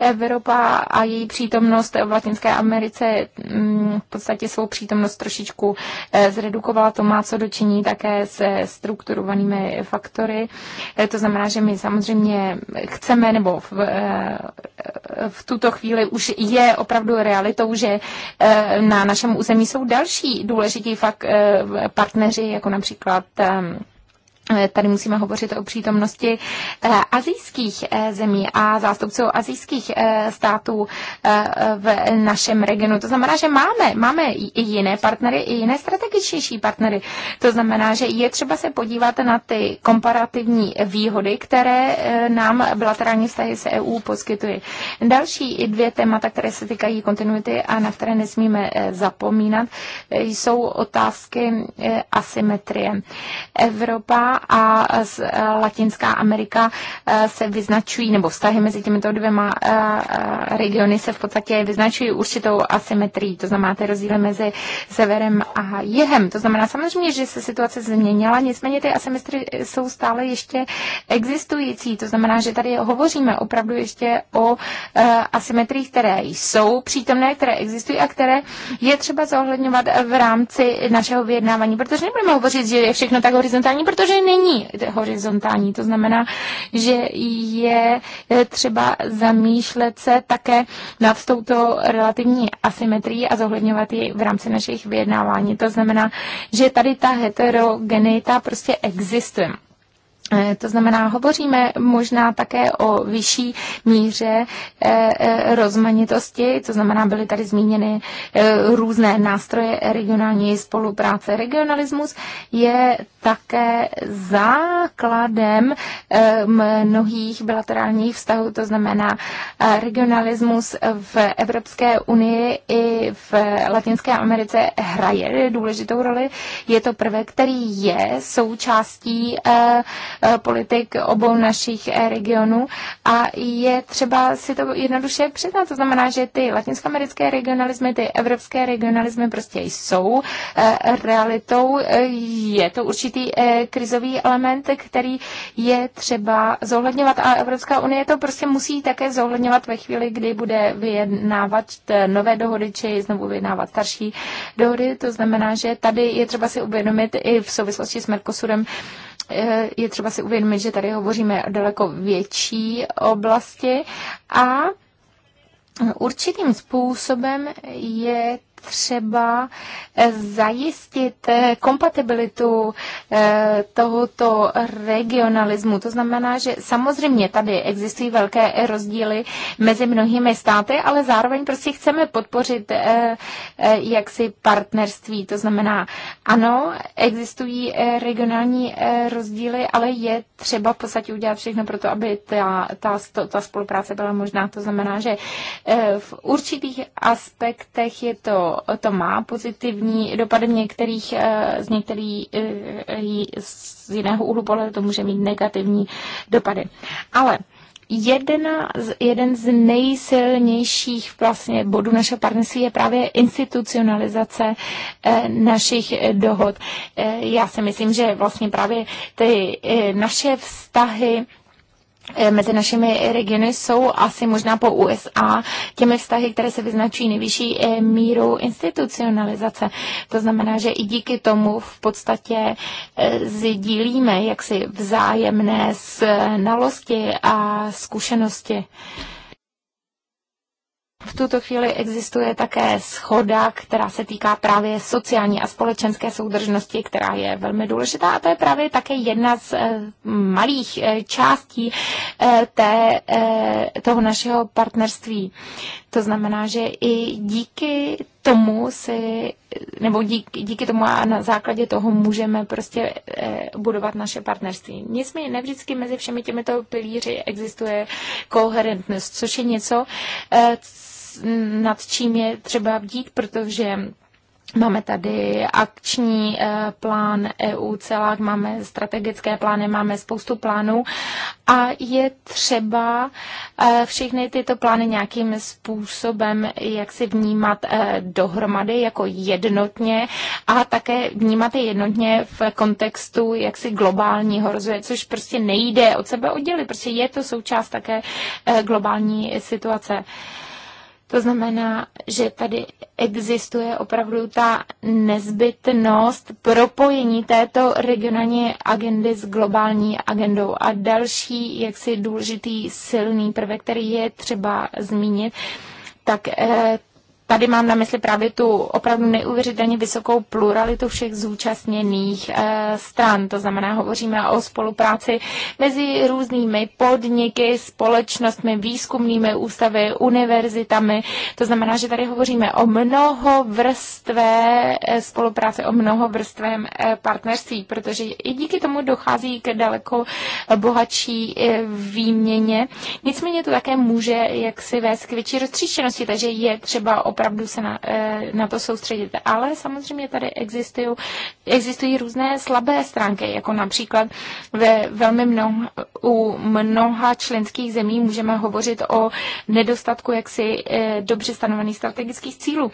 Evropa a její přítomnost v Latinské Americe, mm, v podstatě svou přítomnost trošičku eh, zredukovala. To má co dočiní také se strukturovanými faktory. Eh, to znamená, že my samozřejmě chceme, nebo v, eh, v tuto chvíli už je opravdu realitou, že na našem území jsou další důležití fakt, partneři, jako například Eh, tady musíme hovořit o přítomnosti eh, azijských eh, zemí a zástupců azijských států v našem regionu. To znamená, že máme, máme i jiné partnery, i jiné strategičtější partnery. To znamená, že je třeba se podívat na ty komparativní výhody, které nám bilaterální vztahy se EU poskytují. Další dvě témata, které se týkají kontinuity a na které nesmíme zapomínat, jsou otázky asymetrie. Evropa a eh, Latinská Amerika eh, se vyznačují, nebo vztahy mezi těmito dvěma eh, regiony se v podstatě vyznačují určitou asymetrií, to znamená ty rozdíly mezi severem a jihem. To znamená samozřejmě, že se situace změnila, nicméně ty asymetrie jsou stále ještě existující. To znamená, že tady hovoříme opravdu ještě o asymetriích, které jsou přítomné, které existují a které je třeba zohledňovat v rámci našeho vyjednávání, protože nebudeme hovořit, že je všechno tak horizontální, protože není horizontální. To znamená, že je třeba zamýšlet se také nad touto relativní asymetrií a zohledňovat ji v rámci našich vyjednávání. To znamená, že tady ta heterogenita prostě existuje. Eh, to znamená, hovoříme možná také o vyšší míře eh, eh, rozmanitosti, to znamená, byly tady zmíněny různé nástroje regionální spolupráce. Regionalismus je také základem mnohých bilaterálních vztahů, to znamená regionalismus v Evropské unii i v Latinské Americe hraje důležitou roli. Je to prvek, který je součástí Eh, politik obou našich eh, regionů a je třeba si to jednoduše přiznat. To znamená, že ty latinskoamerické regionalismy, ty evropské regionalismy prostě jsou eh, realitou. Je to určitý krizový element, který je třeba zohledňovat a Evropská unie to prostě musí také zohledňovat ve chvíli, kdy bude vyjednávat nové dohody či znovu vyjednávat starší dohody. To znamená, že tady je třeba si uvědomit i v souvislosti s Mercosurem, je třeba si uvědomit, že tady hovoříme o daleko větší oblasti a Určitým způsobem je třeba eh, zajistit eh, kompatibilitu eh, tohoto regionalismu. To znamená, že samozřejmě tady existují velké rozdíly mezi mnohými státy, ale zároveň prostě chceme podpořit jaksi partnerství. To znamená, ano, existují regionální rozdíly, ale je třeba v podstatě udělat všechno pro to, aby ta, ta, ta spolupráce byla možná. To znamená, že v určitých aspektech je to to, má pozitivní dopady v některých, eh, z některých eh, z jiného úhlu pohledu to může mít negativní dopady. Ale jedna z, jeden z nejsilnějších vlastně bodů našeho partnerství je právě institucionalizace e, našich dohod. E, já si myslím, že vlastně právě ty e, naše vztahy E, mezi našimi regiony jsou asi možná po USA těmi vztahy, které se vyznačují nejvyšší e, mírou institucionalizace. To znamená, že i díky tomu v podstatě e, sdílíme jaksi vzájemné znalosti a zkušenosti. V tuto chvíli existuje také schoda, která se týká právě sociální a společenské soudržnosti, která je velmi důležitá a to je právě také jedna z eh, malých eh, částí eh, té, toho našeho partnerství. To znamená, že i díky tomu si, nebo díky, díky tomu a na základě toho můžeme prostě eh, budovat naše partnerství. Nicméně nevždycky mezi všemi těmito pilíři existuje koherentnost, což je něco, eh, nad čím je třeba bdít, protože Máme tady akční eh, plán EU celák, máme strategické plány, máme spoustu plánů a je třeba eh, všechny tyto plány nějakým způsobem, jak si vnímat eh, dohromady jako jednotně a také vnímat je jednotně v kontextu jaksi globálního rozvoje, což prostě nejde od sebe oddělit, protože je to součást také globální situace. To znamená, že tady existuje opravdu ta nezbytnost propojení této regionální agendy s globální agendou. A další, jaksi důležitý silný prvek, který je třeba zmínit, tak eh, Tady mám na mysli právě tu opravdu neuvěřitelně vysokou pluralitu všech zúčastněných eh, stran. To znamená, hovoříme o spolupráci mezi různými podniky, společnostmi, výzkumnými ústavy, univerzitami. To znamená, že tady hovoříme o mnoho vrstvé eh, spolupráci, o mnoho vrstvém eh, partnerství, protože i díky tomu dochází k daleko bohatší výměně. Nicméně to také může jaksi vést k větší roztříštěnosti, takže je třeba opravdu opravdu se na, eh, na to soustředit. Ale samozřejmě tady existují, existují různé slabé stránky, jako například ve velmi mnoho, u mnoha členských zemí můžeme hovořit o nedostatku jaksi eh, dobře stanovených strategických cílů.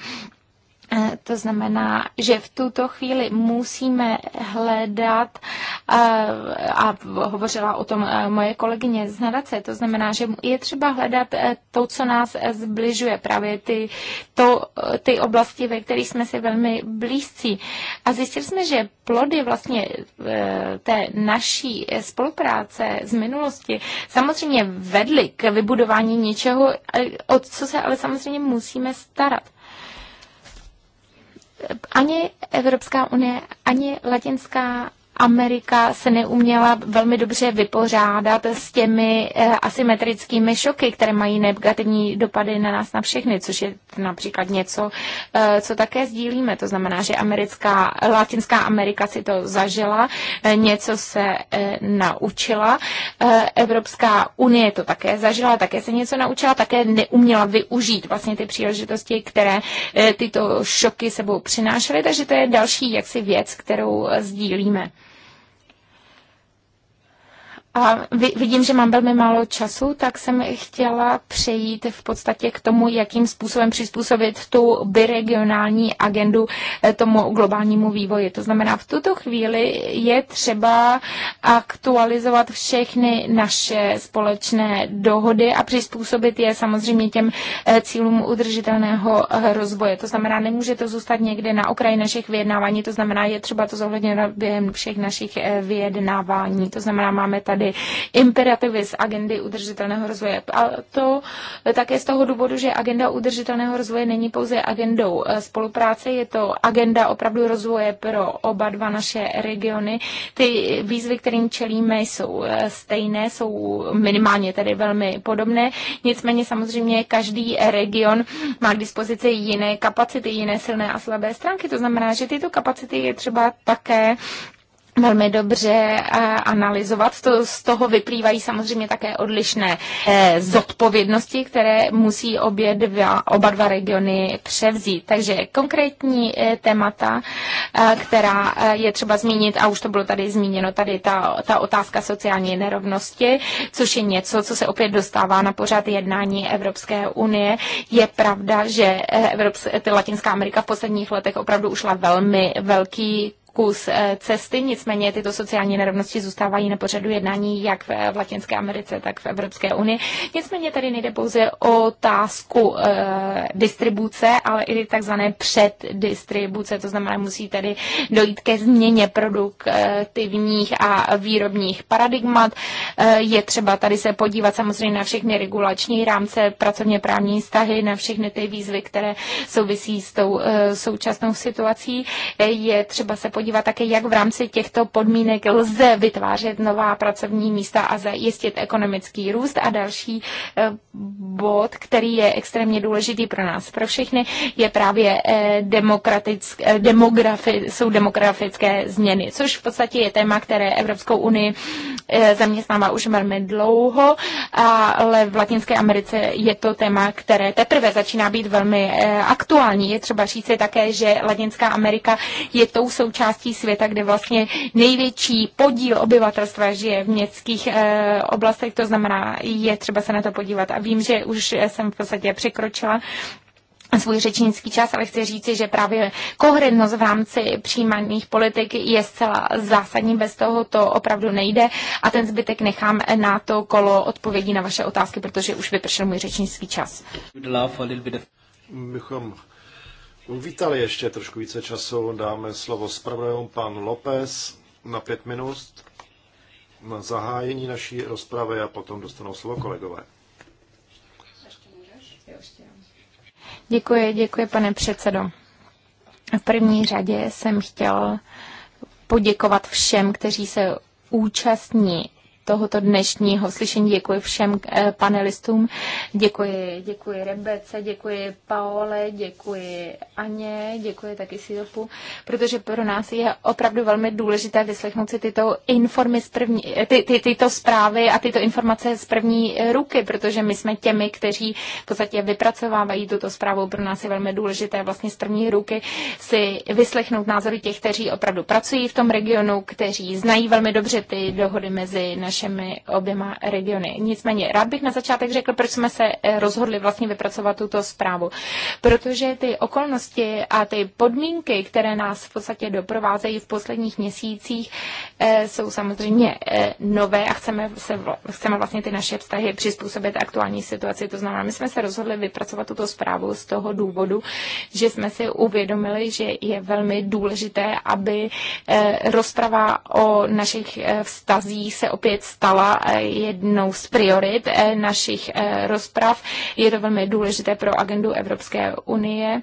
Eh, to znamená, že v tuto chvíli musíme hledat, eh, a hovořila o tom eh, moje kolegyně z nadace, to znamená, že je třeba hledat to, co nás zbližuje, právě ty, to, ty oblasti, ve kterých jsme si velmi blízcí. A zjistili jsme, že plody vlastně té naší spolupráce z minulosti samozřejmě vedly k vybudování něčeho, o co se ale samozřejmě musíme starat ani Evropská unie, ani Latinská Amerika se neuměla velmi dobře vypořádat s těmi eh, asymetrickými šoky, které mají negativní dopady na nás na všechny, což je například něco, eh, co také sdílíme. To znamená, že americká, Latinská Amerika si to zažila, eh, něco se naučila. Evropská unie to také zažila, také se něco naučila, také neuměla využít vlastně ty příležitosti, které tyto šoky sebou přinášely. Takže to je další jaksi věc, kterou sdílíme. A vidím, že mám velmi málo času, tak jsem chtěla přejít v podstatě k tomu, jakým způsobem přizpůsobit tu biregionální agendu eh, tomu globálnímu vývoji. To znamená, v tuto chvíli je třeba aktualizovat všechny naše společné dohody a přizpůsobit je samozřejmě těm eh, cílům udržitelného eh, rozvoje. To znamená, nemůže to zůstat někde na okraji našich vyjednávání, to znamená, je třeba to zohledněno během všech našich vyjednávání. To znamená, máme tady agendy, imperativy z agendy udržitelného rozvoje. A to také z toho důvodu, že agenda udržitelného rozvoje není pouze agendou spolupráce, je to agenda opravdu rozvoje pro oba dva naše regiony. Ty výzvy, kterým čelíme, jsou stejné, jsou minimálně tedy velmi podobné. Nicméně samozřejmě každý region má k dispozici jiné kapacity, jiné silné a slabé stránky. To znamená, že tyto kapacity je třeba také velmi dobře eh, analyzovat. To, z toho vyplývají samozřejmě také odlišné eh, zodpovědnosti, které musí obě dva, oba dva regiony převzít. Takže konkrétní eh, témata, která je třeba zmínit, a už to bylo tady zmíněno, tady ta, ta otázka sociální nerovnosti, což je něco, co se opět dostává na pořád jednání Evropské unie. Je pravda, že Evropská, Latinská Amerika v posledních letech opravdu ušla velmi velký kus eh, cesty, nicméně tyto sociální nerovnosti zůstávají na pořadu jednání jak eh, v Latinské Americe, tak v Evropské unii. Nicméně tady nejde pouze o otázku eh, distribuce, ale i takzvané předdistribuce, to znamená, musí tady dojít ke změně produktivních a výrobních paradigmat. Je třeba tady se podívat samozřejmě na všechny regulační rámce, pracovně právní vztahy, na všechny ty výzvy, které souvisí s tou současnou situací. Je třeba se podívat podívat také, jak v rámci těchto podmínek lze vytvářet nová pracovní místa a zajistit ekonomický růst. A další eh, bod, který je extrémně důležitý pro nás, pro všechny, je právě eh, eh, demografi, jsou demografické změny, což v podstatě je téma, které Evropskou unii zaměstnává už velmi dlouho, ale v Latinské Americe je to téma, které teprve začíná být velmi aktuální. Je třeba říci také, že Latinská Amerika je tou součástí, částí světa, kde vlastně největší podíl obyvatelstva žije v městských eh, oblastech, to znamená, je třeba se na to podívat. A vím, že už eh, jsem v podstatě překročila svůj řečnický čas, ale chci říci, že právě koherentnost v rámci přijímaných politik je zcela zásadní, bez toho to opravdu nejde a ten zbytek nechám na to kolo odpovědí na vaše otázky, protože už vypršel můj řečnický čas. Bychom uvítali ještě trošku více času. Dáme slovo zpravodajům pan López na pět minut na zahájení naší rozpravy a potom dostanou slovo kolegové. Děkuji, děkuji, pane předsedo. V první řadě jsem chtěl poděkovat všem, kteří se účastní tohoto dnešního slyšení. Děkuji všem eh, panelistům. Děkuji, děkuji Rebece, děkuji Paole, děkuji Aně, děkuji taky Silpu protože pro nás je opravdu velmi důležité vyslechnout si tyto, informy z první, eh, ty, ty, tyto zprávy a tyto informace z první ruky, protože my jsme těmi, kteří v podstatě vypracovávají tuto zprávu. Pro nás je velmi důležité vlastně z první ruky si vyslechnout názory těch, kteří opravdu pracují v tom regionu, kteří znají velmi dobře ty dohody mezi naši našimi oběma regiony. Nicméně, rád bych na začátek řekl, proč jsme se eh, rozhodli vlastně vypracovat tuto zprávu. Protože ty okolnosti a ty podmínky, které nás v podstatě doprovázejí v posledních měsících, eh, jsou samozřejmě eh, nové a chceme, se, chceme vlastně ty naše vztahy přizpůsobit aktuální situaci. To znamená, my jsme se rozhodli vypracovat tuto zprávu z toho důvodu, že jsme si uvědomili, že je velmi důležité, aby rozprava o našich vztazích se opět stala jednou z priorit eh, našich eh, rozprav. Je to velmi důležité pro agendu Evropské unie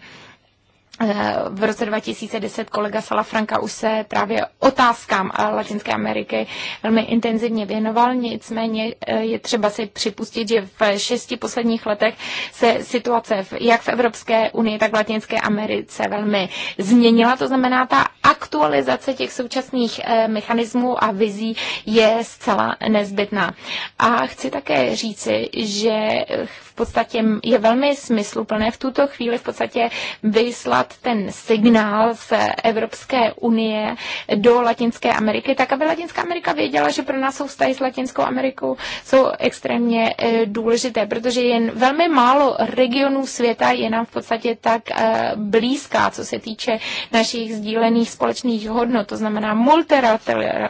Eh, v roce 2010 kolega Salafranka už se právě otázkám eh, Latinské Ameriky velmi intenzivně věnoval, nicméně eh, je třeba si připustit, že v šesti posledních letech se situace v, jak v Evropské unii, tak v Latinské Americe velmi změnila. To znamená, ta aktualizace těch současných mechanismů a vizí je zcela nezbytná. A chci také říci, že v podstatě je velmi smysluplné v tuto chvíli v podstatě vyslat ten signál z Evropské unie do Latinské Ameriky, tak aby Latinská Amerika věděla, že pro nás jsou vztahy s Latinskou Amerikou jsou extrémně eh, důležité, protože jen velmi málo regionů světa je nám v podstatě tak eh, blízká, co se týče našich sdílených společných hodnot, to znamená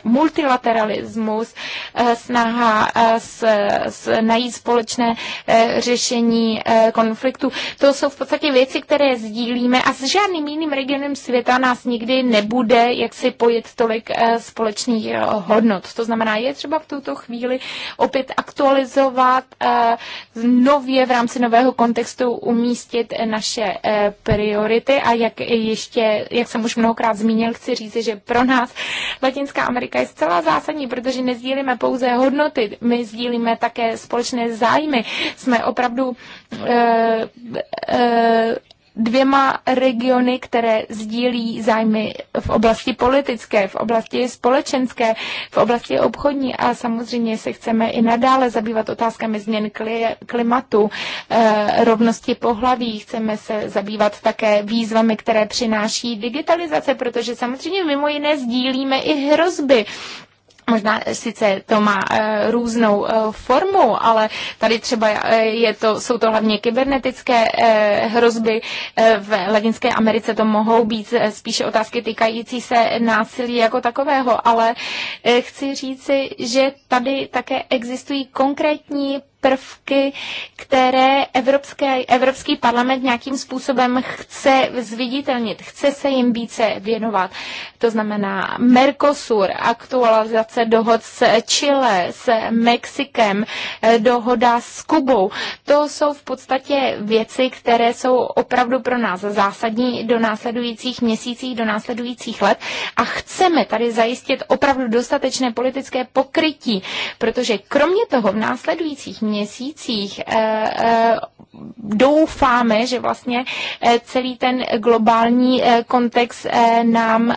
multilateralismus, eh, snaha s, s najít společné řešení řešení eh, konfliktu. To jsou v podstatě věci, které sdílíme a s žádným jiným regionem světa nás nikdy nebude, jak si pojet tolik eh, společných eh, hodnot. To znamená, je třeba v tuto chvíli opět aktualizovat, nově v rámci nového kontextu umístit naše priority a jak ještě, jak jsem už mnohokrát zmínil, chci říct, že pro nás Latinská Amerika je zcela zásadní, protože nezdílíme pouze hodnoty, my sdílíme také společné zájmy. Jsme opravdu opravdu eh, eh, dvěma regiony, které sdílí zájmy v oblasti politické, v oblasti společenské, v oblasti obchodní a samozřejmě se chceme i nadále zabývat otázkami změn klimatu, eh, rovnosti pohlaví, chceme se zabývat také výzvami, které přináší digitalizace, protože samozřejmě mimo jiné sdílíme i hrozby, Možná sice to má uh, různou uh, formu, ale tady třeba eh, je to, jsou to hlavně kybernetické uh, hrozby. Uh, v Latinské Americe to mohou být uh, spíše otázky týkající se násilí jako takového, ale uh, chci říci, že tady také existují konkrétní prvky, které Evropské, Evropský parlament nějakým způsobem chce zviditelnit, chce se jim více věnovat. To znamená Mercosur, aktualizace dohod s Chile, s Mexikem, eh, dohoda s Kubou. To jsou v podstatě věci, které jsou opravdu pro nás zásadní do následujících měsících, do následujících let a chceme tady zajistit opravdu dostatečné politické pokrytí, protože kromě toho v následujících měsících měsících eh, eh, doufáme, že vlastně eh, celý ten globální kontext nám,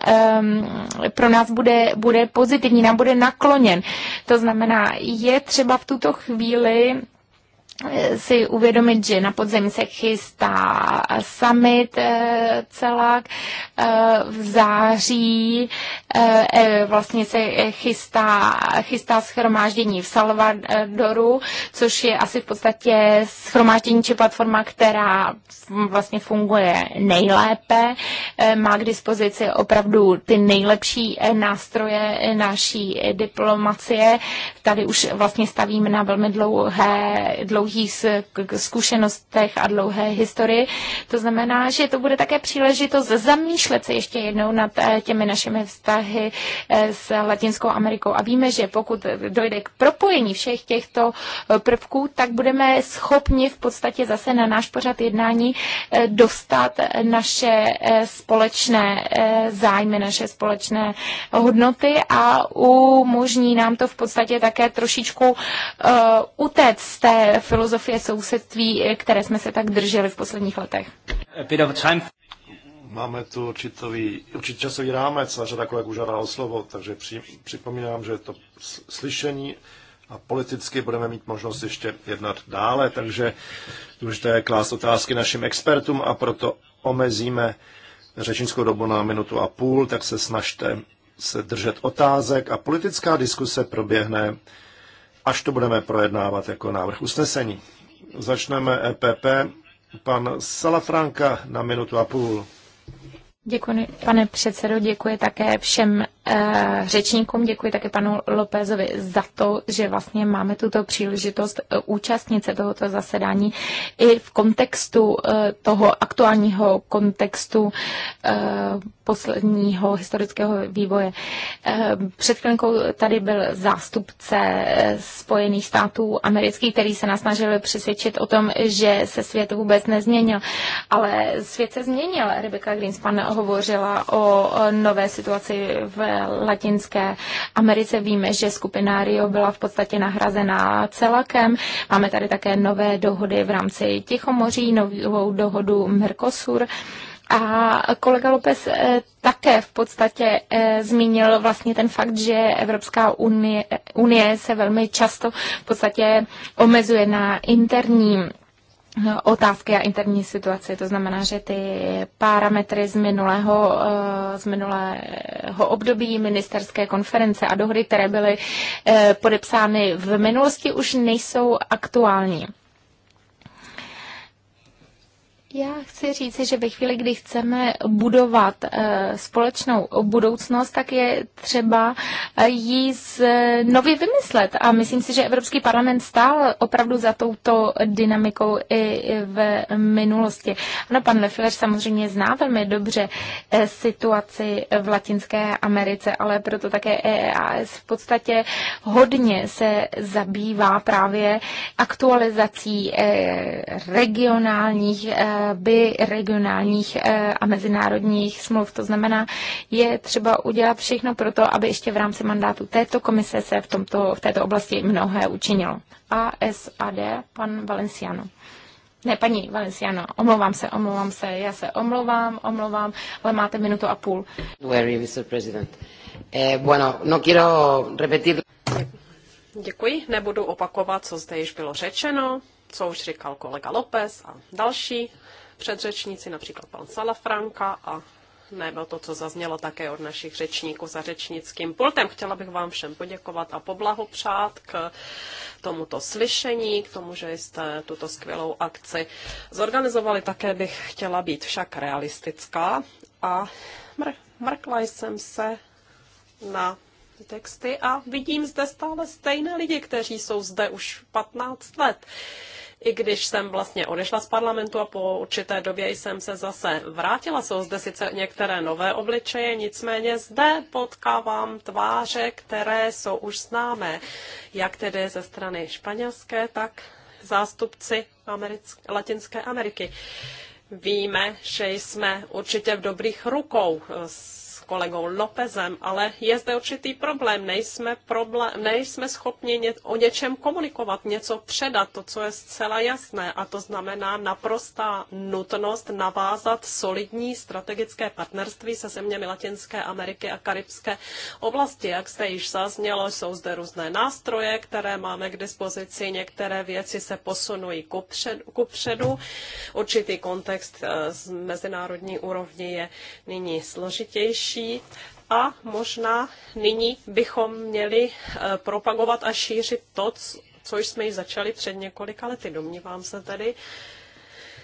pro nás bude, bude pozitivní, nám bude nakloněn. To znamená, je třeba v tuto chvíli si uvědomit, že na podzim se chystá summit eh, celak eh, v září, eh, vlastně se chystá, chystá schromáždění v Salvadoru, což je asi v podstatě schromáždění či platforma, která vlastně funguje nejlépe, má k dispozici opravdu ty nejlepší nástroje naší diplomacie. Tady už vlastně stavíme na velmi dlouhé, dlouhé dlouhých zkušenostech a dlouhé historii. To znamená, že to bude také příležitost zamýšlet se ještě jednou nad eh, těmi našimi vztahy eh, s Latinskou Amerikou. A víme, že pokud dojde k propojení všech těchto eh, prvků, tak budeme schopni v podstatě zase na náš pořad jednání dostat naše společné zájmy, naše společné hodnoty a umožní nám to v podstatě také trošičku utéct z té filozofie sousedství, které jsme se tak drželi v posledních letech. Máme tu určitový, určitý časový rámec a řada kolegů žádá o slovo, takže při, připomínám, že to slyšení a politicky budeme mít možnost ještě jednat dále, takže důležité je klást otázky našim expertům a proto omezíme řečnickou dobu na minutu a půl, tak se snažte se držet otázek a politická diskuse proběhne až to budeme projednávat jako návrh usnesení. Začneme EPP. Pan Salafranka na minutu a půl. Děkuji, pane předsedo, děkuji také všem e, řečníkům, děkuji také panu Lópezovi za to, že vlastně máme tuto příležitost e, účastnit se tohoto zasedání i v kontextu e, toho aktuálního kontextu e, posledního historického vývoje. E, před chvilkou tady byl zástupce Spojených států amerických, který se nás snažil přesvědčit o tom, že se svět vůbec nezměnil, ale svět se změnil. Rebecca Greenspan hovořila o nové situaci v Latinské Americe. Víme, že skupina Rio byla v podstatě nahrazená celakem. Máme tady také nové dohody v rámci Tichomoří, novou dohodu Mercosur. A kolega López eh, také v podstatě eh, zmínil vlastně ten fakt, že Evropská unie, unie se velmi často v podstatě omezuje na interní otázky a interní situaci. To znamená, že ty parametry z minulého, eh, z minulého období ministerské konference a dohody, které byly eh, podepsány v minulosti, už nejsou aktuální. Já chci říct, že ve chvíli, kdy chceme budovat eh, společnou budoucnost, tak je třeba eh, ji eh, nově vymyslet. A myslím si, že Evropský parlament stál opravdu za touto dynamikou i v minulosti. Ano, pan Lefler samozřejmě zná velmi dobře situaci v Latinské Americe, ale proto také EEAS v podstatě hodně se zabývá právě aktualizací regionálních by regionálních eh, a mezinárodních smluv. To znamená, je třeba udělat všechno pro to, aby ještě v rámci mandátu této komise se v, tomto, v této oblasti mnohé učinilo. ASAD, pan Valenciano. Ne, paní Valenciano, omlouvám se, omlouvám se, já se omlouvám, omlouvám, ale máte minutu a půl. Eh, no Děkuji, nebudu opakovat, co zde již bylo řečeno, co už říkal kolega López a další předřečníci, například pan Salafranka a nebo to, co zaznělo také od našich řečníků za řečnickým pultem. Chtěla bych vám všem poděkovat a poblahopřát k tomuto slyšení, k tomu, že jste tuto skvělou akci zorganizovali. Také bych chtěla být však realistická a mr- mrkla jsem se na texty a vidím zde stále stejné lidi, kteří jsou zde už 15 let. I když jsem vlastně odešla z parlamentu a po určité době jsem se zase vrátila, jsou zde sice některé nové obličeje, nicméně zde potkávám tváře, které jsou už známé, jak tedy ze strany španělské, tak zástupci Americk- Latinské Ameriky. Víme, že jsme určitě v dobrých rukou s kolegou Lopezem, ale je zde určitý problém. Nejsme, problém, nejsme schopni ně, o něčem komunikovat, něco předat, to, co je zcela jasné. A to znamená naprostá nutnost navázat solidní strategické partnerství se zeměmi Latinské Ameriky a Karibské oblasti. Jak jste již zaznělo, jsou zde různé nástroje, které máme k dispozici. Některé věci se posunují ku kupředu. Určitý kontext eh, z mezinárodní úrovni je nyní složitější lepší a možná nyní bychom měli eh, propagovat a šířit to, co jsme ji začali před několika lety. Domnívám se tedy,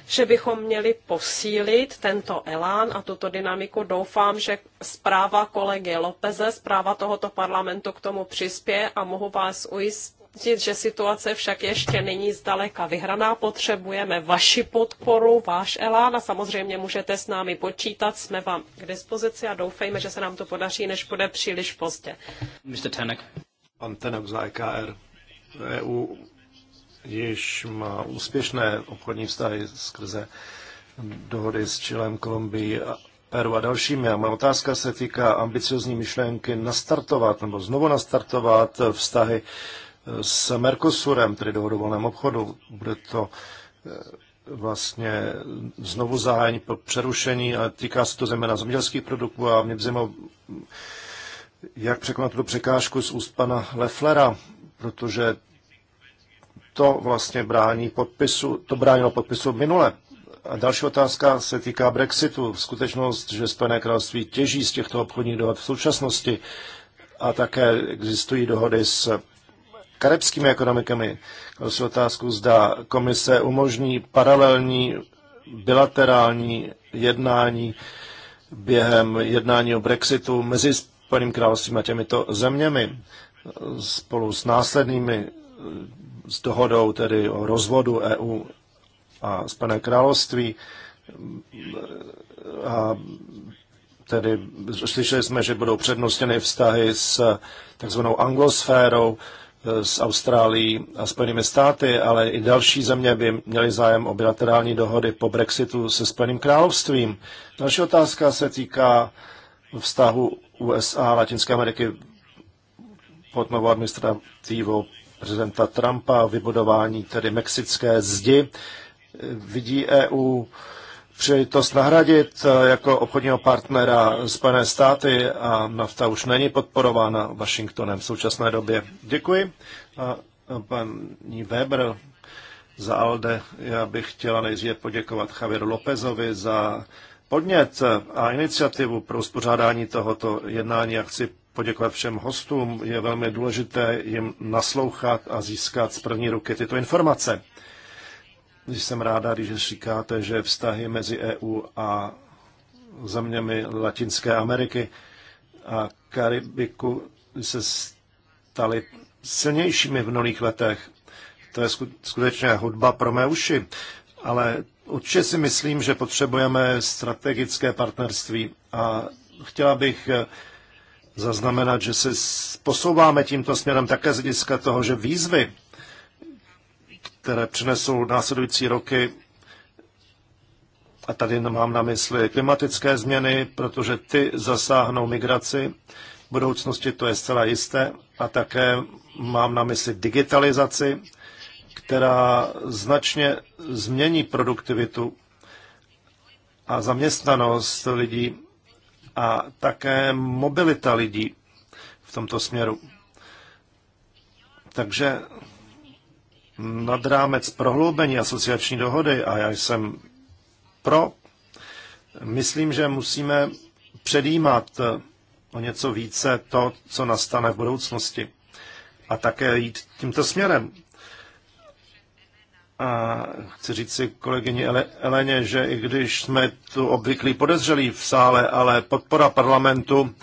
že bychom měli posílit tento elán a tuto dynamiku. Doufám, že zpráva kolegy Lopeze, zpráva tohoto parlamentu k tomu přispěje a mohu vás ujistit, zdůraznit, že situace však ještě není zdaleka vyhraná. Potřebujeme vaši podporu, váš elán a samozřejmě můžete s námi počítat. Jsme vám k dispozici a doufejme, že se nám to podaří, než bude příliš pozdě. Mr. Tenek. Pan Tenek za EKR. EU již má úspěšné obchodní vztahy skrze dohody s Čilem, Kolumbií a Peru a dalšími. A má otázka se týká ambiciozní myšlenky nastartovat nebo znovu nastartovat vztahy s Mercosurem, tedy dohodu volném obchodu. Bude to eh, vlastně znovu zahájení po přerušení, ale týká se to zejména zemědělských produktů a mě by zajímalo, jak překonat tu překážku z úst pana Lefflera, protože to vlastně brání podpisu, to bránilo podpisu minule. A další otázka se týká Brexitu. Skutečnost, že Spojené království těží z těchto obchodních dohod v současnosti a také existují dohody s karebskými ekonomikami. Kladu si otázku, zda komise umožní paralelní bilaterální jednání během jednání o Brexitu mezi Spojeným královstvím a těmito zeměmi spolu s následnými s dohodou tedy o rozvodu EU a Spojené království. A tedy slyšeli jsme, že budou přednostněny vztahy s takzvanou anglosférou, Eh, s Austrálií a Spojenými státy, ale i další země by měly zájem o bilaterální dohody po Brexitu se Spojeným královstvím. Další otázka se týká vztahu USA a Latinské Ameriky pod novou administrativou prezidenta Trumpa, vybudování tedy mexické zdi. Vidí EU příležitost nahradit eh, jako obchodního partnera Spojené státy a nafta už není podporována Washingtonem v současné době. Děkuji. A paní Weber za ALDE, já bych chtěla nejdříve poděkovat Javieru Lopezovi za podnět a iniciativu pro uspořádání tohoto jednání a chci poděkovat všem hostům. Je velmi důležité jim naslouchat a získat z první ruky tyto informace. Jsem ráda, když říkáte, že vztahy mezi EU a zeměmi Latinské Ameriky a Karibiku se staly silnějšími v minulých letech. To je skutečně hudba pro mé uši, ale určitě si myslím, že potřebujeme strategické partnerství a chtěla bych eh, zaznamenat, že se posouváme tímto směrem také z hlediska toho, že výzvy, které přinesou následující roky. A tady mám na mysli klimatické změny, protože ty zasáhnou migraci. V budoucnosti to je zcela jisté. A také mám na mysli digitalizaci, která značně změní produktivitu a zaměstnanost lidí a také mobilita lidí v tomto směru. Takže nad rámec prohloubení asociační dohody, a já jsem pro, myslím, že musíme předjímat eh, o něco více to, co nastane v budoucnosti. A také jít tímto směrem. A chci říct si kolegyni Eleně, že i když jsme tu obvyklí podezřelí v sále, ale podpora parlamentu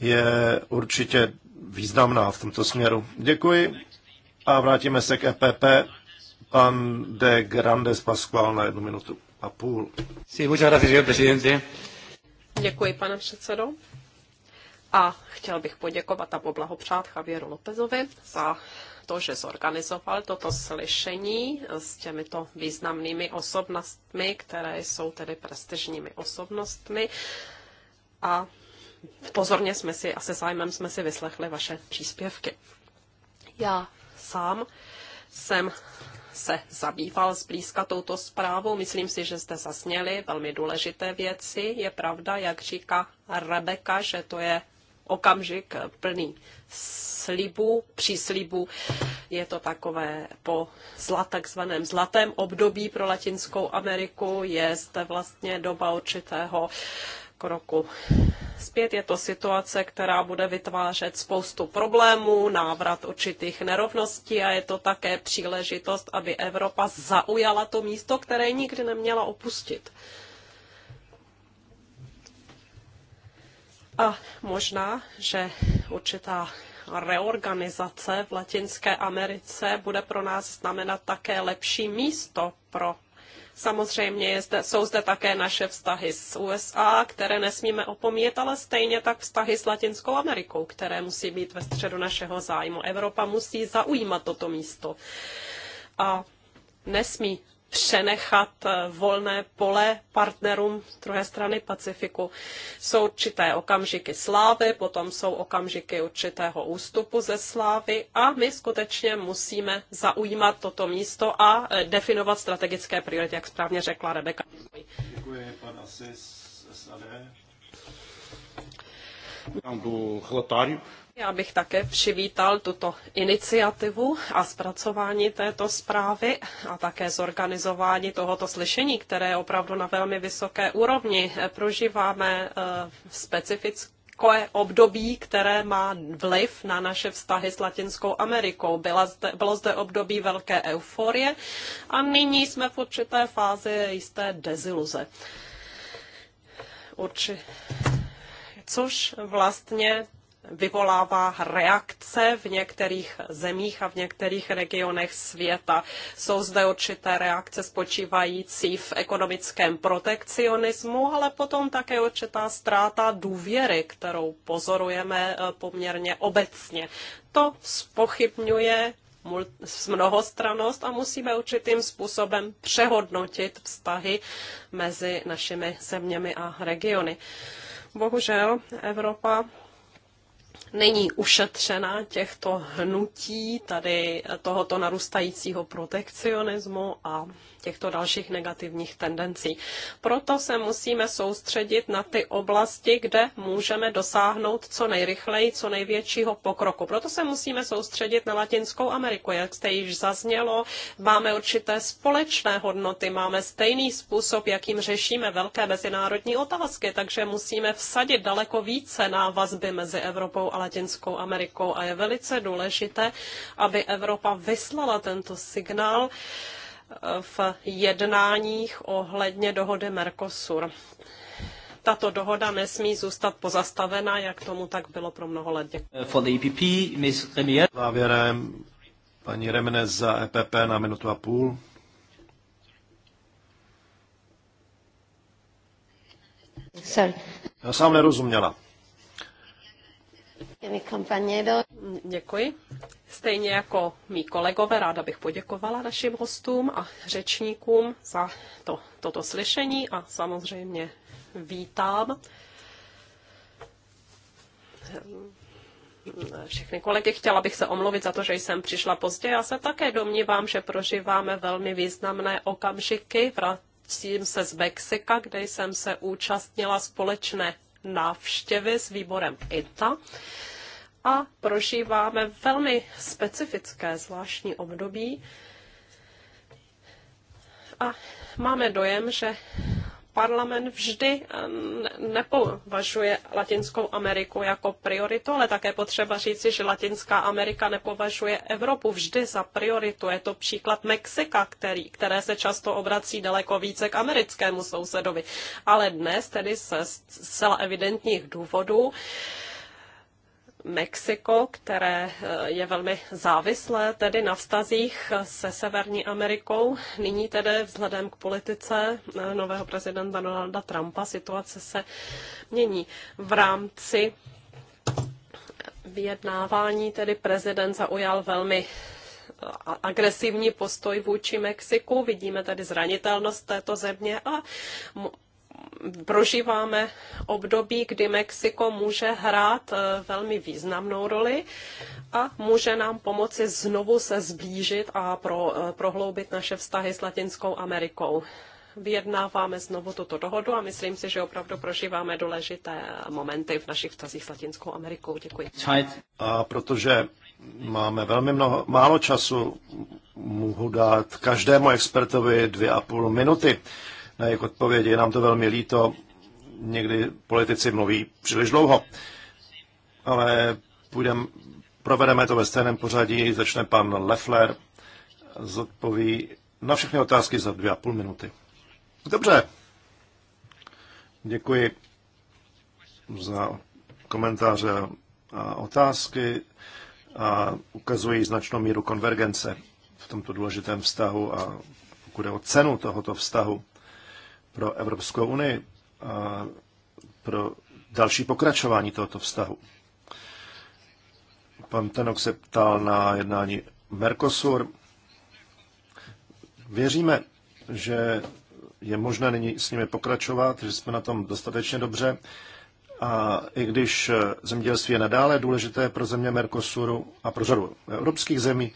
je určitě významná v tomto směru. Děkuji. A vrátíme se k EPP. Pan de Grandes Pascual na jednu minutu a půl. Děkuji, pane předsedo. A chtěl bych poděkovat a poblahopřát Javieru Lopezovi za to, že zorganizoval toto slyšení s těmito významnými osobnostmi, které jsou tedy prestižními osobnostmi. A pozorně jsme si a se zájmem jsme si vyslechli vaše příspěvky. Já sám jsem se zabýval zblízka touto zprávou. Myslím si, že jste zasněli velmi důležité věci. Je pravda, jak říká Rebeka, že to je okamžik plný slibu, příslibu. Je to takové po zlat, takzvaném zlatém období pro Latinskou Ameriku. Je zde vlastně doba určitého uh, kroku zpět. Je to situace, která bude vytvářet spoustu problémů, návrat určitých nerovností a je to také příležitost, aby Evropa zaujala to místo, které nikdy neměla opustit. A možná, že určitá reorganizace v Latinské Americe bude pro nás znamenat také lepší místo pro Samozřejmě zde, jsou zde také naše vztahy s USA, které nesmíme opomíjet, ale stejně tak vztahy s Latinskou Amerikou, které musí být ve středu našeho zájmu. Evropa musí zaujímat toto místo a nesmí přenechat eh, volné pole partnerům z druhé strany Pacifiku. Jsou určité okamžiky slávy, potom jsou okamžiky určitého ústupu ze slávy a my skutečně musíme zaujímat toto místo a eh, definovat strategické priority, jak správně řekla Rebeka. Děkuji, pan Asis, SAD. Já bych také přivítal tuto iniciativu a zpracování této zprávy a také zorganizování tohoto slyšení, které je opravdu na velmi vysoké úrovni. Prožíváme eh, specifické období, které má vliv na naše vztahy s Latinskou Amerikou. Byla zde, bylo zde období velké euforie a nyní jsme v určité fázi jisté deziluze. Urči. což vlastně vyvolává reakce v některých zemích a v některých regionech světa. Jsou zde určité reakce spočívající v ekonomickém protekcionismu, ale potom také určitá ztráta důvěry, kterou pozorujeme eh, poměrně obecně. To spochybňuje mnohostranost a musíme určitým způsobem přehodnotit vztahy mezi našimi zeměmi a regiony. Bohužel Evropa není ušetřena těchto hnutí, tady tohoto narůstajícího protekcionismu a těchto dalších negativních tendencí. Proto se musíme soustředit na ty oblasti, kde můžeme dosáhnout co nejrychleji, co největšího pokroku. Proto se musíme soustředit na Latinskou Ameriku. Jak jste již zaznělo, máme určité společné hodnoty, máme stejný způsob, jakým řešíme velké mezinárodní otázky, takže musíme vsadit daleko více na vazby mezi Evropou a Latinskou Amerikou a je velice důležité, aby Evropa vyslala tento signál v jednáních ohledně dohody Mercosur. Tato dohoda nesmí zůstat pozastavena, jak tomu tak bylo pro mnoho let. For the EPP, Ms. Závěrem paní Remenes za EPP na minutu a půl. Sorry. Já sám nerozuměla. Děkuji. Stejně jako mý kolegové, ráda bych poděkovala našim hostům a řečníkům za to, toto slyšení a samozřejmě vítám všechny kolegy. Chtěla bych se omluvit za to, že jsem přišla pozdě. Já se také domnívám, že prožíváme velmi významné okamžiky. Vracím se z Mexika, kde jsem se účastnila společné návštěvy s výborem ITA a prožíváme velmi specifické zvláštní období a máme dojem, že parlament vždy eh, nepovažuje Latinskou Ameriku jako prioritu, ale také potřeba říci, že Latinská Amerika nepovažuje Evropu vždy za prioritu. Je to příklad Mexika, který, které se často obrací daleko více k americkému sousedovi. Ale dnes tedy se zcela evidentních důvodů Mexiko, které eh, je velmi závislé tedy na vztazích se Severní Amerikou. Nyní tedy vzhledem k politice eh, nového prezidenta Donalda Trumpa situace se mění. V rámci vyjednávání tedy prezident zaujal velmi eh, agresivní postoj vůči Mexiku. Vidíme tady zranitelnost této země a prožíváme období, kdy Mexiko může hrát eh, velmi významnou roli a může nám pomoci znovu se zblížit a pro, eh, prohloubit naše vztahy s Latinskou Amerikou. Vyjednáváme znovu tuto dohodu a myslím si, že opravdu prožíváme důležité momenty v našich vztazích s Latinskou Amerikou. Děkuji. A protože máme velmi mnoho, málo času, mohu dát každému expertovi dvě a půl minuty na jejich odpovědi. Je nám to velmi líto, někdy politici mluví příliš dlouho, ale půjdem, provedeme to ve stejném pořadí, začne pan Leffler, zodpoví na všechny otázky za dvě a půl minuty. Dobře, děkuji za komentáře a otázky a ukazují značnou míru konvergence v tomto důležitém vztahu a pokud je o cenu tohoto vztahu, pro Evropskou unii a pro další pokračování tohoto vztahu. Pan Tenok se ptal na jednání Mercosur. Věříme, že je možné nyní s nimi pokračovat, že jsme na tom dostatečně dobře. A i když zemědělství je nadále důležité pro země Mercosuru a pro řadu evropských zemí,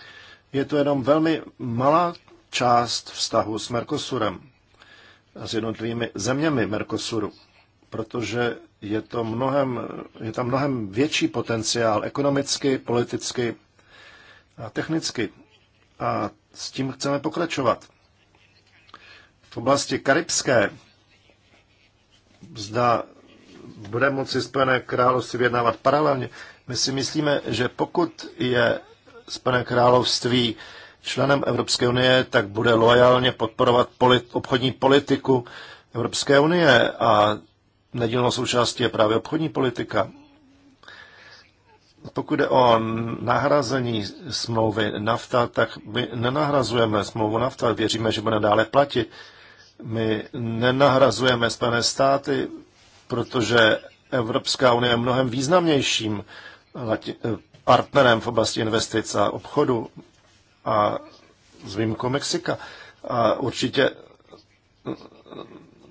je to jenom velmi malá část vztahu s Mercosurem a s jednotlivými zeměmi Mercosuru, protože je, to mnohem, je tam mnohem větší potenciál ekonomicky, politicky a technicky. A s tím chceme pokračovat. V oblasti karibské zda bude moci Spojené království vyjednávat paralelně. My si myslíme, že pokud je Spojené království členem Evropské unie, tak bude loajálně podporovat polit, obchodní politiku Evropské unie a nedílnou součástí je právě obchodní politika. Pokud jde o nahrazení smlouvy NAFTA, tak my nenahrazujeme smlouvu NAFTA, věříme, že bude dále platit. My nenahrazujeme Spojené státy, protože Evropská unie je mnohem významnějším eh, partnerem v oblasti investic a obchodu a s výjimkou Mexika. A určitě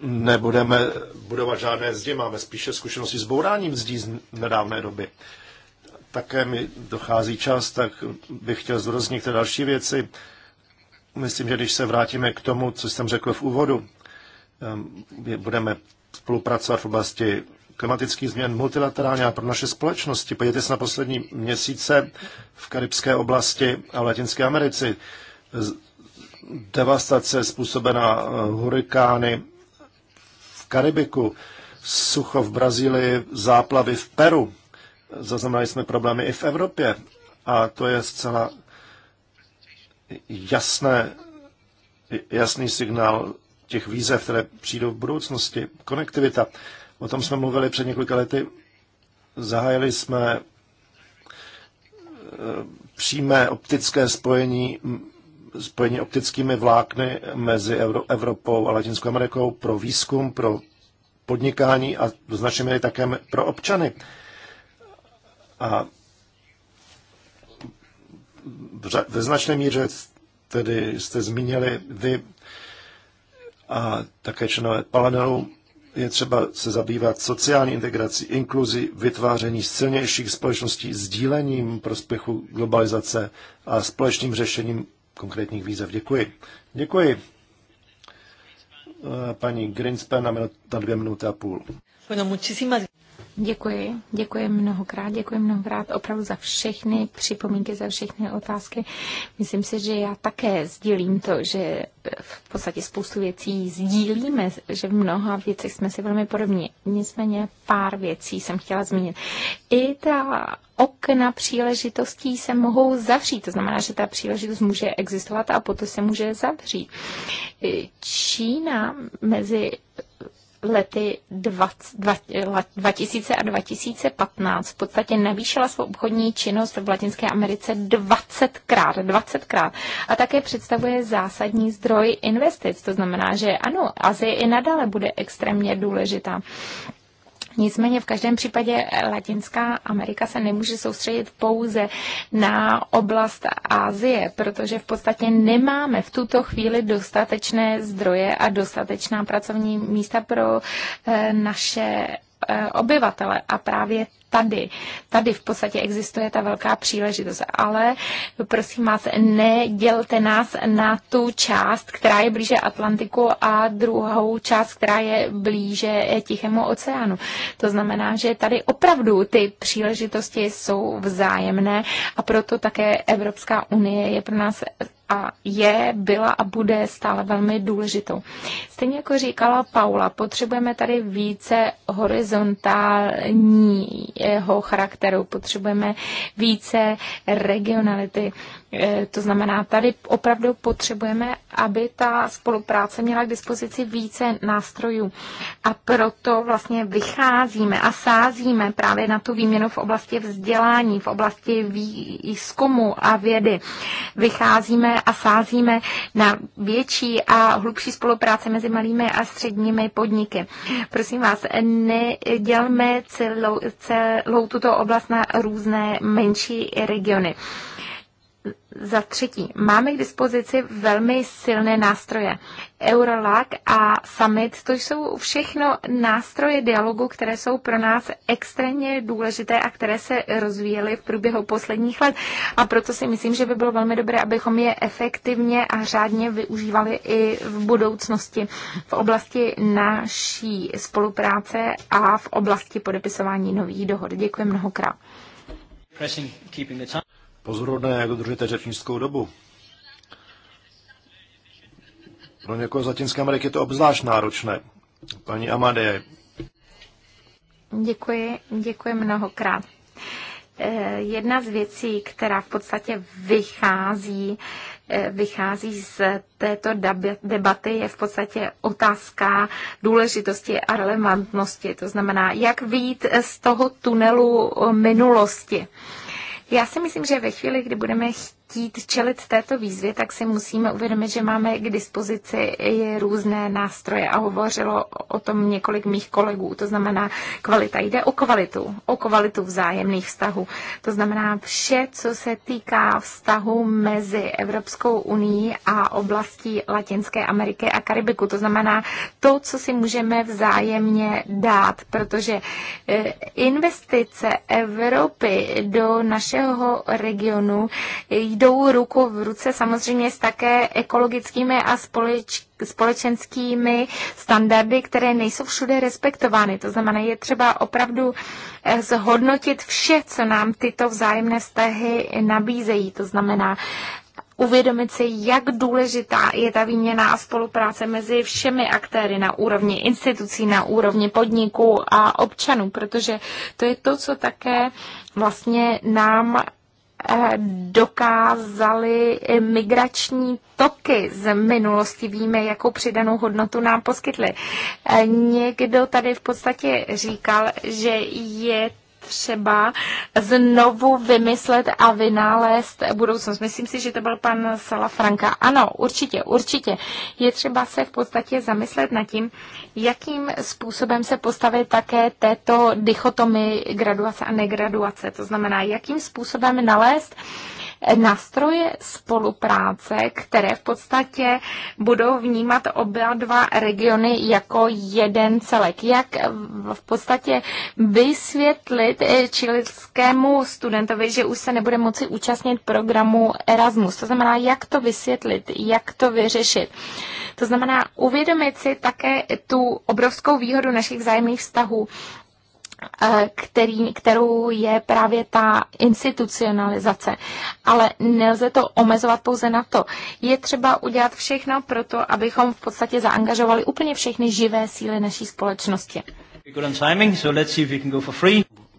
nebudeme budovat žádné zdi, máme spíše zkušenosti s bouráním zdí z nedávné doby. Také mi dochází čas, tak bych chtěl zdůraznit některé další věci. Myslím, že když se vrátíme k tomu, co jsem řekl v úvodu, ehm, budeme spolupracovat v oblasti klimatických změn multilaterálně a pro naše společnosti. Podívejte se na poslední měsíce v karibské oblasti a v Latinské Americe. Devastace způsobená eh, hurikány v Karibiku, sucho v Brazílii, záplavy v Peru. Zaznamenali jsme problémy i v Evropě a to je zcela jasné, jasný signál těch výzev, které přijdou v budoucnosti. Konektivita. O tom jsme mluvili před několika lety. Zahájili jsme eh, přímé optické spojení, spojení optickými vlákny mezi Evropou a Latinskou Amerikou pro výzkum, pro podnikání a značně měli také pro občany. A ve značné míře tedy jste zmínili vy a také členové panelu je třeba se zabývat sociální integrací, inkluzí, vytváření silnějších společností, sdílením prospěchu globalizace a společným řešením konkrétních výzev. Děkuji. Děkuji. Eh, paní Greenspan na, minut, na dvě minuty a půl. Bueno, Děkuji, děkuji mnohokrát, děkuji mnohokrát opravdu za všechny připomínky, za všechny otázky. Myslím si, že já také sdílím to, že v podstatě spoustu věcí sdílíme, že v mnoha věcech jsme si velmi podobní. Nicméně pár věcí jsem chtěla zmínit. I ta okna příležitostí se mohou zavřít. To znamená, že ta příležitost může existovat a potom se může zavřít. Čína mezi lety 2000 a 2015 v podstatě navýšila svou obchodní činnost v Latinské Americe 20krát, 20krát a také představuje zásadní zdroj investic. To znamená, že ano, Azie i nadále bude extrémně důležitá. Nicméně v každém případě Latinská Amerika se nemůže soustředit pouze na oblast Asie, protože v podstatě nemáme v tuto chvíli dostatečné zdroje a dostatečná pracovní místa pro eh, naše eh, obyvatele. A právě tady. Tady v podstatě existuje ta velká příležitost. Ale prosím vás, nedělte nás na tu část, která je blíže Atlantiku a druhou část, která je blíže Tichému oceánu. To znamená, že tady opravdu ty příležitosti jsou vzájemné a proto také Evropská unie je pro nás a je, byla a bude stále velmi důležitou. Stejně jako říkala Paula, potřebujeme tady více horizontální jeho charakteru. Potřebujeme více regionality. Eh, to znamená, tady opravdu potřebujeme, aby ta spolupráce měla k dispozici více nástrojů. A proto vlastně vycházíme a sázíme právě na tu výměnu v oblasti vzdělání, v oblasti výzkumu a vědy. Vycházíme a sázíme na větší a hlubší spolupráce mezi malými a středními podniky. Prosím vás, nedělme celou, celou tuto oblast na různé menší regiony za třetí, máme k dispozici velmi silné nástroje. Eurolag a Summit, to jsou všechno nástroje dialogu, které jsou pro nás extrémně důležité a které se rozvíjely v průběhu posledních let. A proto si myslím, že by bylo velmi dobré, abychom je efektivně a řádně využívali i v budoucnosti v oblasti naší spolupráce a v oblasti podepisování nových dohod. Děkuji mnohokrát pozorodné, jak dodržujete řečnickou dobu. Pro někoho z Latinské Ameriky je to obzvlášť náročné. Paní Amadej. Děkuji, děkuji mnohokrát. Eh, jedna z věcí, která v podstatě vychází eh, vychází z této debaty, je v podstatě otázka důležitosti a relevantnosti. To znamená, jak vyjít z toho tunelu minulosti. Já si myslím, že ve chvíli, kdy budeme chtít chtít čelit této výzvě, tak si musíme uvědomit, že máme k dispozici i různé nástroje a hovořilo o tom několik mých kolegů. To znamená, kvalita jde o kvalitu, o kvalitu vzájemných vztahů. To znamená vše, co se týká vztahu mezi Evropskou unii a oblastí Latinské Ameriky a Karibiku. To znamená to, co si můžeme vzájemně dát, protože e, investice Evropy do našeho regionu jde jdou ruku v ruce samozřejmě s také ekologickými a společ, společenskými standardy, které nejsou všude respektovány. To znamená, je třeba opravdu eh, zhodnotit vše, co nám tyto vzájemné vztahy nabízejí. To znamená uvědomit si, jak důležitá je ta výměna a spolupráce mezi všemi aktéry na úrovni institucí, na úrovni podniků a občanů, protože to je to, co také vlastně nám Eh, dokázali migrační toky z minulosti. Víme, jakou přidanou hodnotu nám poskytly. Eh, někdo tady v podstatě říkal, že je třeba znovu vymyslet a vynálézt budoucnost. Myslím si, že to byl pan Sala Franka. Ano, určitě, určitě. Je třeba se v podstatě zamyslet nad tím, jakým způsobem se postavit také této dichotomy graduace a negraduace. To znamená, jakým způsobem nalézt uh, nastroje spolupráce, které v podstatě budou vnímat oba dva regiony jako jeden celek. Jak v podstatě vysvětlit eh, čilskému studentovi, že už se nebude moci účastnit programu Erasmus. To znamená, jak to vysvětlit, jak to vyřešit. To znamená uvědomit si také tu obrovskou výhodu našich vzájemných vztahů Eh, který, kterou je právě ta institucionalizace. Ale nelze to omezovat pouze na to. Je třeba udělat všechno pro to, abychom v podstatě zaangažovali úplně všechny živé síly naší společnosti.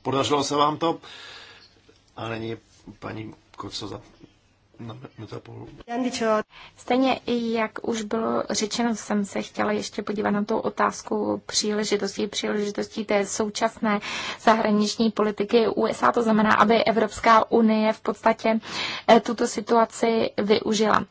Podařilo se vám to? A není paní Koco za na metropolu. Stejně i jak už bylo řečeno, jsem se chtěla ještě podívat na tu otázku příležitostí, příležitostí té současné zahraniční politiky USA, to znamená, aby Evropská unie v podstatě eh, tuto situaci využila.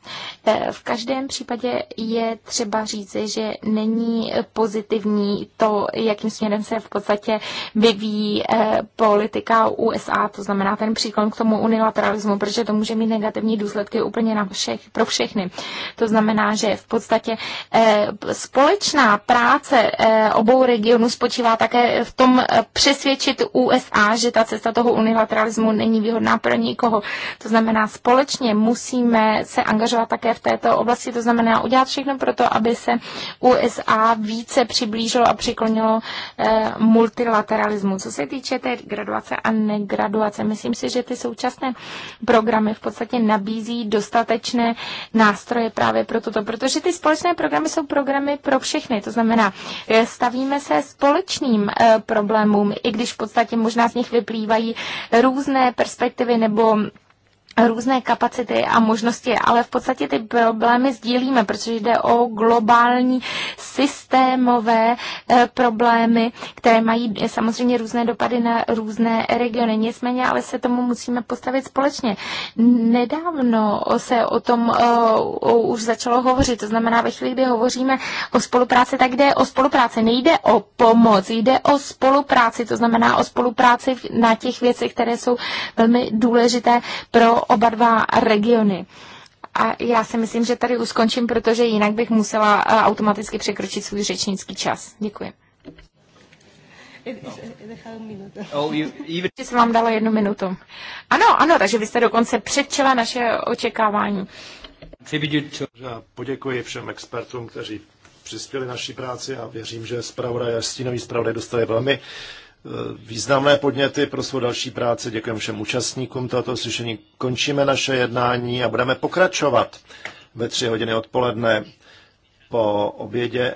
Eh, v každém případě je třeba říci, že není pozitivní to, jakým směrem se v podstatě vyvíjí eh, politika USA, to znamená ten příklon k tomu unilateralismu, protože to může mít negativní důsledky úplně na všech, pro všechny. To znamená, že v podstatě eh, společná práce eh, obou regionů spočívá také v tom eh, přesvědčit USA, že ta cesta toho unilateralismu není výhodná pro nikoho. To znamená, společně musíme se angažovat také v této oblasti, to znamená udělat všechno pro to, aby se USA více přiblížilo a přiklonilo multilateralismu. Co se týče té graduace a negraduace, myslím si, že ty současné programy v podstatě nabízí nabízí dostatečné nástroje právě pro toto, protože ty společné programy jsou programy pro všechny, to znamená, eh, stavíme se společným eh, problémům, i když v podstatě možná z nich vyplývají různé perspektivy nebo různé kapacity a možnosti, ale v podstatě ty problémy sdílíme, protože jde o globální systémové eh, problémy, které mají samozřejmě různé dopady na různé regiony. Nicméně, ale se tomu musíme postavit společně. Nedávno se o tom o, eh, už začalo hovořit, to znamená ve chvíli, kdy hovoříme o spolupráci, tak jde o spolupráci, nejde o pomoc, jde o spolupráci, to znamená o spolupráci na těch věcech, které jsou velmi důležité pro oba dva regiony. A já si myslím, že tady uskončím, protože jinak bych musela eh, automaticky překročit svůj řečnický čas. Děkuji. Ještě eh, oh, jsem vám dala jednu minutu. Ano, ano, takže vy jste dokonce předčela naše očekávání. poděkuji všem expertům, kteří přispěli naší práci a věřím, že zpravodaj a stínový zpravodaj dostali velmi Eh, významné podněty pro svou další práci. Děkujeme všem účastníkům tohoto slyšení. Končíme naše jednání a budeme pokračovat ve tři hodiny odpoledne po obědě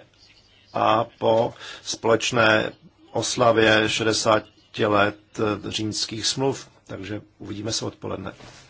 a po společné oslavě 60 let eh, římských smluv. Takže uvidíme se odpoledne.